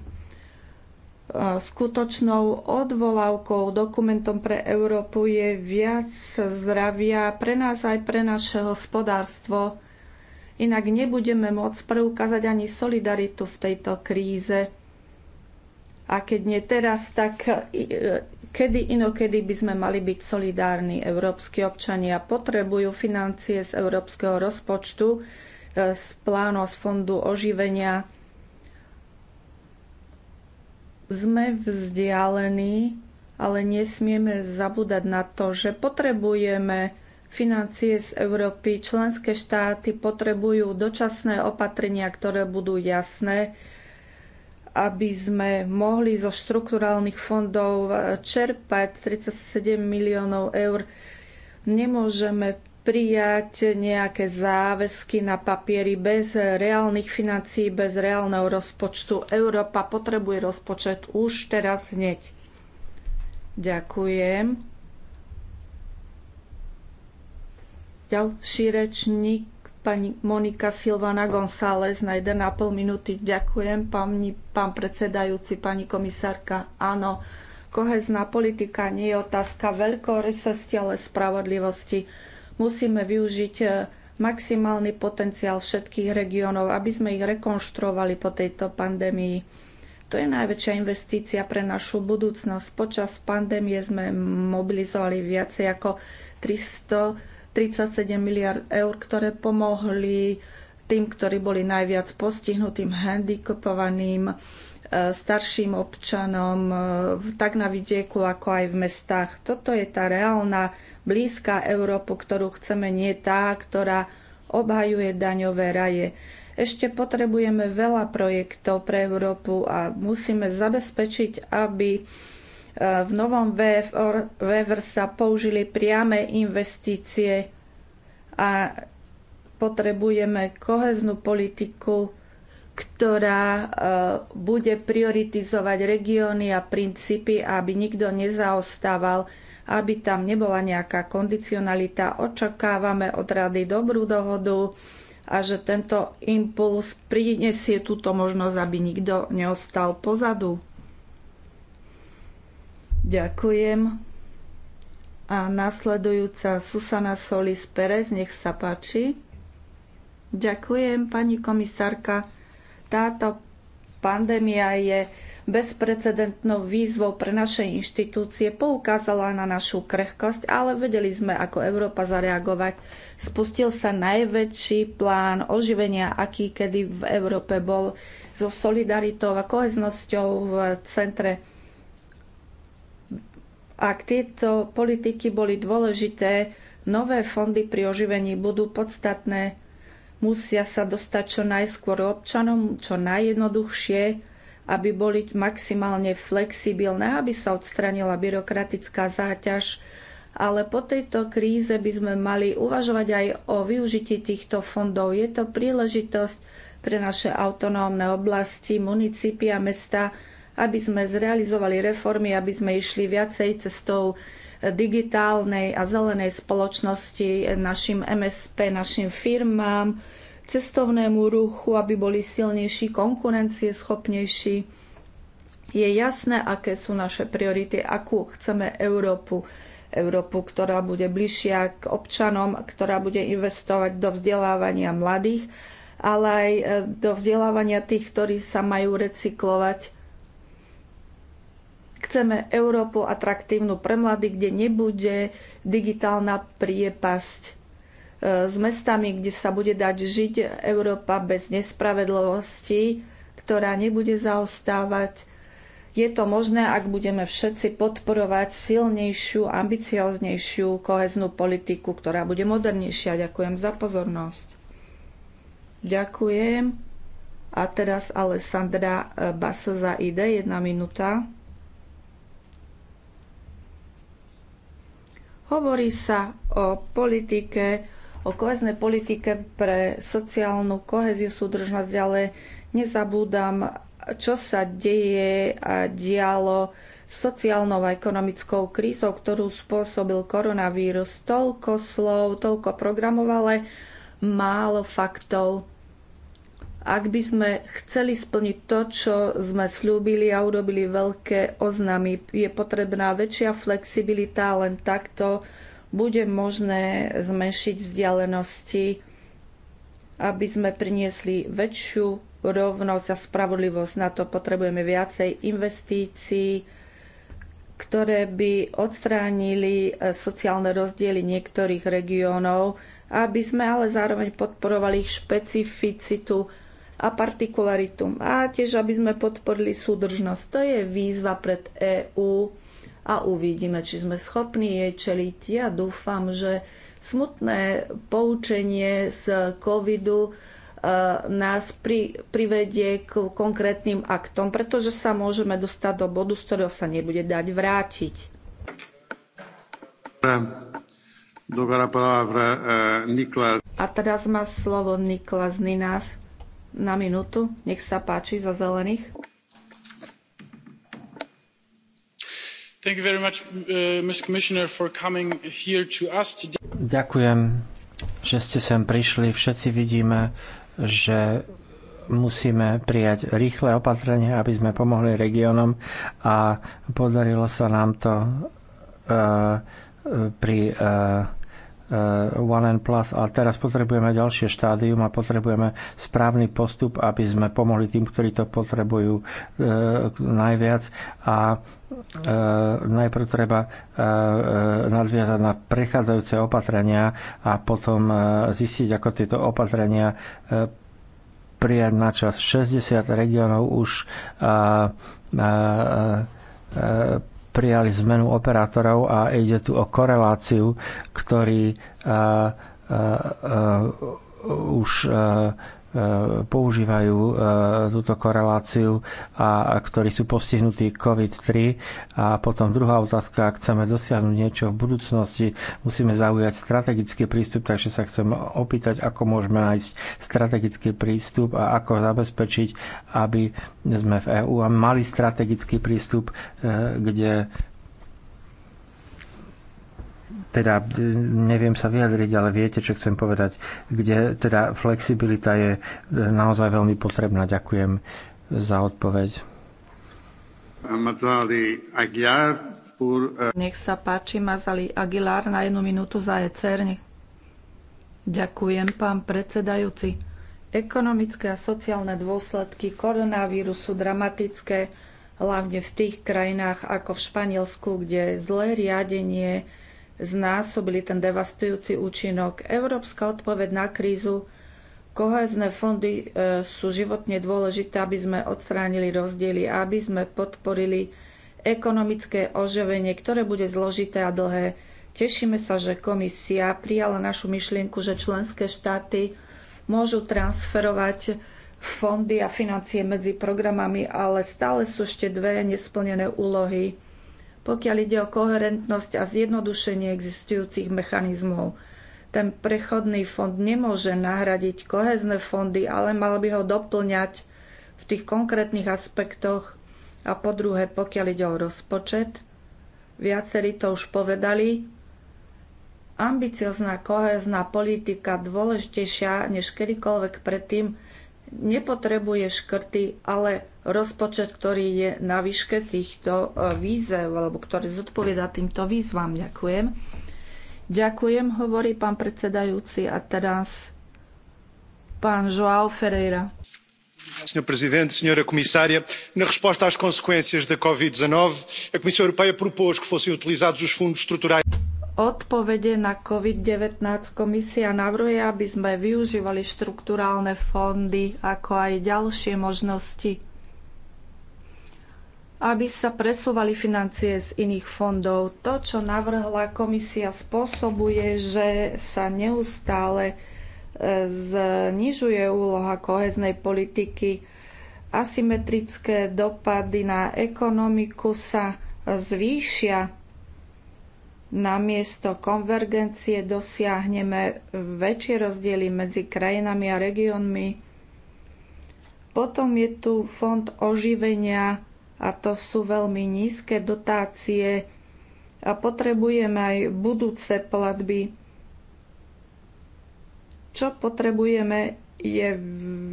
skutočnou odvolávkou, dokumentom pre Európu je viac zdravia pre nás aj pre naše hospodárstvo. Inak nebudeme môcť preukázať ani solidaritu v tejto kríze. A keď nie teraz, tak e, kedy inokedy by sme mali byť solidárni. Európsky občania potrebujú financie z európskeho rozpočtu, e, z plánu z fondu oživenia. Sme vzdialení, ale nesmieme zabúdať na to, že potrebujeme financie z Európy. Členské štáty potrebujú dočasné opatrenia, ktoré budú jasné, aby sme mohli zo štrukturálnych fondov čerpať 37 miliónov eur. Nemôžeme prijať nejaké záväzky na papieri bez reálnych financií, bez reálneho rozpočtu. Európa potrebuje rozpočet už teraz hneď. Ďakujem. Ďalší rečník, pani Monika Silvana González na 1,5 minúty. Ďakujem, Pani pán predsedajúci, pani komisárka. Áno, kohezná politika nie je otázka veľkorysosti, ale spravodlivosti. Musíme využiť eh, maximálny potenciál všetkých regiónov, aby sme ich rekonštruovali po tejto pandémii. To je najväčšia investícia pre našu budúcnosť. Počas pandémie sme mobilizovali viacej ako 300 37 miliard eur, ktoré pomohli tým, ktorí boli najviac postihnutým, handikopovaným, e, starším občanom, e, tak na vidieku, ako aj v mestách. Toto je tá reálna, blízka Európu, ktorú chceme, nie tá, ktorá obhajuje daňové raje. Ešte potrebujeme veľa projektov pre Európu a musíme zabezpečiť, aby v novom VFR, VFR sa použili priame investície a potrebujeme koheznú politiku, ktorá e, bude prioritizovať regióny a princípy, aby nikto nezaostával, aby tam nebola nejaká kondicionalita. Očakávame od rady dobrú dohodu a že tento impuls prinesie túto možnosť, aby nikto neostal pozadu. Ďakujem. A nasledujúca Susana Solis Perez, nech sa páči. Ďakujem, pani komisárka. Táto pandémia je bezprecedentnou výzvou pre naše inštitúcie, poukázala na našu krehkosť, ale vedeli sme, ako Európa zareagovať. Spustil sa najväčší plán oživenia, aký kedy v Európe bol so solidaritou a koheznosťou v centre ak tieto politiky boli dôležité, nové fondy pri oživení budú podstatné. Musia sa dostať čo najskôr občanom, čo najjednoduchšie, aby boli maximálne flexibilné, aby sa odstranila byrokratická záťaž. Ale po tejto kríze by sme mali uvažovať aj o využití týchto fondov. Je to príležitosť pre naše autonómne oblasti, municipia, mesta, aby sme zrealizovali reformy, aby sme išli viacej cestou digitálnej a zelenej spoločnosti našim MSP, našim firmám, cestovnému ruchu, aby boli silnejší, konkurencieschopnejší. Je jasné, aké sú naše priority, akú chceme Európu. Európu, ktorá bude bližšia k občanom, ktorá bude investovať do vzdelávania mladých, ale aj do vzdelávania tých, ktorí sa majú recyklovať. Chceme Európu atraktívnu pre mladých, kde nebude digitálna priepasť e, s mestami, kde sa bude dať žiť Európa bez nespravedlivosti, ktorá nebude zaostávať. Je to možné, ak budeme všetci podporovať silnejšiu, ambicioznejšiu koheznú politiku, ktorá bude modernejšia. Ďakujem za pozornosť. Ďakujem. A teraz Alessandra Baso za ide, jedna minúta. Hovorí sa o politike, o koheznej politike pre sociálnu koheziu, súdržnosť, ale nezabúdam, čo sa deje a dialo sociálnou a ekonomickou krízou, ktorú spôsobil koronavírus. Toľko slov, toľko programov, ale málo faktov. Ak by sme chceli splniť to, čo sme slúbili a urobili veľké oznamy, je potrebná väčšia flexibilita, len takto bude možné zmenšiť vzdialenosti, aby sme priniesli väčšiu rovnosť a spravodlivosť. Na to potrebujeme viacej investícií, ktoré by odstránili eh, sociálne rozdiely niektorých regiónov, aby sme ale zároveň podporovali ich špecificitu a partikularitum. A tiež, aby sme podporili súdržnosť. To je výzva pred EÚ a uvidíme, či sme schopní jej čeliť. Ja dúfam, že smutné poučenie z covidu e, nás pri, privedie k konkrétnym aktom, pretože sa môžeme dostať do bodu, z ktorého sa nebude dať vrátiť. E, a teraz má slovo Niklas Ninás na minútu. Nech sa páči za zelených. Thank you very much, uh, Commissioner, for coming here to us today. Ďakujem, že ste sem prišli. Všetci vidíme, že musíme prijať rýchle opatrenie, aby sme pomohli regiónom a podarilo sa nám to uh, pri uh, Eh, one and Plus a teraz potrebujeme ďalšie štádium a potrebujeme správny postup, aby sme pomohli tým, ktorí to potrebujú eh, najviac a eh, najprv treba nadviazať na prechádzajúce opatrenia a potom zistiť, ako tieto opatrenia prijať na čas. 60 regiónov už prijali zmenu operátorov a ide tu o koreláciu, ktorý eh, eh, eh, už E, používajú e, túto koreláciu a ktorí sú postihnutí COVID-3. A potom druhá otázka, ak chceme dosiahnuť niečo v budúcnosti, musíme zaujať strategický prístup, takže sa chcem opýtať, ako môžeme nájsť strategický prístup a ako zabezpečiť, aby sme v EÚ mali strategický prístup, e, kde teda e, neviem sa vyjadriť, ale viete, čo chcem povedať, kde teda flexibilita je e, naozaj veľmi potrebná. Ďakujem za odpoveď. E, Nech sa páči, Mazali Aguilar na jednu minútu za ECR. Ďakujem, pán predsedajúci. Ekonomické a sociálne dôsledky koronavírusu sú dramatické, hlavne v tých krajinách ako v Španielsku, kde zlé riadenie znásobili ten devastujúci účinok. Európska odpoveď na krízu Kohezné fondy e, sú životne dôležité, aby sme odstránili rozdiely a aby sme podporili ekonomické oživenie, ktoré bude zložité a dlhé. Tešíme sa, že komisia prijala našu myšlienku, že členské štáty môžu transferovať fondy a financie medzi programami, ale stále sú ešte dve nesplnené úlohy pokiaľ ide o koherentnosť a zjednodušenie existujúcich mechanizmov. Ten prechodný fond nemôže nahradiť kohezné fondy, ale mal by ho doplňať v tých konkrétnych aspektoch. A po druhé, pokiaľ ide o rozpočet, viacerí to už povedali, ambiciozná kohezná politika dôležitejšia než kedykoľvek predtým, nepotrebuje škrty, ale rozpočet, ktorý je na výške týchto e, výzev, alebo ktorý zodpovedá týmto výzvam. Ďakujem. Ďakujem, hovorí pán predsedajúci. A teraz pán Joao Ferreira. Sr. Presidente, Sra. Comissária, na resposta às consequências da Covid-19, a Comissão Europeia propôs que fossem utilizados os fundos estruturais odpovede na COVID-19 komisia navrhuje, aby sme využívali štrukturálne fondy ako aj ďalšie možnosti, aby sa presúvali financie z iných fondov. To, čo navrhla komisia, spôsobuje, že sa neustále e, znižuje úloha koheznej politiky. Asymetrické dopady na ekonomiku sa zvýšia Namiesto konvergencie dosiahneme väčšie rozdiely medzi krajinami a regiónmi. Potom je tu fond oživenia a to sú veľmi nízke dotácie a potrebujeme aj budúce platby. Čo potrebujeme je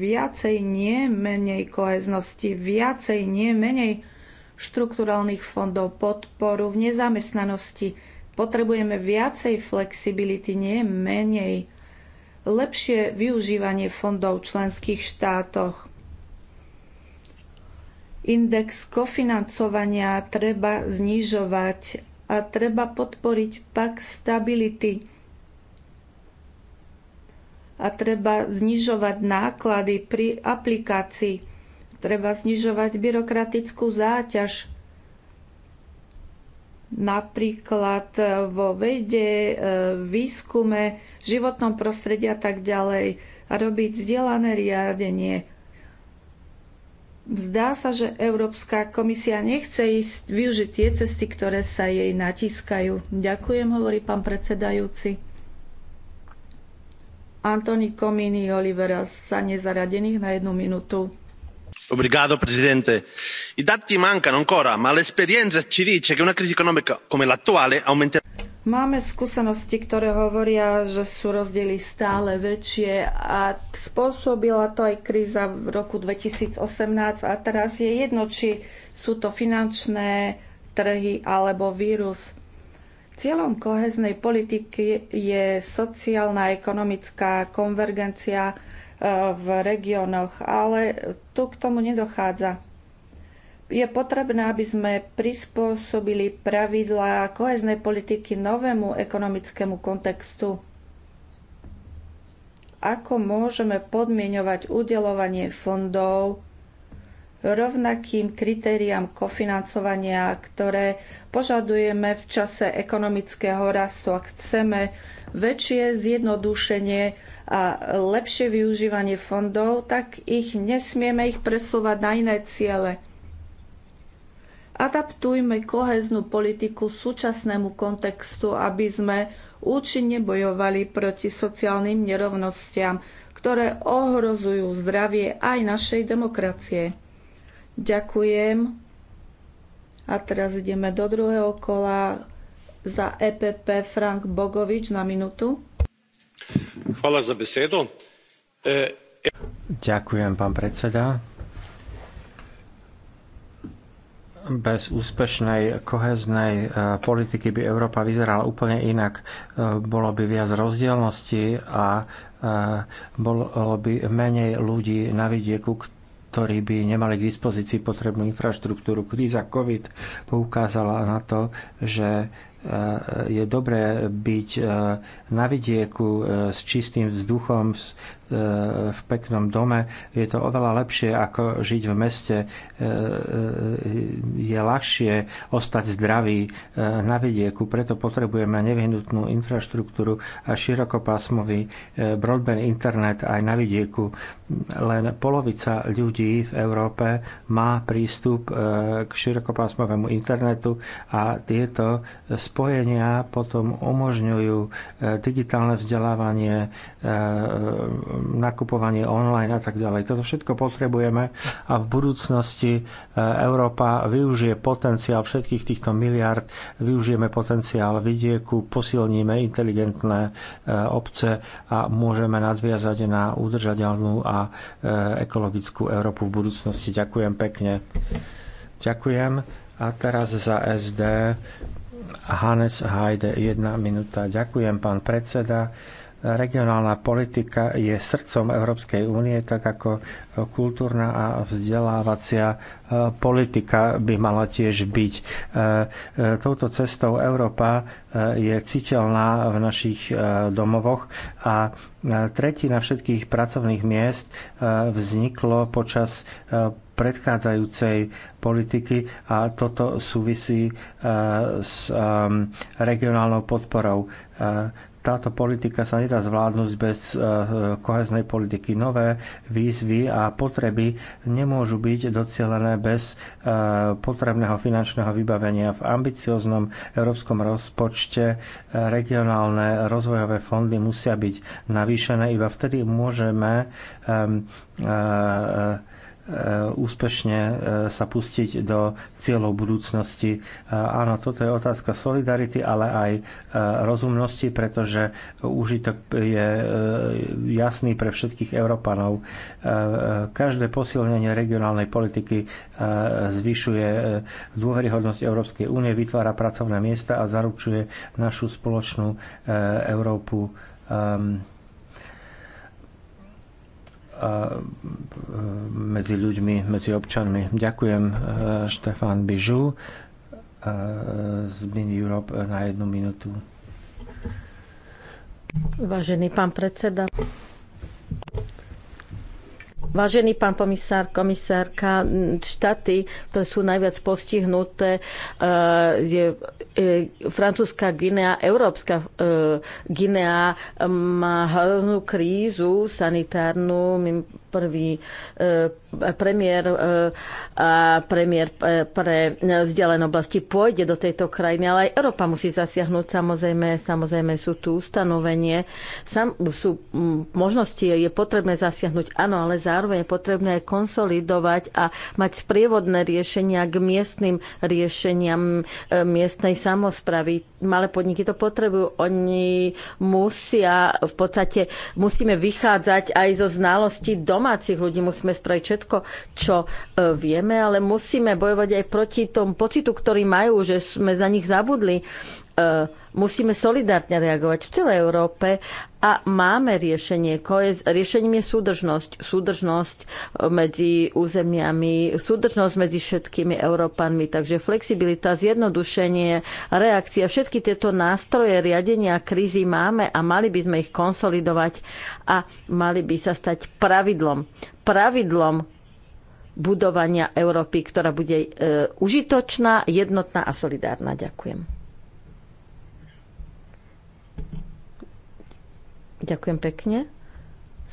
viacej nie menej koheznosti, viacej nie menej štrukturálnych fondov, podporu v nezamestnanosti, Potrebujeme viacej flexibility, nie menej. Lepšie využívanie fondov v členských štátoch. Index kofinancovania treba znižovať a treba podporiť pak stability a treba znižovať náklady pri aplikácii. Treba znižovať byrokratickú záťaž napríklad e, vo vede, e, výskume, životnom prostredí a tak ďalej robiť zdieľané riadenie. Zdá sa, že Európska komisia nechce ísť využiť tie cesty, ktoré sa jej natiskajú. Ďakujem, hovorí pán predsedajúci. Antoni Komini Olivera sa nezaradených na jednu minútu signor presidente onorevoli colleghi i dati mancano ancora ma l'esperienza ci dice che una crisi economica come l'attuale aumenterà. Máme skúsenosti, ktoré hovoria, že sú rozdiely stále väčšie a spôsobila to aj kríza v roku 2018 a teraz je jedno, či sú to finančné trhy alebo vírus. Cieľom koheznej politiky je sociálna a ekonomická konvergencia v regiónoch, ale tu k tomu nedochádza. Je potrebné, aby sme prispôsobili pravidlá koheznej politiky novému ekonomickému kontextu. Ako môžeme podmienovať udelovanie fondov rovnakým kritériám kofinancovania, ktoré požadujeme v čase ekonomického rastu a chceme väčšie zjednodušenie a lepšie využívanie fondov, tak ich nesmieme ich presúvať na iné ciele. Adaptujme koheznú politiku súčasnému kontextu, aby sme účinne bojovali proti sociálnym nerovnostiam, ktoré ohrozujú zdravie aj našej demokracie. Ďakujem. A teraz ideme do druhého kola za EPP Frank Bogovič na minútu. Hvala za besedo. E, e... Ďakujem, pán predseda. Bez úspešnej koheznej e, politiky by Európa vyzerala úplne inak. E, bolo by viac rozdielnosti a bolo by menej ľudí na vidieku, ktorí by nemali k dispozícii potrebnú infraštruktúru. Kríza COVID poukázala na to, že je dobré byť e, na vidieku e, s čistým vzduchom e, v peknom dome. Je to oveľa lepšie ako žiť v meste. Je ľahšie ostať zdravý na vidieku, preto potrebujeme nevyhnutnú infraštruktúru a širokopásmový broadband internet aj na vidieku len polovica ľudí v Európe má prístup e, k širokopásmovému internetu a tieto spojenia potom umožňujú e, digitálne vzdelávanie, e, nakupovanie online a tak ďalej. Toto všetko potrebujeme a v budúcnosti Európa využije potenciál všetkých týchto miliard, využijeme potenciál vidieku, posilníme inteligentné obce a môžeme nadviazať na udržateľnú a Eh, ekologickú Európu v budúcnosti. Ďakujem pekne. Ďakujem. A teraz za SD Hannes Heide, jedna minúta. Ďakujem, pán predseda. Regionálna politika je srdcom Európskej únie, tak ako kultúrna a vzdelávacia e, politika by mala tiež byť. E, e, touto cestou Európa je citeľná v našich domovoch a tretina všetkých pracovných miest vzniklo počas predchádzajúcej politiky a toto súvisí s regionálnou podporou táto politika sa nedá zvládnuť bez eh, koheznej politiky. Nové výzvy a potreby nemôžu byť docielené bez eh, potrebného finančného vybavenia. V ambicioznom európskom rozpočte eh, regionálne rozvojové fondy musia byť navýšené. Iba vtedy môžeme E, úspešne e, sa pustiť do cieľov budúcnosti. E, áno, toto je otázka solidarity, ale aj rozumnosti, pretože užitok je jasný pre všetkých Európanov. Každé posilnenie regionálnej politiky zvyšuje dôveryhodnosť Európskej únie, vytvára pracovné miesta a zaručuje našu spoločnú Európu ehm, E, medzi ľuďmi, medzi občanmi. Ďakujem e, Štefán Bižu e, z Bin Europe na jednu minútu. Vážený pán predseda, Vážený pán komisár, komisárka, štáty, ktoré sú najviac postihnuté, e, je e, francúzska Guinea, európska e, Guinea má hroznú krízu sanitárnu. My prvý e, premiér e, a premiér e, pre vzdialené oblasti pôjde do tejto krajiny, ale aj Európa musí zasiahnuť. Samozrejme, samozrejme sú tu ustanovenie, sam, sú možnosti, je potrebné zasiahnuť, áno, ale zároveň je potrebné konsolidovať a mať sprievodné riešenia k miestnym riešeniam miestnej samozpravy malé podniky to potrebujú. Oni musia, v podstate musíme vychádzať aj zo znalostí domácich ľudí. Musíme spraviť všetko, čo e, vieme, ale musíme bojovať aj proti tomu pocitu, ktorý majú, že sme za nich zabudli. E, musíme solidárne reagovať v celej Európe a máme riešenie. Riešením je súdržnosť. Súdržnosť e, medzi územiami, súdržnosť medzi všetkými Európanmi. Takže flexibilita, zjednodušenie, reakcia, všetky tieto nástroje riadenia krízy máme a mali by sme ich konsolidovať a mali by sa stať pravidlom. Pravidlom budovania Európy, ktorá bude e, užitočná, jednotná a solidárna. Ďakujem. Ďakujem pekne.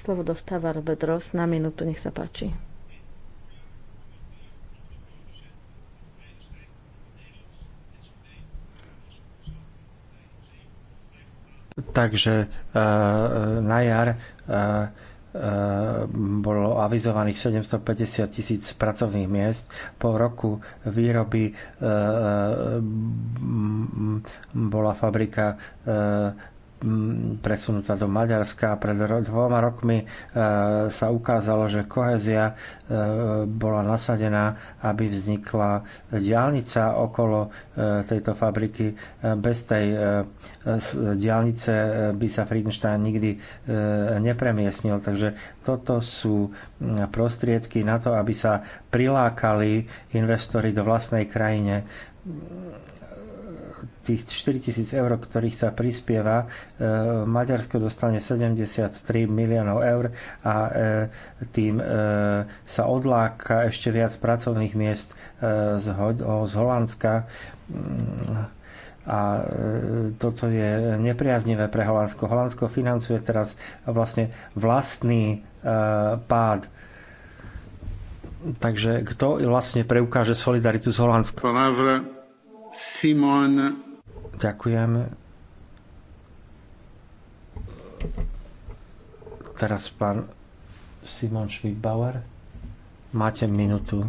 Slovo dostáva Robert Ross na minútu, nech sa páči. Takže e, e, na jar e, bolo avizovaných 750 tisíc pracovných miest. Po roku výroby bola fabrika presunutá do Maďarska. Pred dvoma rokmi e, sa ukázalo, že kohezia e, bola nasadená, aby vznikla diálnica okolo e, tejto fabriky. Bez tej diálnice by sa Friedenstein nikdy nepremiestnil. Takže toto sú prostriedky na to, aby sa prilákali investori do vlastnej krajine tých 4000 eur, ktorých sa prispieva, e, Maďarsko dostane 73 miliónov eur a e, tým e, sa odláka ešte viac pracovných miest z Holandska mm, a toto je nepriaznivé pre Holandsko. Holandsko financuje teraz vlastne vlastný pád Takže kto vlastne preukáže solidaritu s Holandskom? Simon Ďakujem. Teraz pán Simon Schmidbauer. Máte minútu.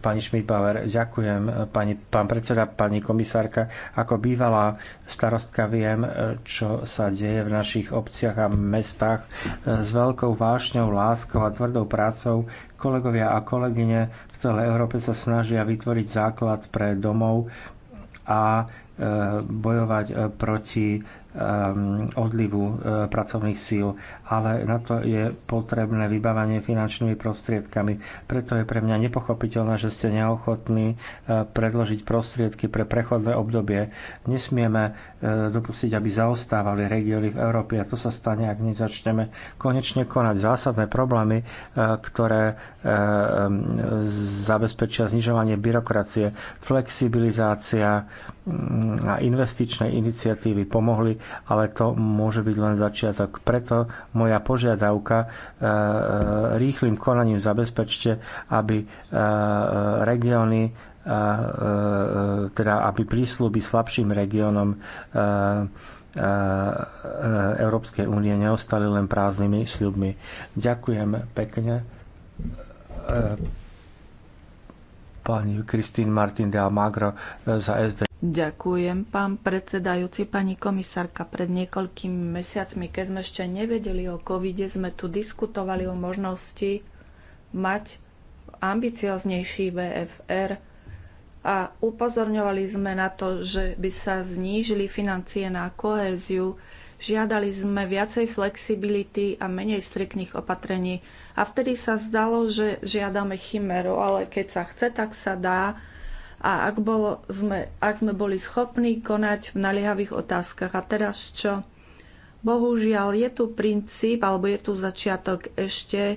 Pani Schmidbauer, ďakujem. Pani, pán predseda, pani komisárka, ako bývalá starostka viem, čo sa deje v našich obciach a mestách. S veľkou vášňou, láskou a tvrdou prácou kolegovia a kolegyne v celej Európe sa snažia vytvoriť základ pre domov a bojovať eh, proti Ehm, odlivu e, pracovných síl, ale na to je potrebné vybavanie finančnými prostriedkami. Preto je pre mňa nepochopiteľné, že ste neochotní e, predložiť prostriedky pre prechodné obdobie. Nesmieme e, dopustiť, aby zaostávali regióny v Európe a to sa stane, ak nezačneme konečne konať zásadné problémy, ktoré zabezpečia znižovanie byrokracie, flexibilizácia mm, a investičné iniciatívy pomohli ale to môže byť len začiatok. Preto moja požiadavka e, e, rýchlým konaním zabezpečte, aby e, regióny teda aby prísluby slabším regiónom Európskej únie neostali len prázdnymi sľubmi. Ďakujem pekne pani Kristín Martin de Almagro e, za SD. Ďakujem, pán predsedajúci, pani komisárka. Pred niekoľkými mesiacmi, keď sme ešte nevedeli o covide, sme tu diskutovali o možnosti mať ambicioznejší VFR a upozorňovali sme na to, že by sa znížili financie na kohéziu, žiadali sme viacej flexibility a menej striktných opatrení a vtedy sa zdalo, že žiadame chimeru, ale keď sa chce, tak sa dá. A ak, bolo, sme, ak sme boli schopní konať v naliehavých otázkach. A teraz čo? Bohužiaľ, je tu princíp, alebo je tu začiatok ešte, e,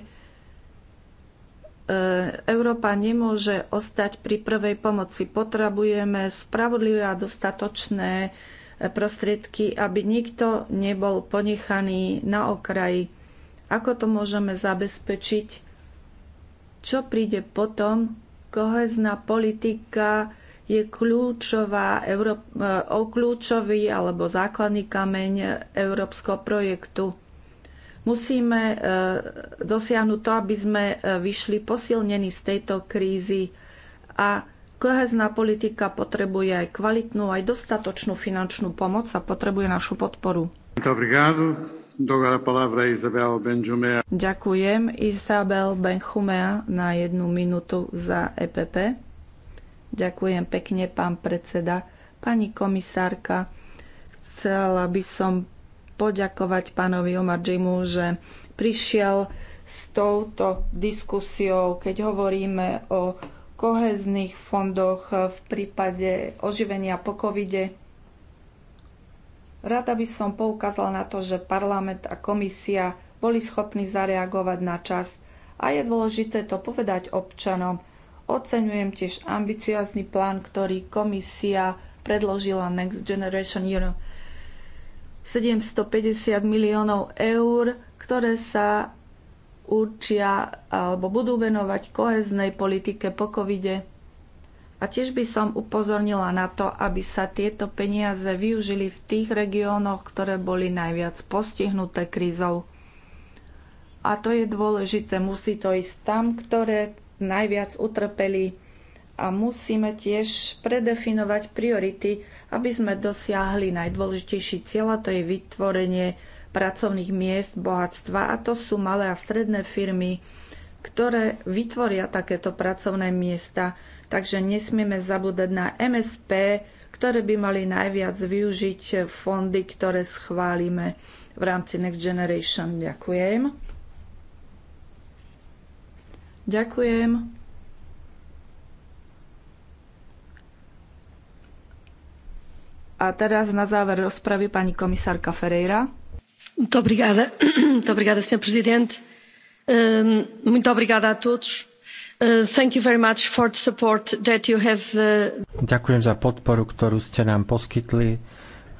Európa nemôže ostať pri prvej pomoci. Potrebujeme spravodlivé a dostatočné e, prostriedky, aby nikto nebol ponechaný na okraji. Ako to môžeme zabezpečiť? Čo príde potom? Kohezná politika je kľúčová, Euró- eh, kľúčový alebo základný kameň európskeho projektu. Musíme eh, dosiahnuť to, aby sme eh, vyšli posilnení z tejto krízy a kohezná politika potrebuje aj kvalitnú, aj dostatočnú finančnú pomoc a potrebuje našu podporu. Muito obrigado. Ďakujem Isabel Benchumea na jednu minútu za EPP. Ďakujem pekne, pán predseda. Pani komisárka, chcela by som poďakovať pánovi Omarjimu, že prišiel s touto diskusiou, keď hovoríme o kohezných fondoch v prípade oživenia po covide Rada by som poukázala na to, že parlament a komisia boli schopní zareagovať na čas a je dôležité to povedať občanom. Oceňujem tiež ambiciózny plán, ktorý komisia predložila Next Generation Euro. 750 miliónov eur, ktoré sa určia alebo budú venovať koheznej politike po covide. A tiež by som upozornila na to, aby sa tieto peniaze využili v tých regiónoch, ktoré boli najviac postihnuté krízou. A to je dôležité, musí to ísť tam, ktoré najviac utrpeli a musíme tiež predefinovať priority, aby sme dosiahli najdôležitejší cieľ, a to je vytvorenie pracovných miest, bohatstva a to sú malé a stredné firmy, ktoré vytvoria takéto pracovné miesta. Takže nesmieme zabúdať na MSP, ktoré by mali najviac využiť fondy, ktoré schválime v rámci Next Generation. Ďakujem. Ďakujem. A teraz na záver rozpravy pani komisárka Ferreira. Muito obrigada. Muito obrigada, Sr. Presidente. Ehm, muito obrigada a todos. Uh, uh, Ďakujem za podporu, ktorú ste nám poskytli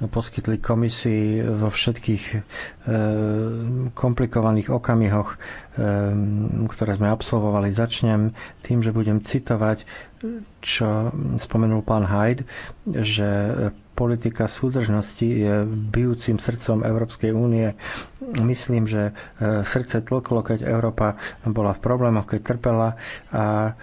poskytli komisii vo všetkých uh, komplikovaných okamihoch, um, ktoré sme absolvovali. Začnem tým, že budem citovať, čo spomenul pán Hyde, že politika súdržnosti je bijúcim srdcom Európskej únie. Myslím, že e, srdce tlklo, keď Európa bola v problémoch, keď trpela a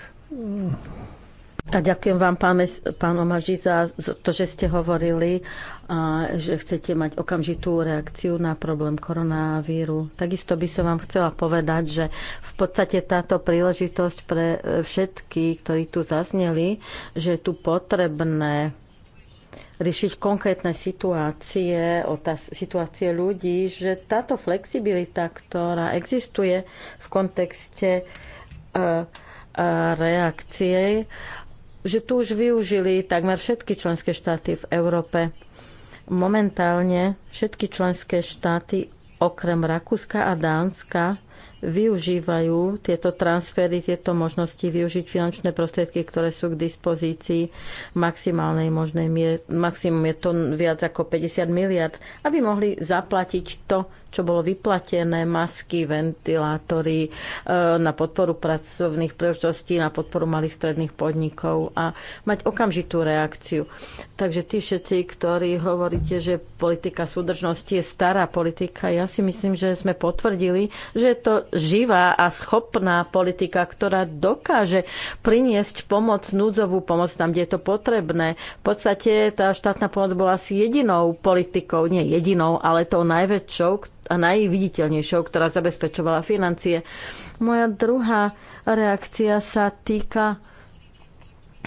a ďakujem vám, pán, pán Omaži, za to, že ste hovorili, a že chcete mať okamžitú reakciu na problém koronavíru. Takisto by som vám chcela povedať, že v podstate táto príležitosť pre všetky, ktorí tu zazneli, že je tu potrebné riešiť konkrétne situácie, otáz- situácie ľudí, že táto flexibilita, ktorá existuje v kontexte e, e, reakcie, že tu už využili takmer všetky členské štáty v Európe. Momentálne všetky členské štáty okrem Rakúska a Dánska využívajú tieto transfery, tieto možnosti využiť finančné prostriedky, ktoré sú k dispozícii maximálnej možnej miere, maximum je to viac ako 50 miliard, aby mohli zaplatiť to, čo bolo vyplatené, masky, ventilátory e, na podporu pracovných príležitostí, na podporu malých stredných podnikov a mať okamžitú reakciu. Takže tí všetci, ktorí hovoríte, že politika súdržnosti je stará politika, ja si myslím, že sme potvrdili, že je to živá a schopná politika, ktorá dokáže priniesť pomoc, núdzovú pomoc tam, kde je to potrebné. V podstate tá štátna pomoc bola asi jedinou politikou, nie jedinou, ale tou najväčšou, a najviditeľnejšou, ktorá zabezpečovala financie. Moja druhá reakcia sa týka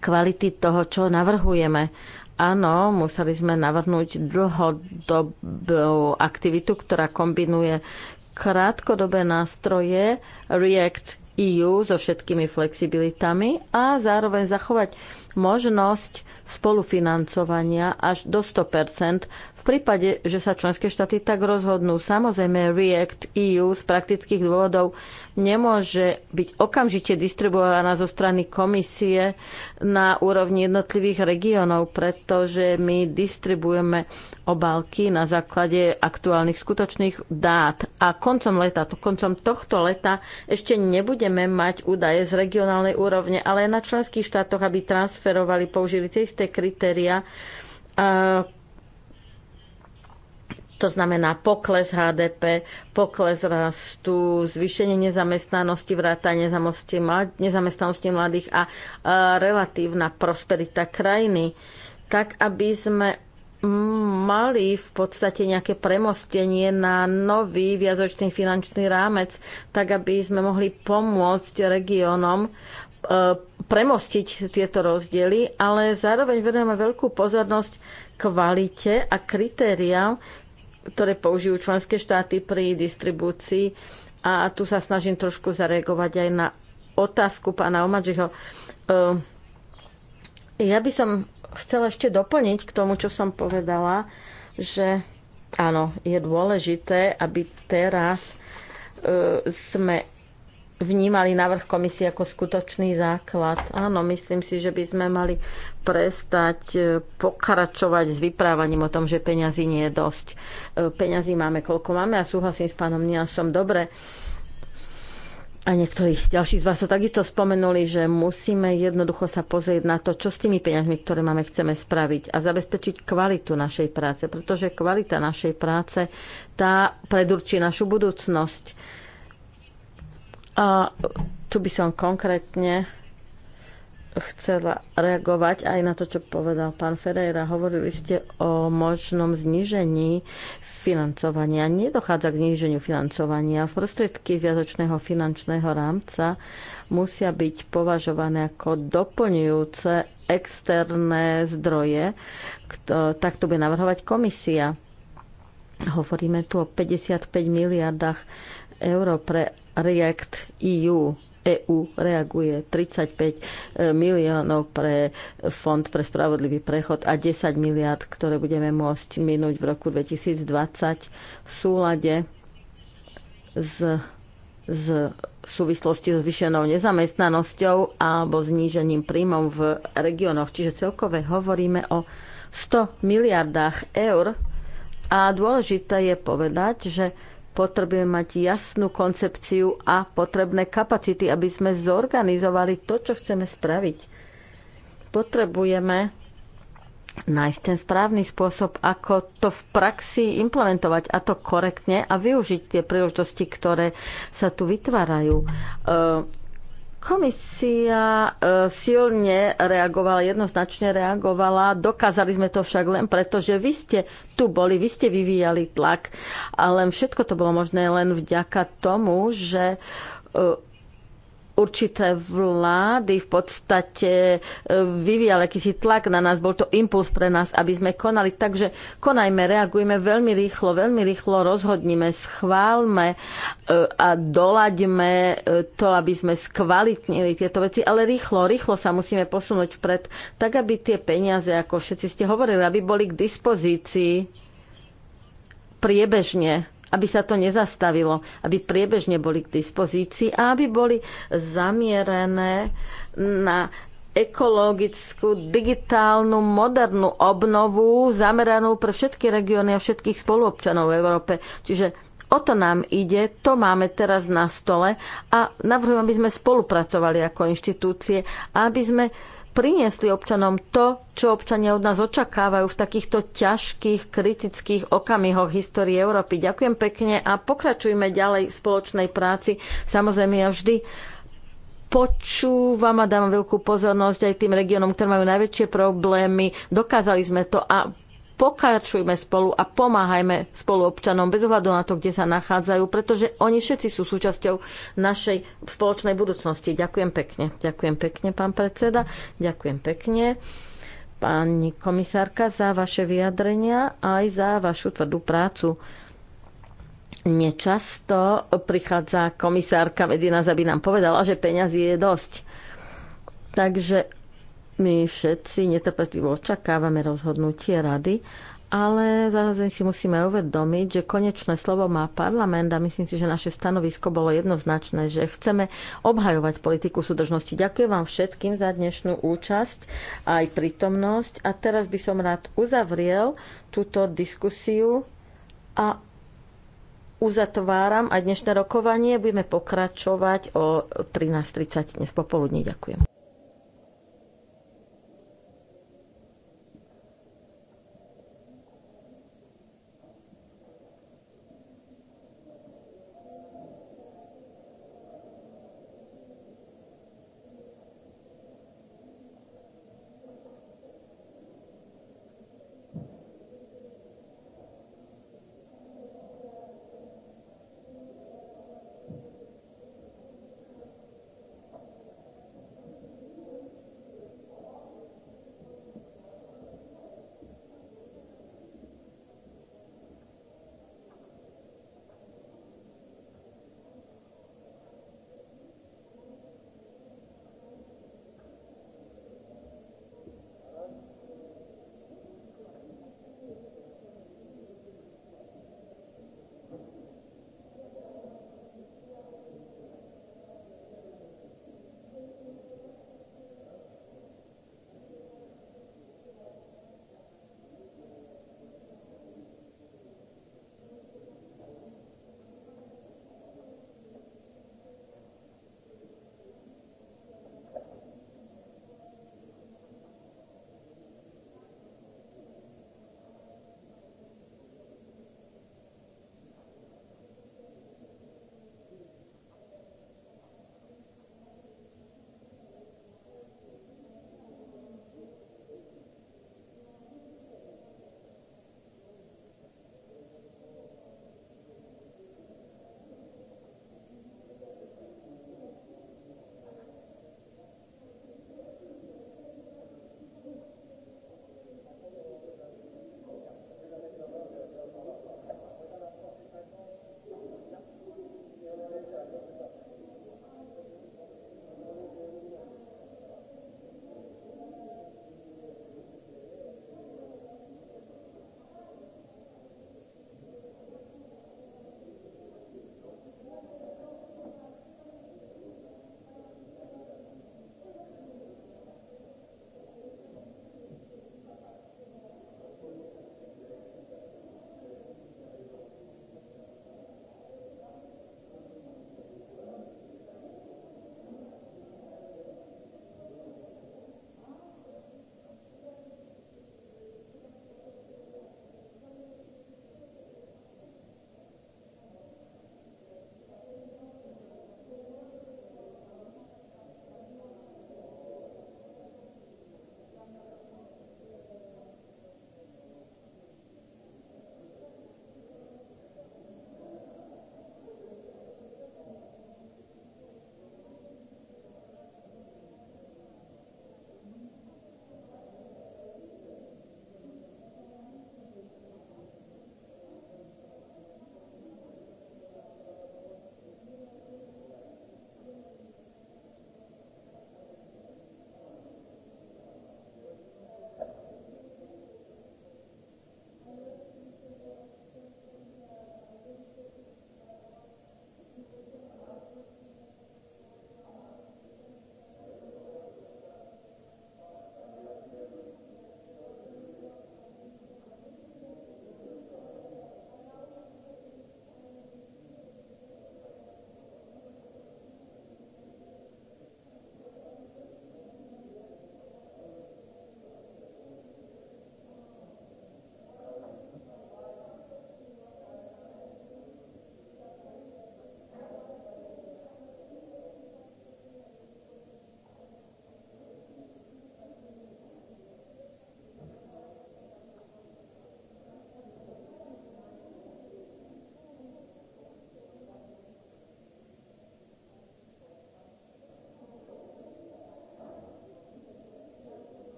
kvality toho, čo navrhujeme. Áno, museli sme navrhnúť dlhodobú aktivitu, ktorá kombinuje krátkodobé nástroje React EU so všetkými flexibilitami a zároveň zachovať možnosť spolufinancovania až do 100 v prípade, že sa členské štáty tak rozhodnú, samozrejme React EU z praktických dôvodov nemôže byť okamžite distribuovaná zo strany komisie na úrovni jednotlivých regiónov, pretože my distribuujeme obálky na základe aktuálnych skutočných dát. A koncom leta, to koncom tohto leta ešte nebudeme mať údaje z regionálnej úrovne, ale na členských štátoch, aby transferovali, použili tie isté kritéria, to znamená pokles HDP, pokles rastu, zvýšenie nezamestnanosti, vrátanie nezamestnanosti mladých a relatívna prosperita krajiny, tak aby sme mali v podstate nejaké premostenie na nový viazočný finančný rámec, tak aby sme mohli pomôcť regiónom e, premostiť tieto rozdiely, ale zároveň venujeme veľkú pozornosť kvalite a kritériám, ktoré použijú členské štáty pri distribúcii. A tu sa snažím trošku zareagovať aj na otázku pána Omadžiho. Ehm, ja by som chcela ešte doplniť k tomu, čo som povedala, že áno, je dôležité, aby teraz ehm, sme vnímali návrh komisie ako skutočný základ. Áno, myslím si, že by sme mali prestať e, pokračovať s vyprávaním o tom, že peňazí nie je dosť. E, peňazí máme, koľko máme a súhlasím s pánom Niasom dobre. A niektorí ďalší z vás to takisto spomenuli, že musíme jednoducho sa pozrieť na to, čo s tými peniazmi, ktoré máme, chceme spraviť a zabezpečiť kvalitu našej práce, pretože kvalita našej práce tá predurčí našu budúcnosť a tu by som konkrétne chcela reagovať aj na to, čo povedal pán Ferreira. Hovorili ste o možnom znížení financovania. Nedochádza k zníženiu financovania. Prostriedky zviazočného finančného rámca musia byť považované ako doplňujúce externé zdroje. Takto by navrhovať komisia. Hovoríme tu o 55 miliardách eur pre React EU EU reaguje 35 e, miliónov pre Fond pre spravodlivý prechod a 10 miliard, ktoré budeme môcť minúť v roku 2020 v súlade s, s súvislosti so zvyšenou nezamestnanosťou alebo znížením príjmom v regiónoch. Čiže celkové hovoríme o 100 miliardách eur. A dôležité je povedať, že potrebujeme mať jasnú koncepciu a potrebné kapacity, aby sme zorganizovali to, čo chceme spraviť. Potrebujeme nájsť ten správny spôsob, ako to v praxi implementovať a to korektne a využiť tie príležitosti, ktoré sa tu vytvárajú. Ehm, Komisia e, silne reagovala, jednoznačne reagovala. Dokázali sme to však len preto, že vy ste tu boli, vy ste vyvíjali tlak. Ale všetko to bolo možné len vďaka tomu, že e, určité vlády v podstate e, vyvíjali akýsi tlak na nás, bol to impuls pre nás, aby sme konali. Takže konajme, reagujme veľmi rýchlo, veľmi rýchlo rozhodnime, schválme e, a doľaďme e, to, aby sme skvalitnili tieto veci, ale rýchlo, rýchlo sa musíme posunúť vpred, tak aby tie peniaze, ako všetci ste hovorili, aby boli k dispozícii priebežne aby sa to nezastavilo, aby priebežne boli k dispozícii a aby boli zamierené na ekologickú, digitálnu, modernú obnovu zameranú pre všetky regióny a všetkých spoluobčanov v Európe. Čiže o to nám ide, to máme teraz na stole a navrhujem, aby sme spolupracovali ako inštitúcie a aby sme priniesli občanom to, čo občania od nás očakávajú v takýchto ťažkých, kritických okamihoch histórie Európy. Ďakujem pekne a pokračujme ďalej v spoločnej práci. Samozrejme, ja vždy počúvam a dávam veľkú pozornosť aj tým regiónom, ktoré majú najväčšie problémy. Dokázali sme to a pokračujme spolu a pomáhajme spoluobčanom bez ohľadu na to, kde sa nachádzajú, pretože oni všetci sú súčasťou našej spoločnej budúcnosti. Ďakujem pekne. Ďakujem pekne, pán predseda. Ďakujem pekne, pani komisárka, za vaše vyjadrenia aj za vašu tvrdú prácu. Nečasto prichádza komisárka medzi nás, aby nám povedala, že peňazí je dosť. Takže my všetci netrpezlivo očakávame rozhodnutie rady, ale zároveň si musíme uvedomiť, že konečné slovo má parlament a myslím si, že naše stanovisko bolo jednoznačné, že chceme obhajovať politiku súdržnosti. Ďakujem vám všetkým za dnešnú účasť a aj prítomnosť a teraz by som rád uzavriel túto diskusiu a uzatváram aj dnešné rokovanie. Budeme pokračovať o 13.30 dnes popoludne. Ďakujem.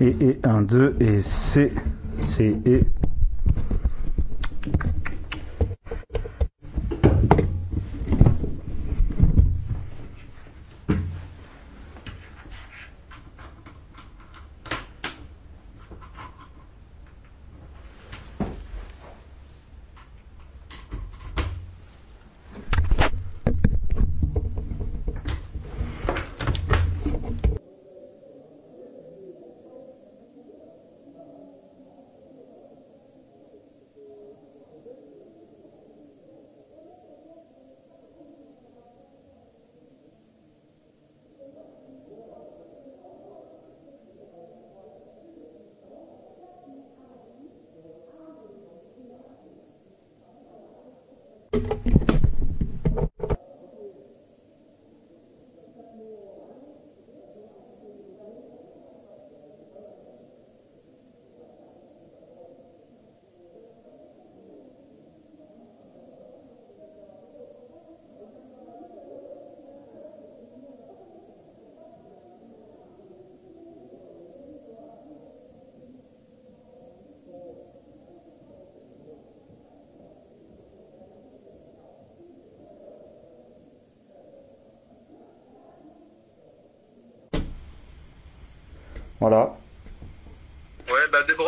et et, 1 2 et C, C, et,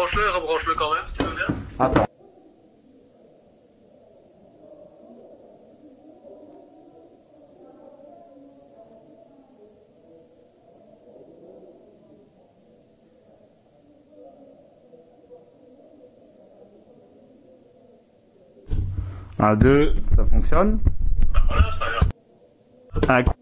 Rebranche-le, rebranche-le quand même, si tu veux bien. Attends. Un, deux, ça fonctionne voilà, ça a l'air.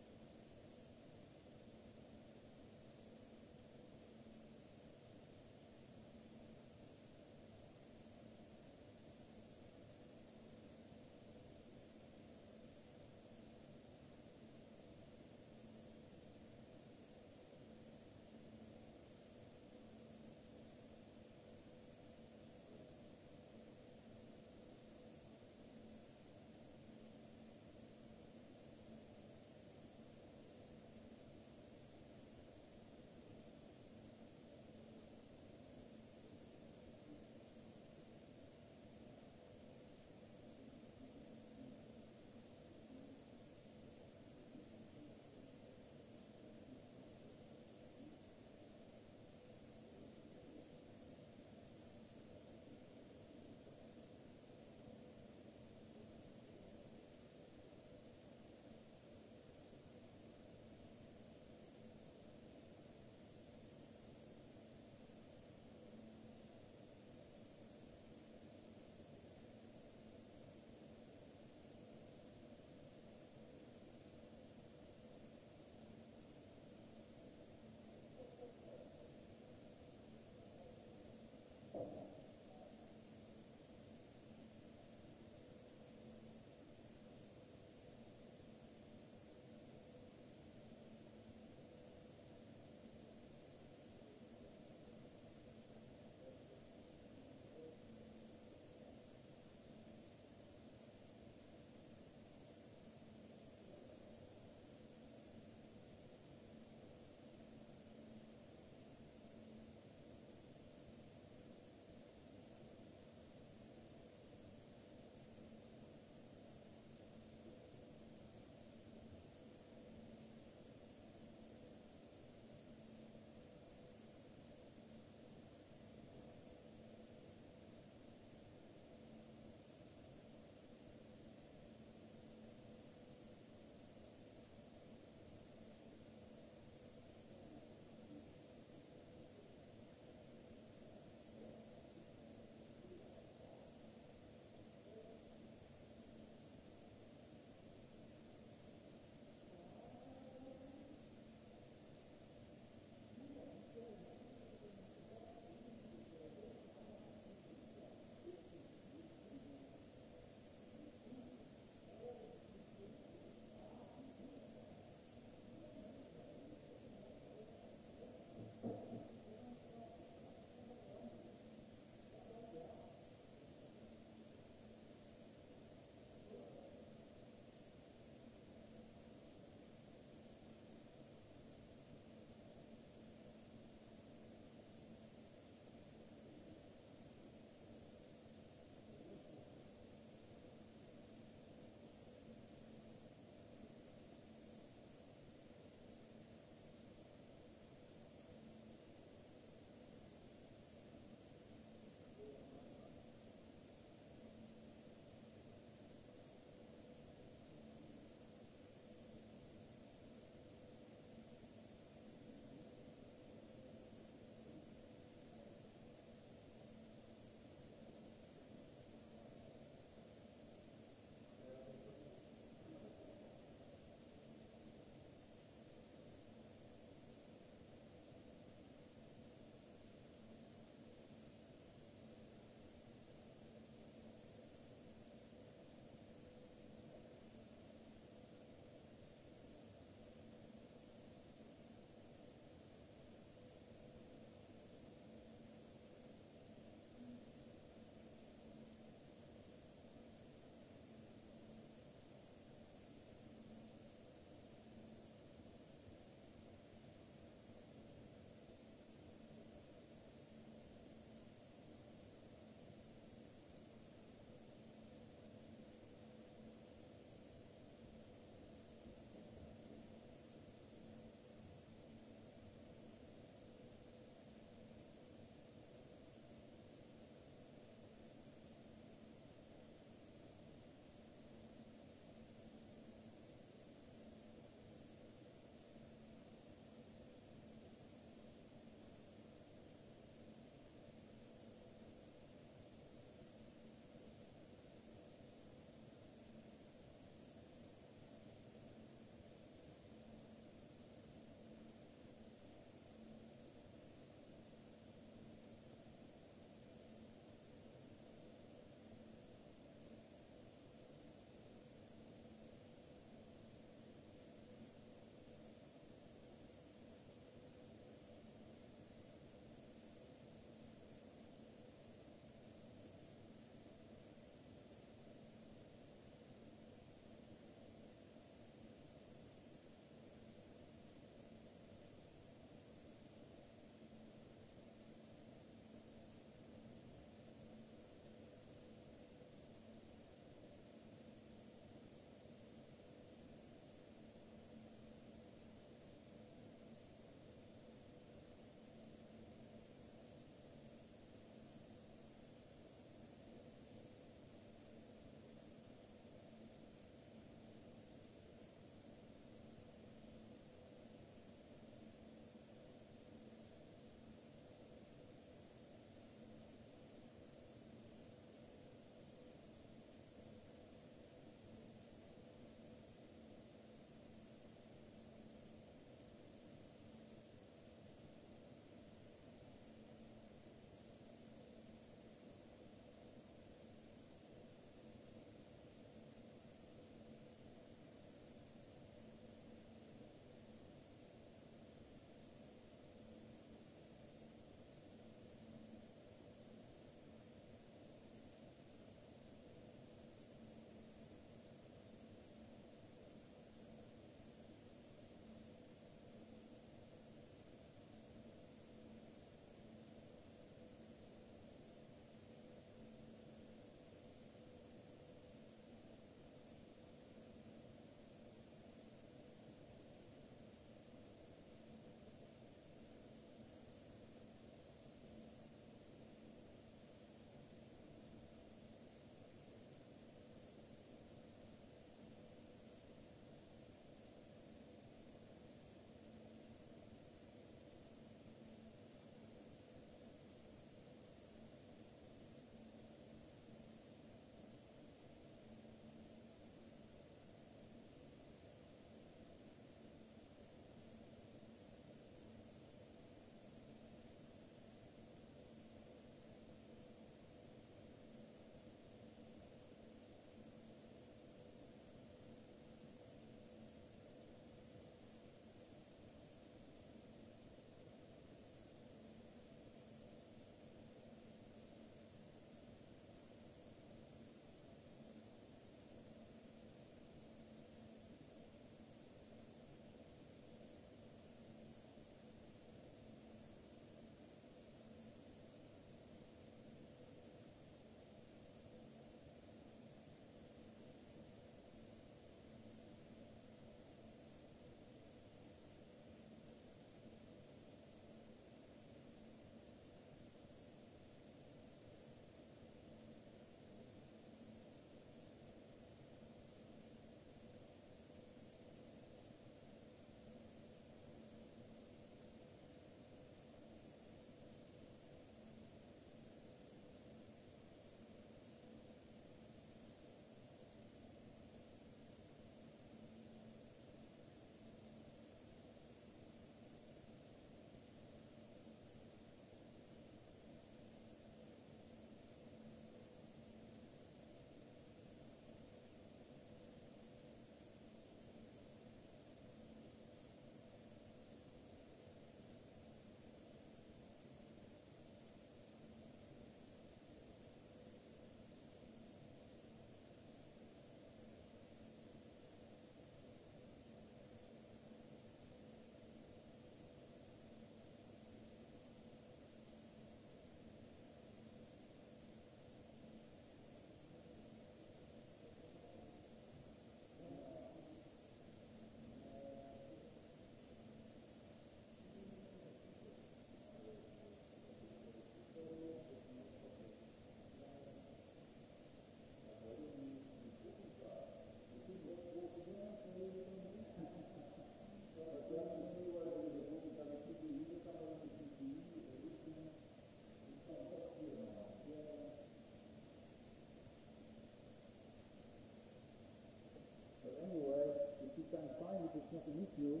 nothing with you,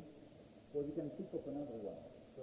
or you can pick up another one. So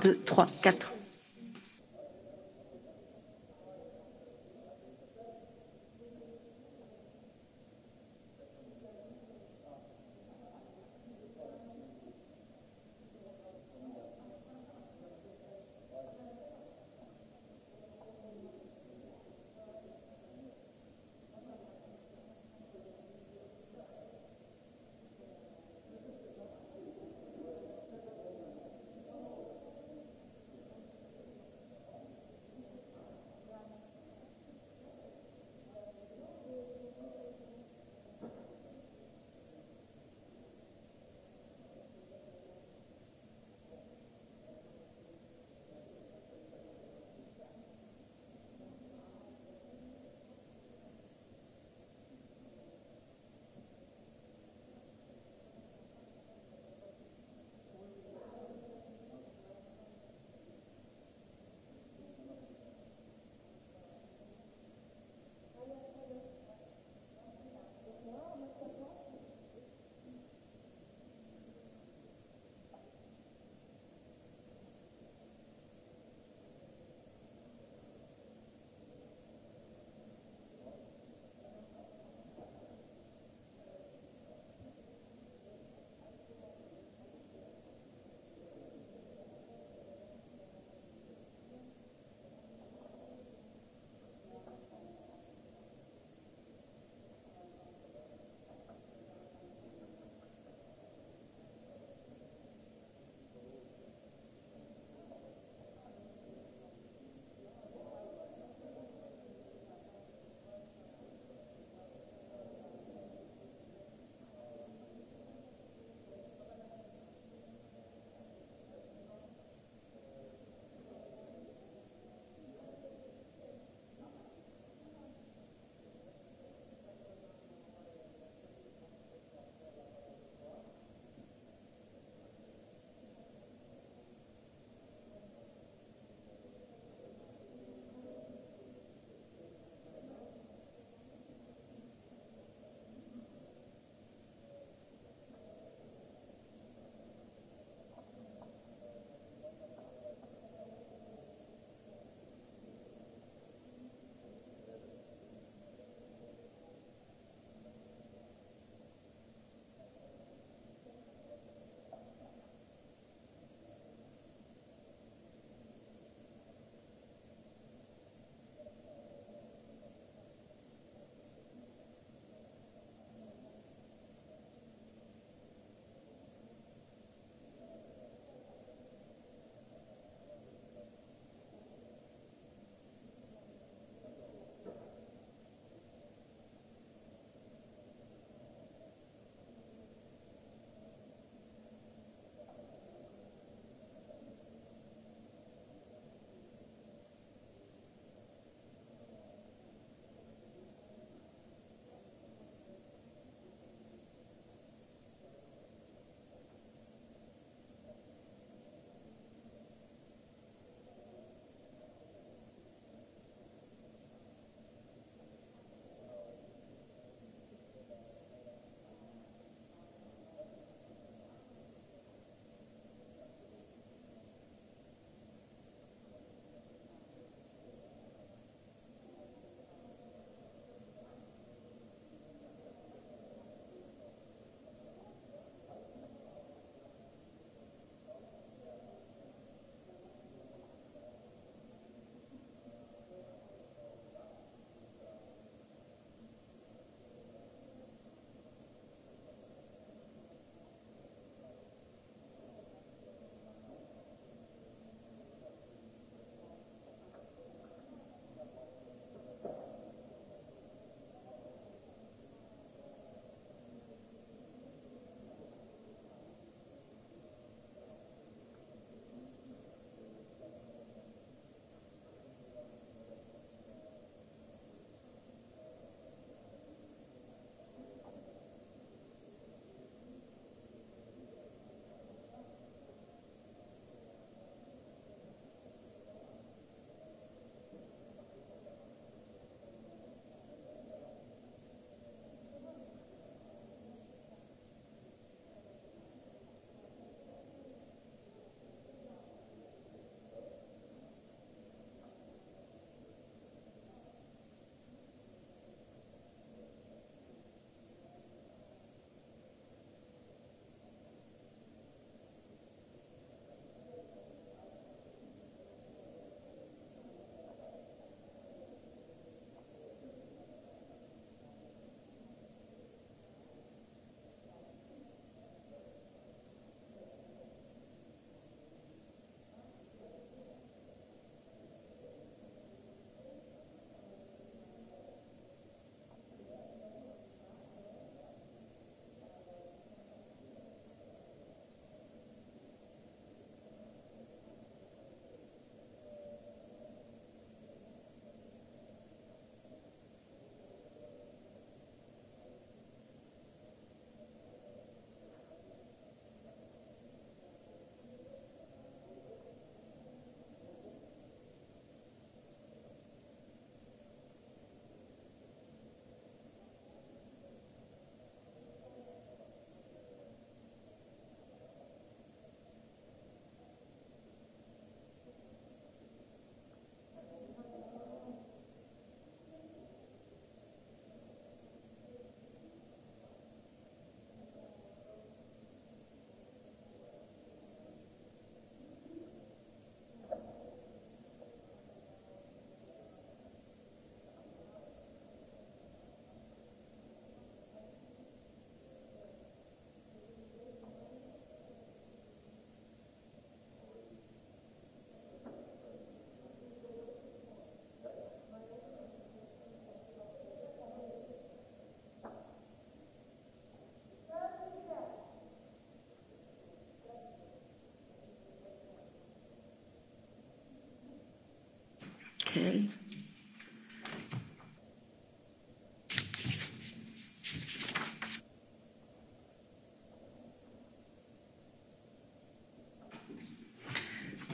deux, trois, quatre.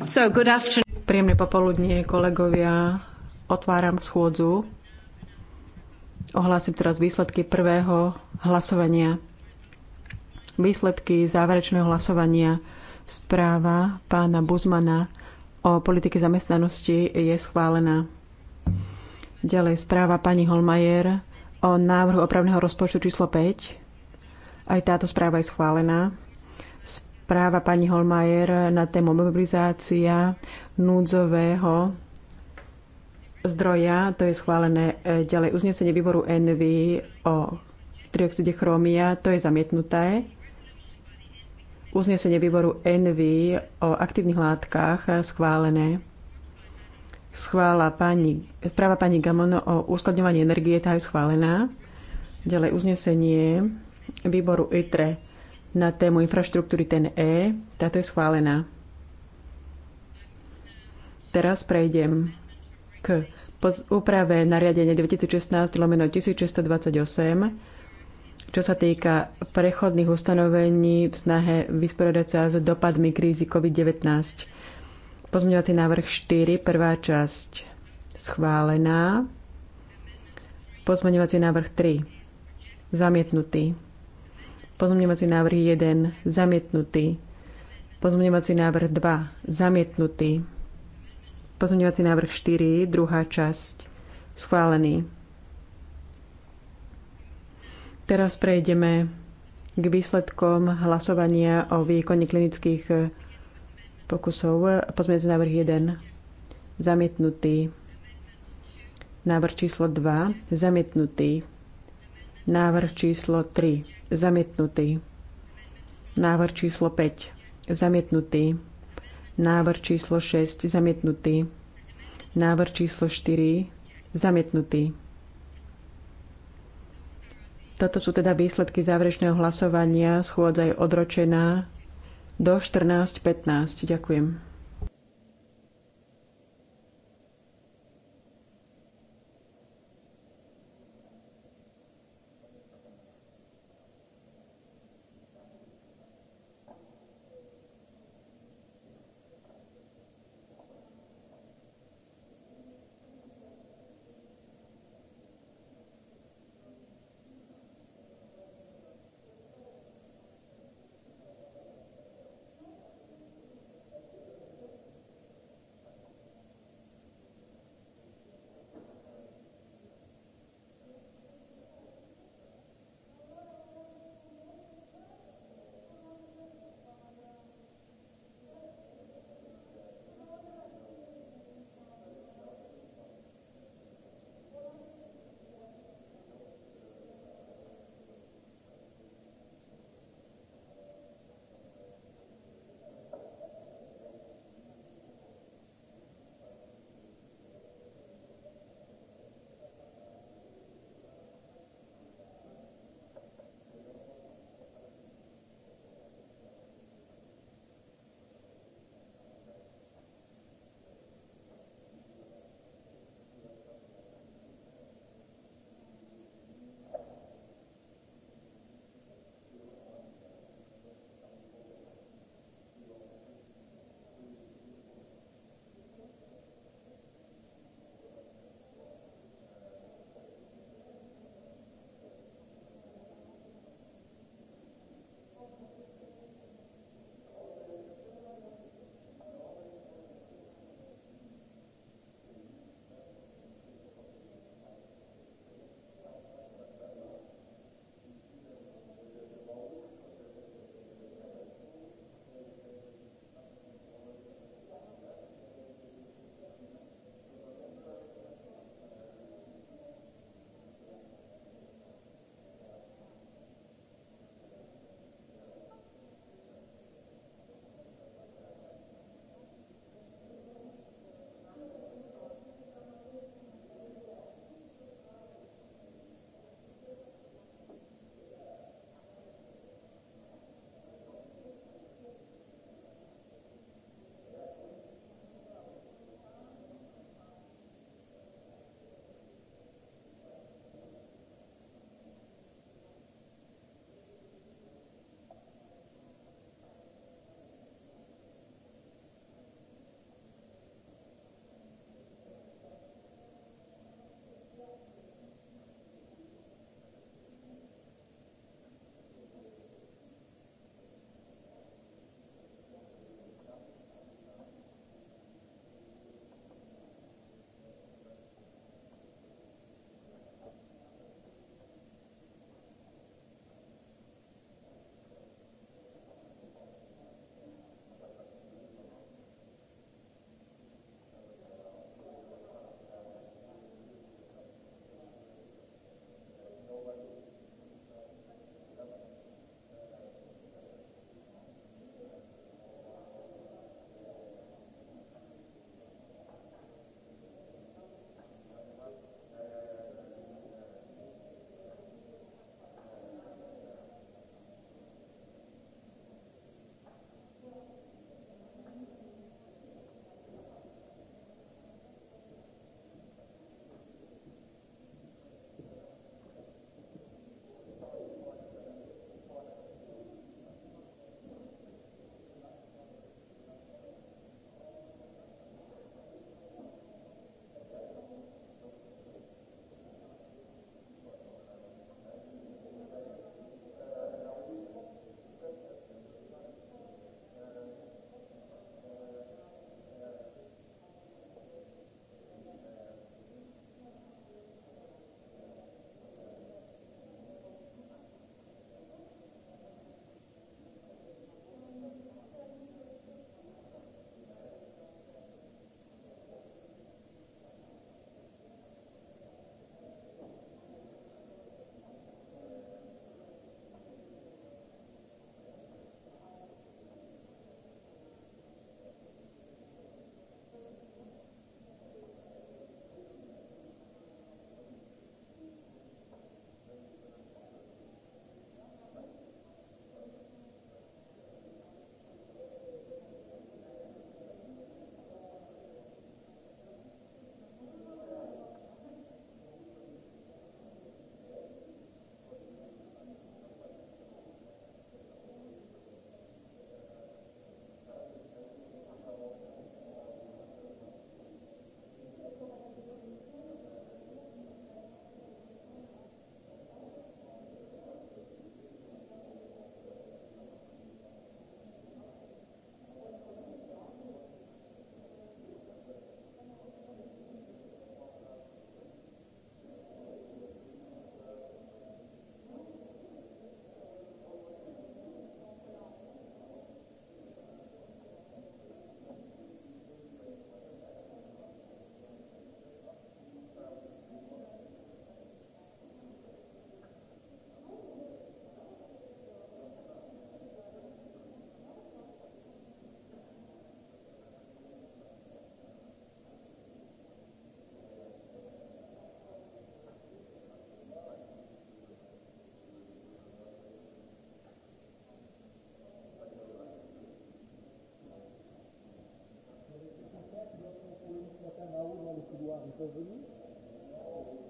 okay. Príjemné popoludnie, kolegovia. Otváram schôdzu. Ohlásim teraz výsledky prvého hlasovania. Výsledky záverečného hlasovania správa pána Buzmana o politike zamestnanosti je schválená. Ďalej správa pani Holmajer o návrhu opravného rozpočtu číslo 5. Aj táto správa je schválená. Správa pani Holmajer na tému mobilizácia núdzového zdroja, to je schválené ďalej uznesenie výboru NV o trioxide chromia, to je zamietnuté uznesenie výboru Envy o aktívnych látkach schválené schvála pani, práva pani Gamono o uskladňovaní energie, tá je schválená. Ďalej uznesenie výboru ITRE na tému infraštruktúry TEN-E, táto je schválená. Teraz prejdem k úprave nariadenia 2016 1628 čo sa týka prechodných ustanovení v snahe vysporiadať sa s dopadmi krízy COVID-19. Pozmeňovací návrh 4, prvá časť schválená. Pozmeňovací návrh 3 zamietnutý. Pozmeňovací návrh 1 zamietnutý. Pozmeňovací návrh 2 zamietnutý. Pozmeňovací návrh 4 druhá časť schválený. Teraz prejdeme k výsledkom hlasovania o výkone klinických pokusov. Pozmeňujúci návrh 1. Zamietnutý. Návrh číslo 2. Zamietnutý. Návrh číslo 3. Zamietnutý. Návrh číslo 5. Zamietnutý. Návrh číslo 6. Zamietnutý. Návrh číslo 4. Zamietnutý. Toto sú teda výsledky záverečného hlasovania. Schôdza je odročená do 14.15. Ďakujem.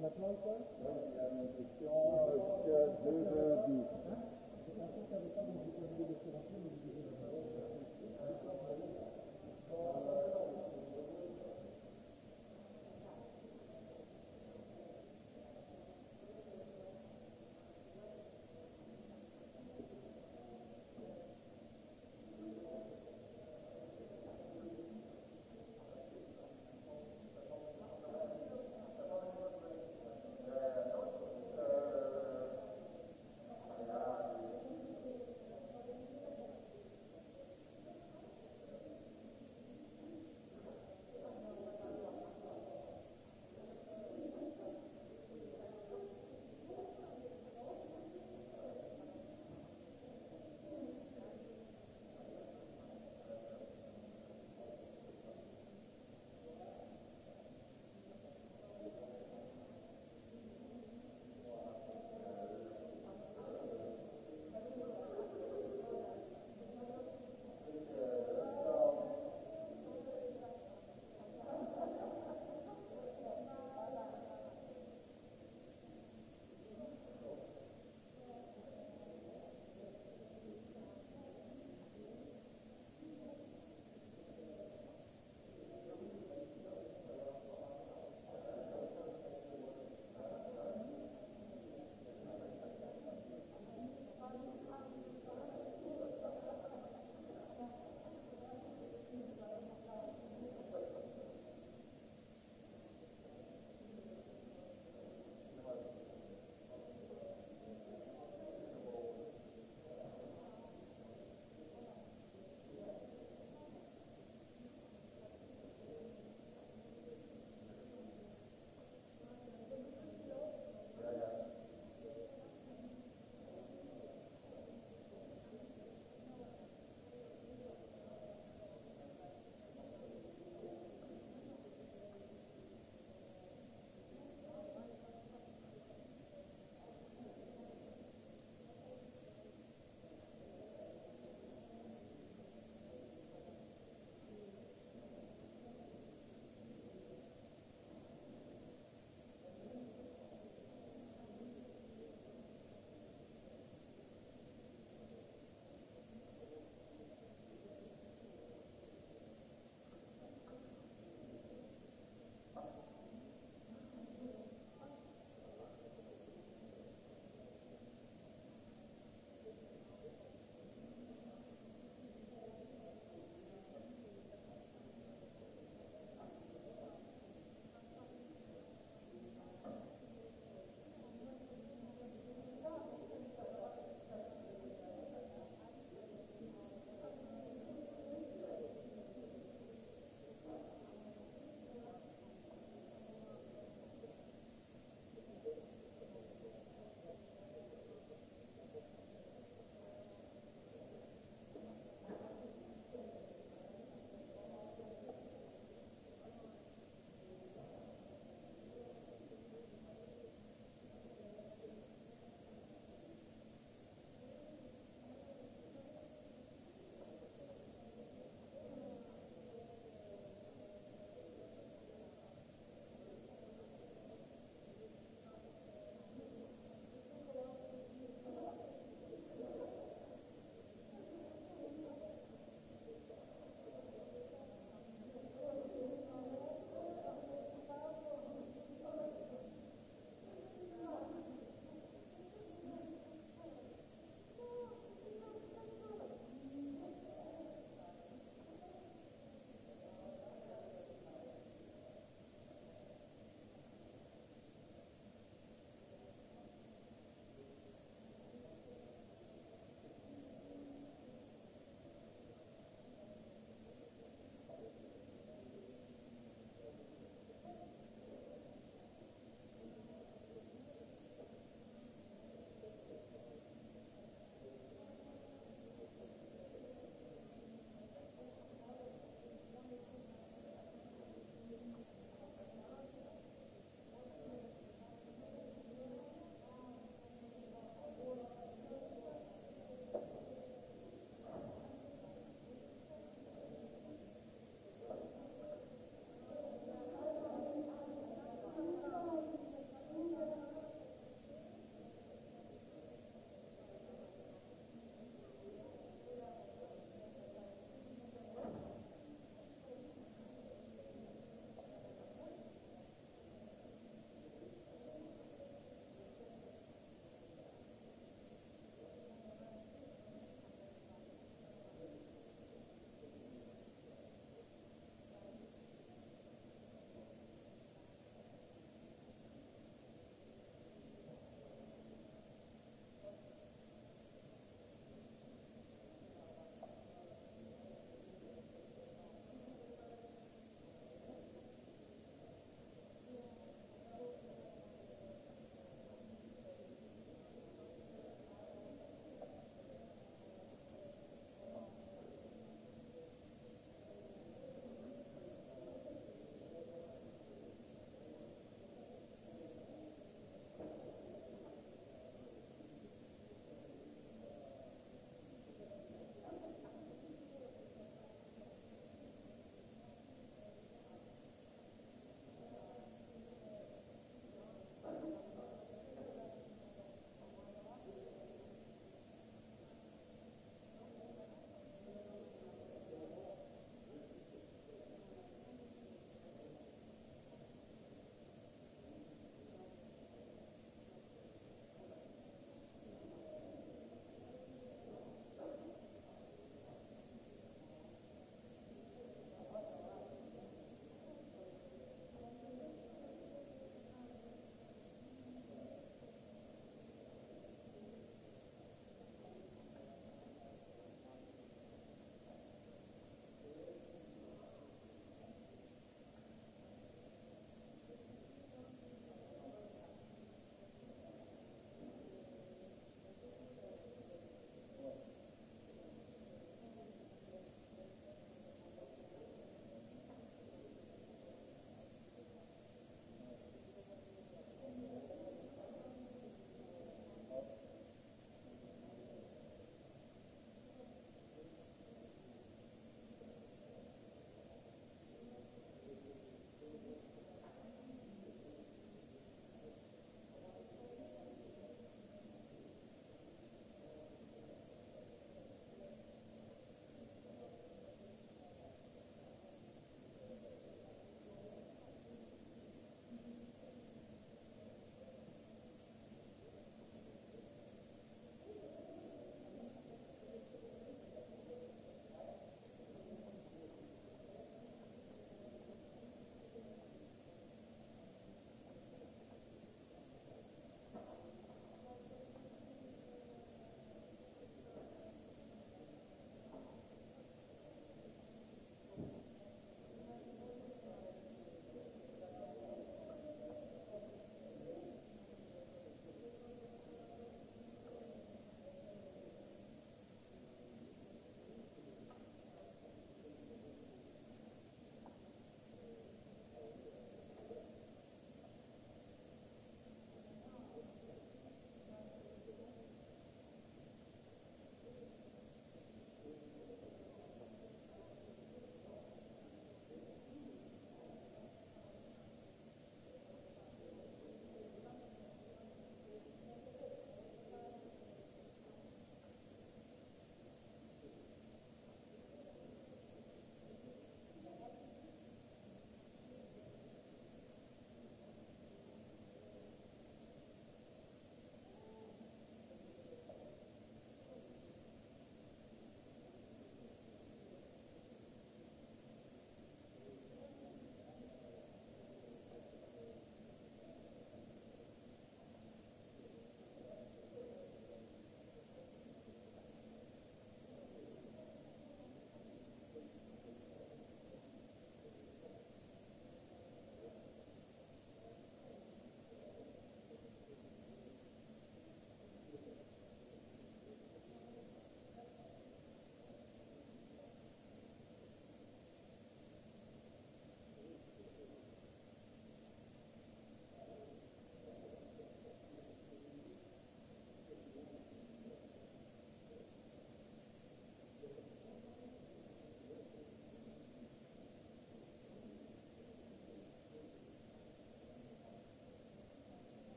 Maintenant, ils peuvent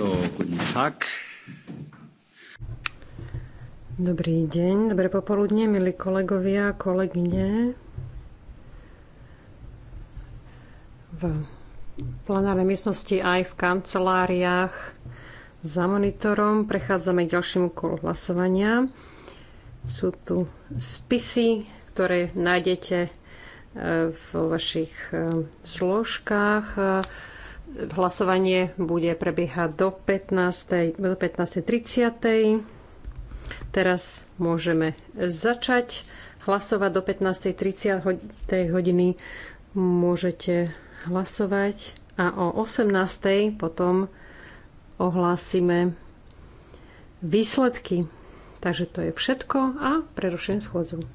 So, guten Tag. Dobrý deň, dobré popoludne, milí kolegovia, kolegyne. V plenárnej miestnosti aj v kanceláriách za monitorom prechádzame k ďalšiemu kolu hlasovania. Sú tu spisy, ktoré nájdete eh, v vašich eh, zložkách Hlasovanie bude prebiehať do 15.30. Do Teraz môžeme začať hlasovať do 15.30 hodiny. Môžete hlasovať a o 18.00 potom ohlásime výsledky. Takže to je všetko a prerušujem schôdzu.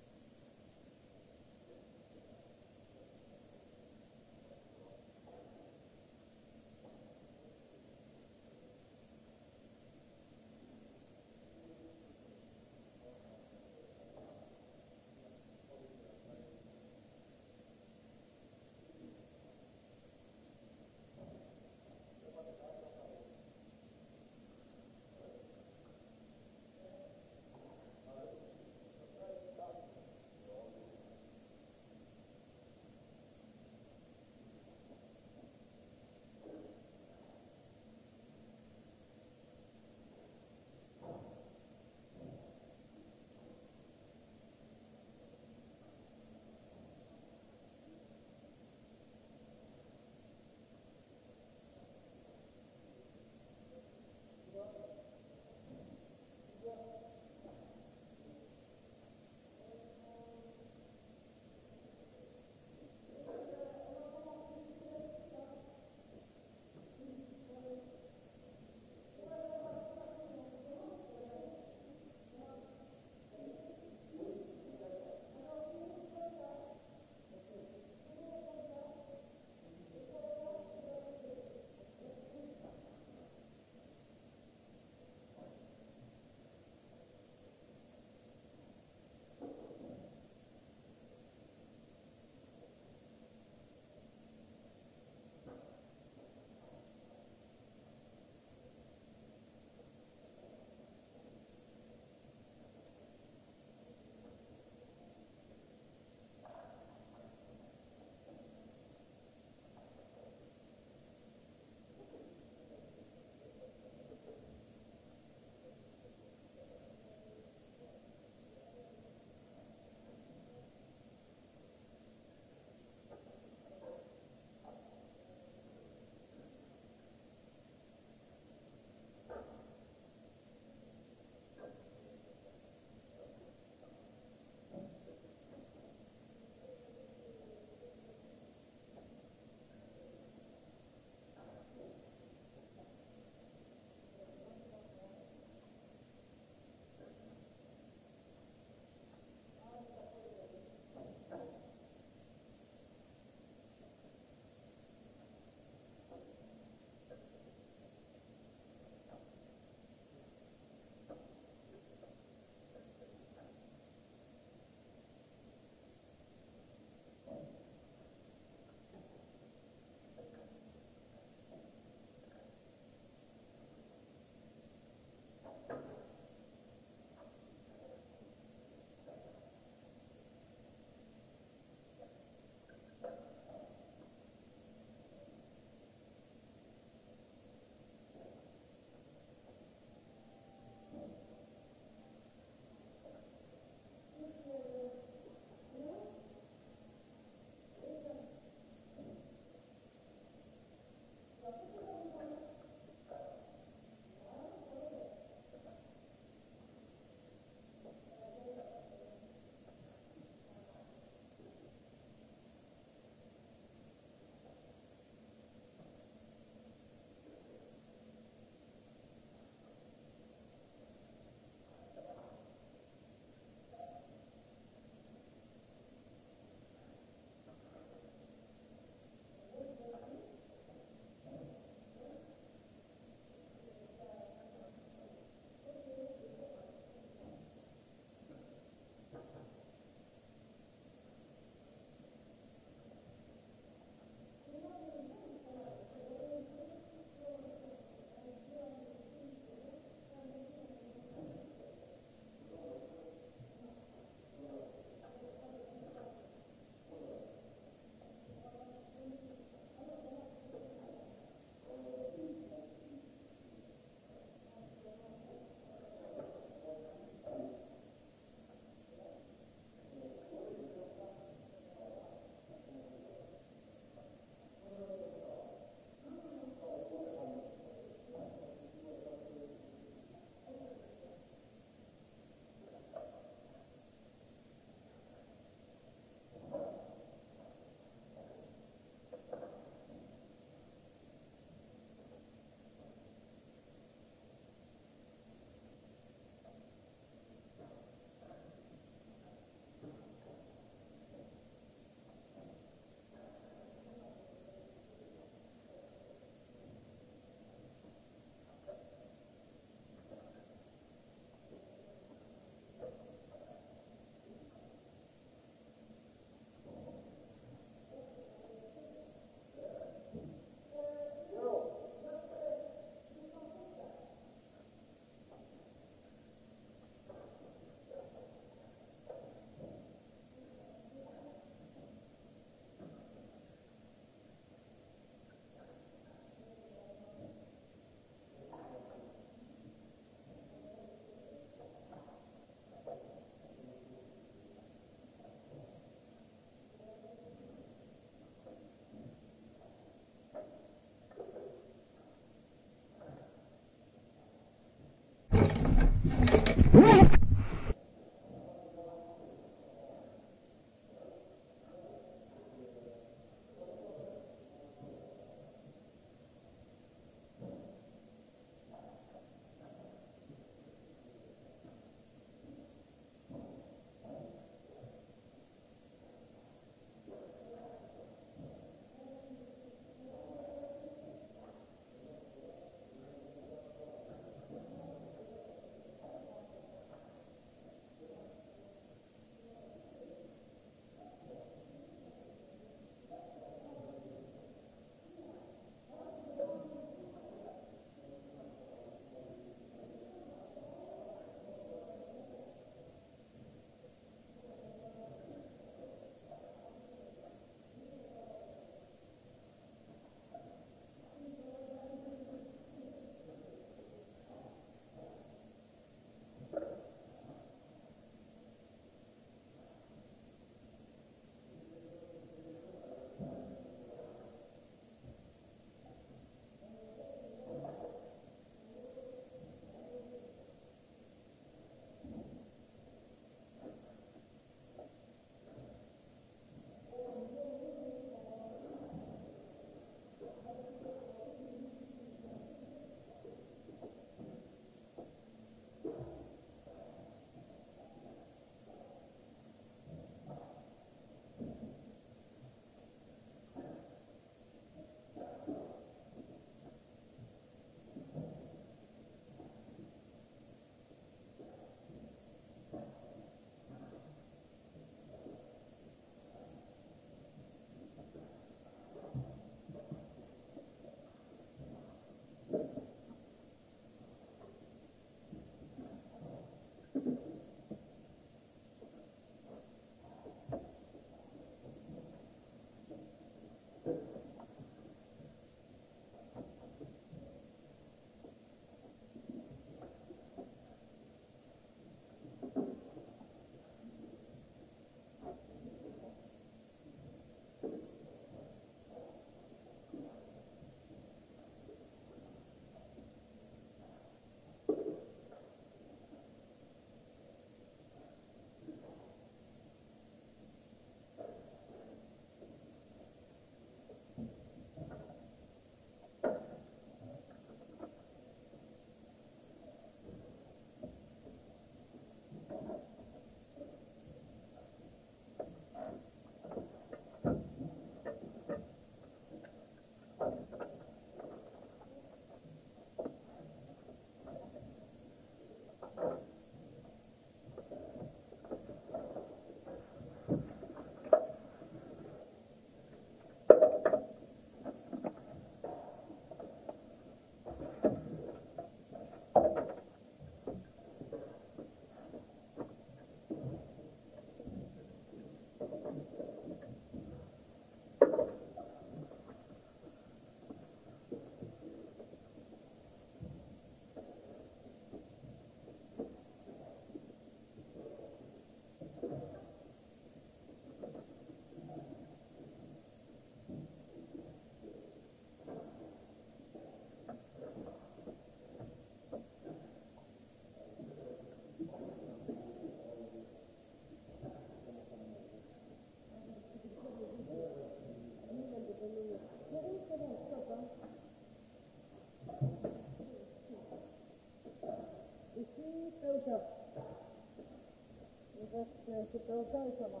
Vedeți și pe o altceva.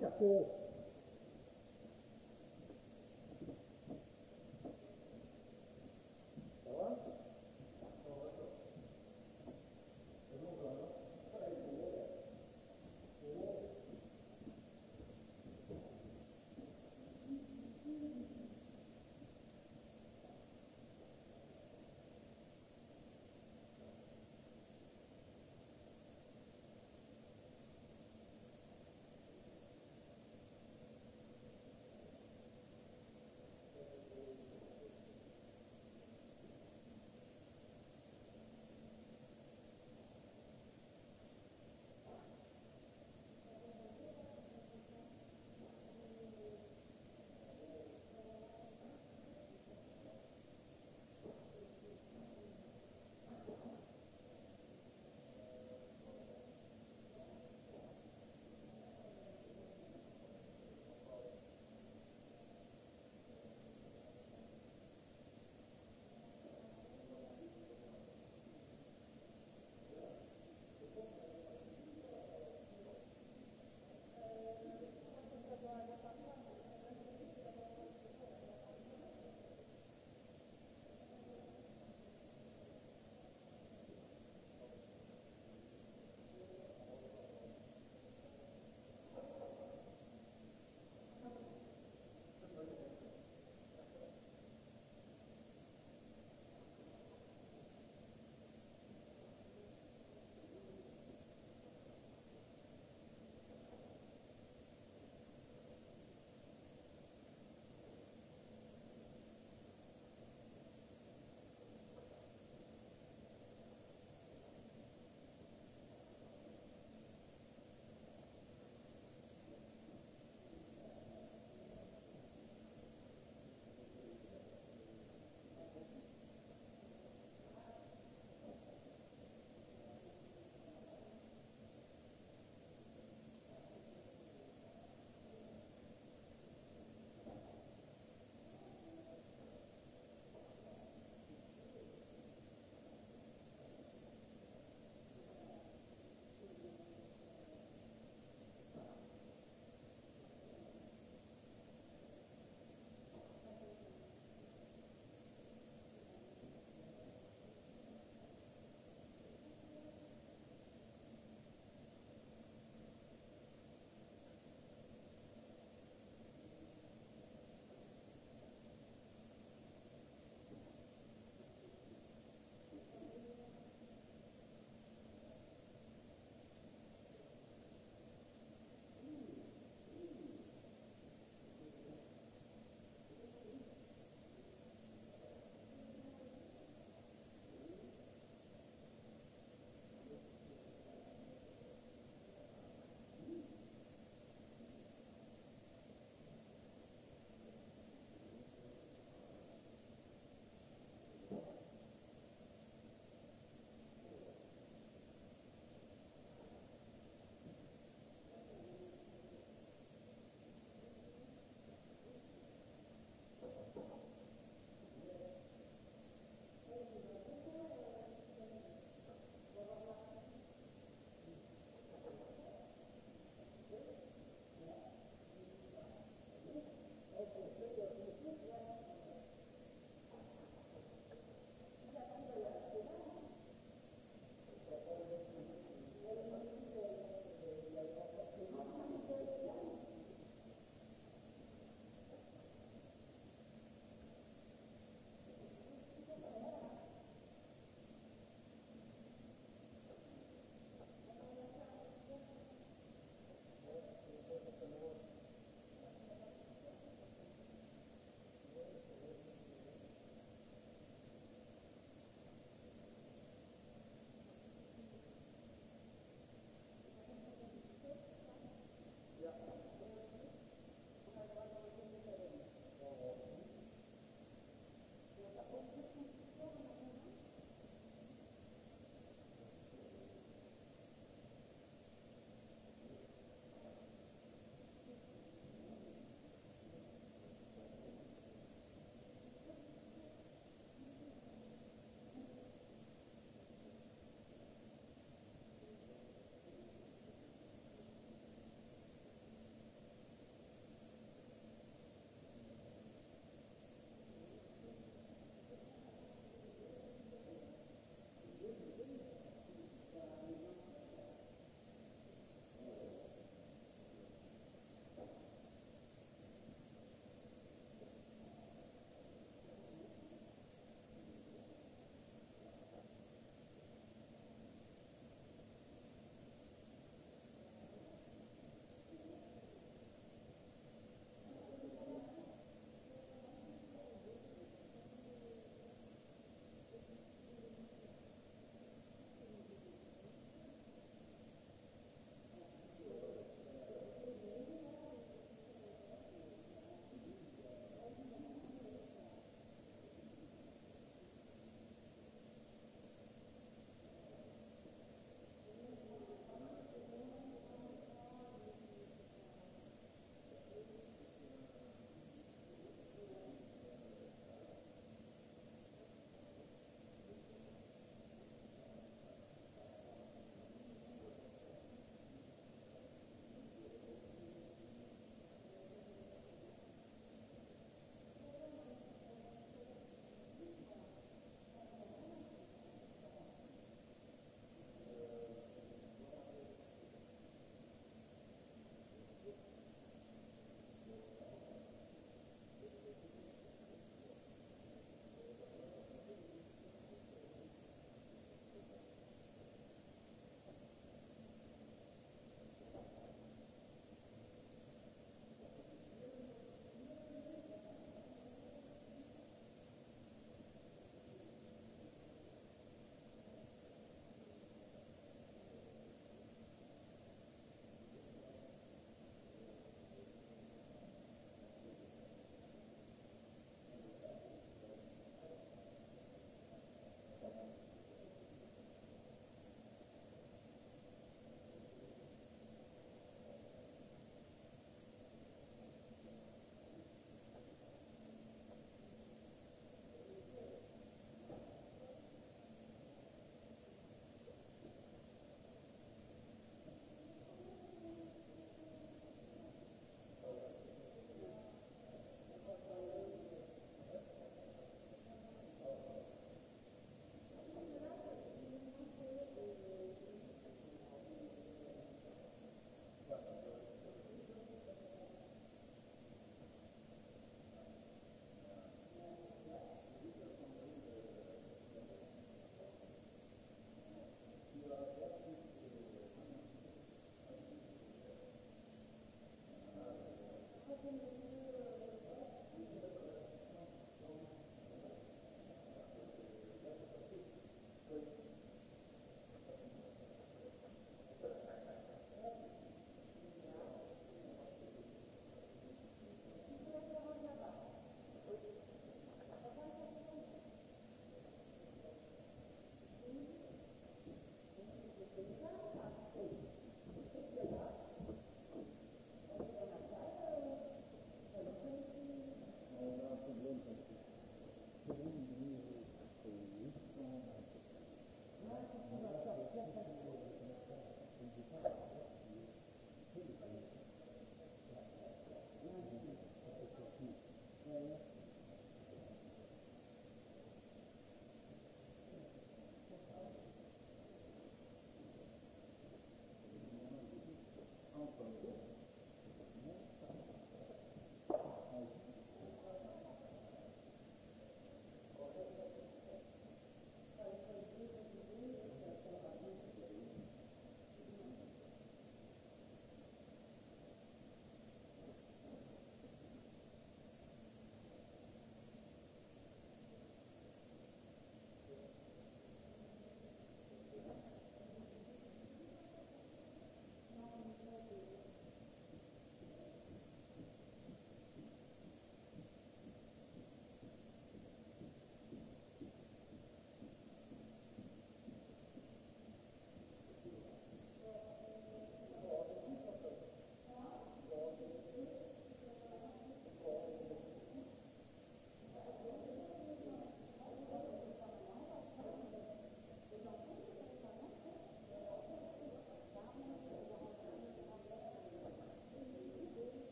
なんかこう、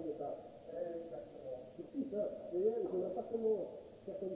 ne de pas. comment de suite, hein. Certaines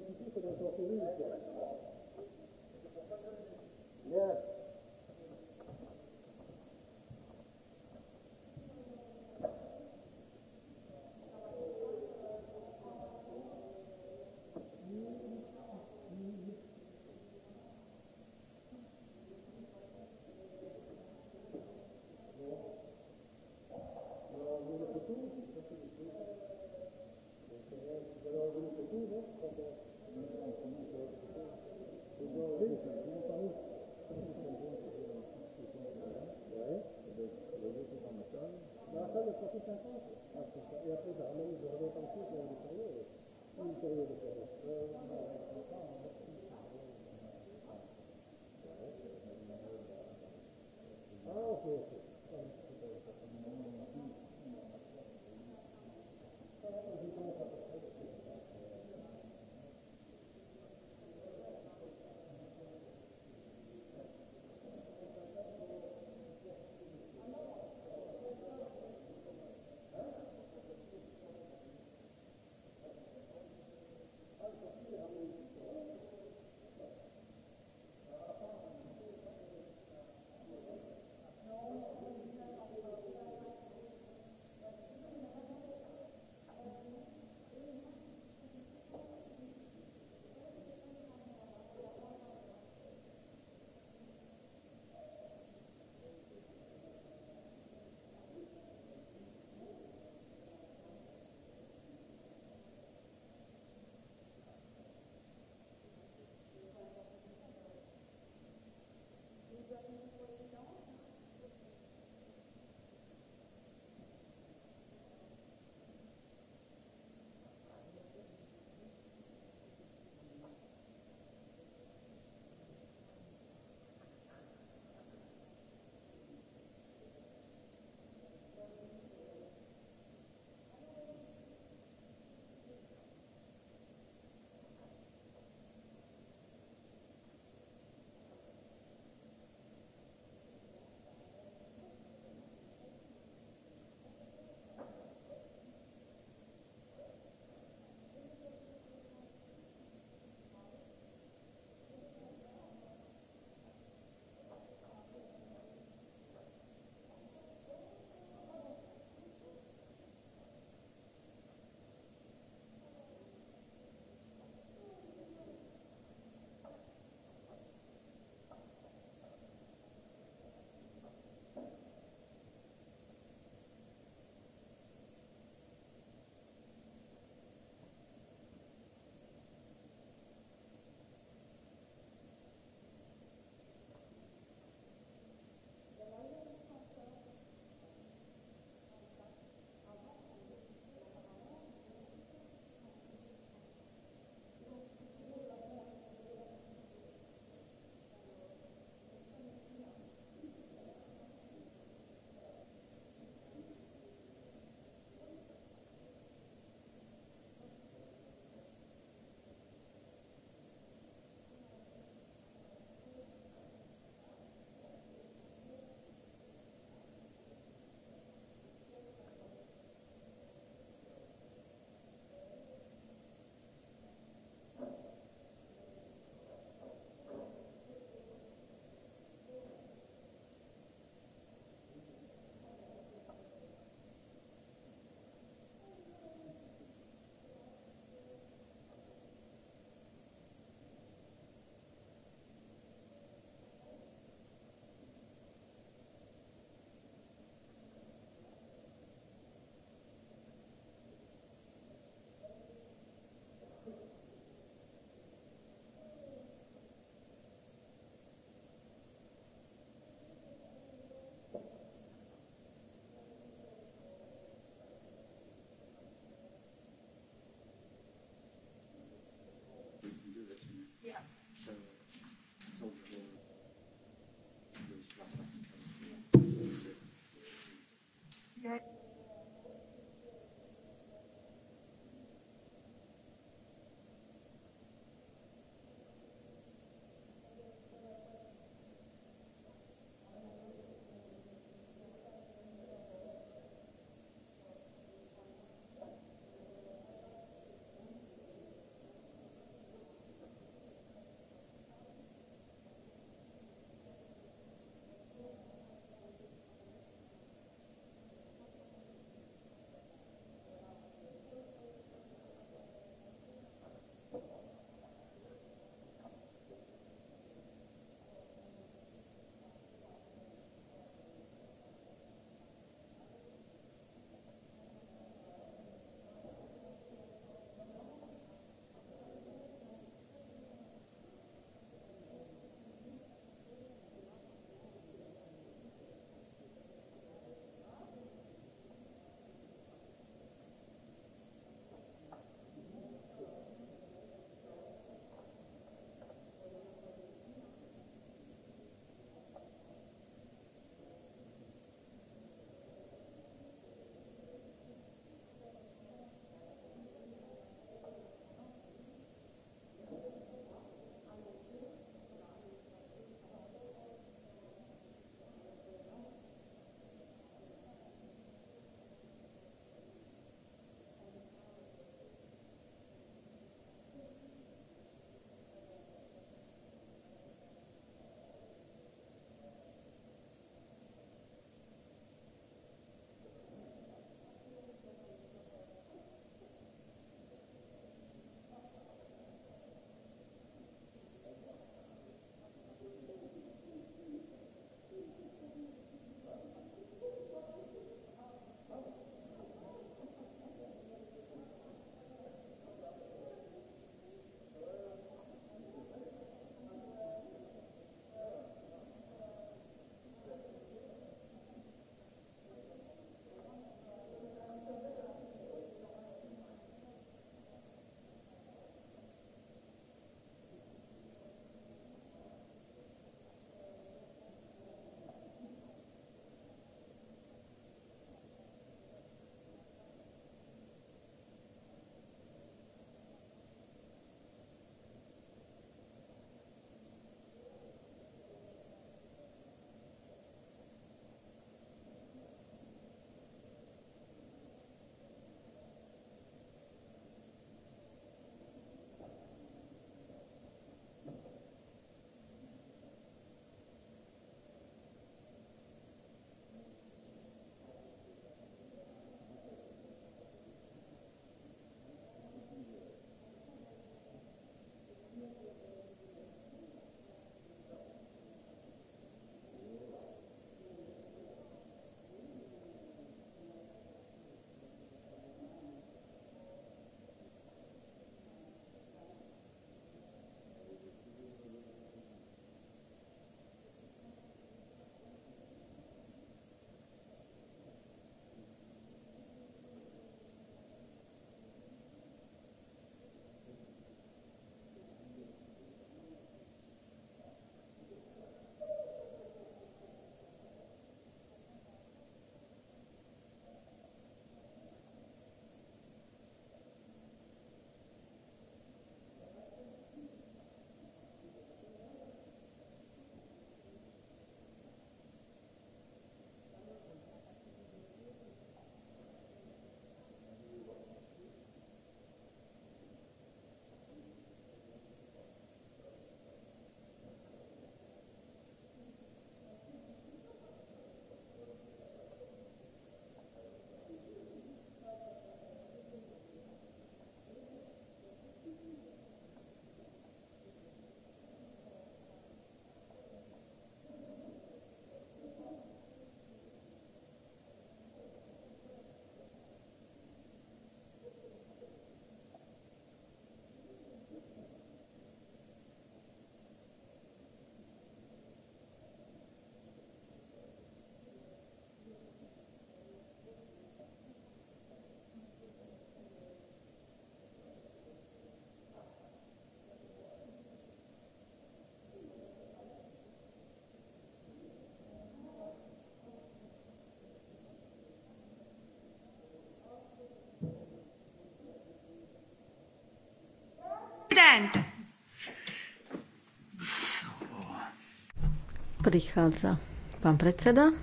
Prichádza pán predseda.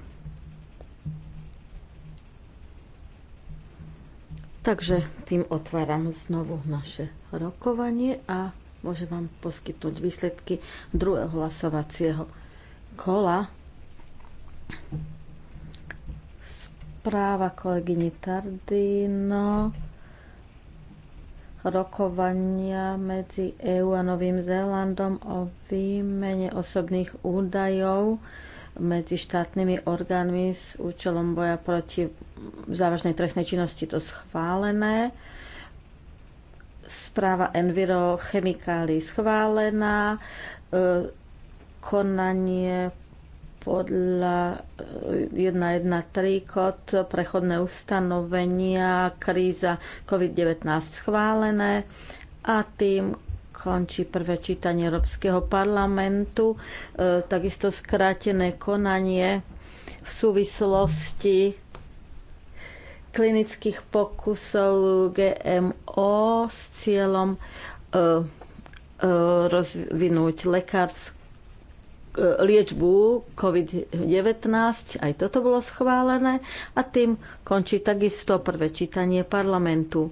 Takže tým otváram znovu naše rokovanie a môžem vám poskytnúť výsledky druhého hlasovacieho kola. Správa kolegyni Tardino rokovania medzi EÚ a Novým Zélandom o výmene osobných údajov medzi štátnymi orgánmi s účelom boja proti závažnej trestnej činnosti to schválené. Správa Enviro chemikálií schválená. E, konanie podľa 1.1.3 eh, kód prechodné ustanovenia kríza COVID-19 schválené a tým končí prvé čítanie Európskeho parlamentu, eh, takisto skrátené konanie v súvislosti klinických pokusov GMO s cieľom eh, rozvinúť lekárske liečbu COVID-19, aj toto bolo schválené a tým končí takisto prvé čítanie parlamentu.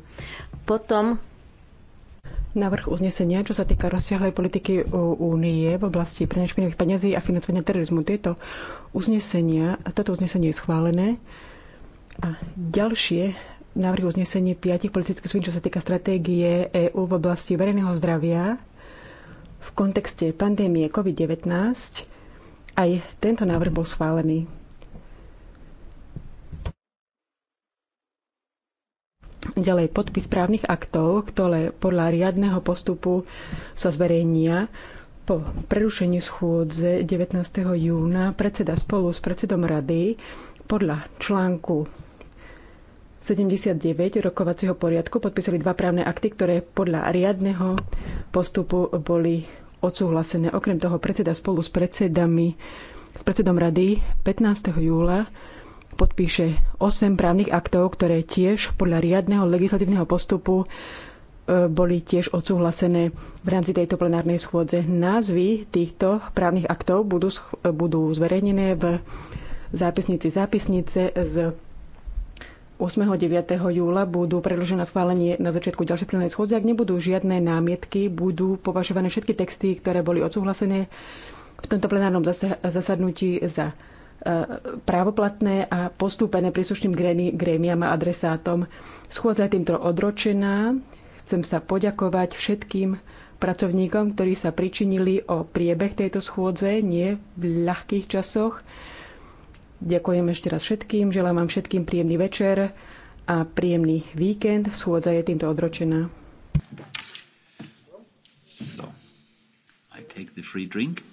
Potom Návrh uznesenia, čo sa týka rozsiahlej politiky únie v oblasti prania peniazí a financovania terorizmu. Tieto uznesenia, a toto uznesenie je schválené. A ďalšie návrhy uznesenie piatich politických skupín, čo sa týka stratégie EÚ v oblasti verejného zdravia v kontexte pandémie COVID-19 aj tento návrh bol schválený. Ďalej podpis právnych aktov, ktoré podľa riadného postupu sa zverejnia po prerušení schôdze 19. júna predseda spolu s predsedom rady podľa článku 79 rokovacieho poriadku podpísali dva právne akty, ktoré podľa riadneho postupu boli odsúhlasené. Okrem toho predseda spolu s predsedami s predsedom rady 15. júla podpíše 8 právnych aktov, ktoré tiež podľa riadneho legislatívneho postupu e, boli tiež odsúhlasené v rámci tejto plenárnej schôdze. Názvy týchto právnych aktov budú, budú zverejnené v zápisnici zápisnice z 8. 9. júla budú predložené na schválenie na začiatku ďalšej plenárnej schôdze. Ak nebudú žiadne námietky, budú považované všetky texty, ktoré boli odsúhlasené v tomto plenárnom zasadnutí za e, právoplatné a postúpené príslušným grémiam a adresátom. Schôdza je týmto odročená. Chcem sa poďakovať všetkým pracovníkom, ktorí sa pričinili o priebeh tejto schôdze, nie v ľahkých časoch. Ďakujem ešte raz všetkým, želám vám všetkým príjemný večer a príjemný víkend. Schôdza je týmto odročená. So, I take the free drink.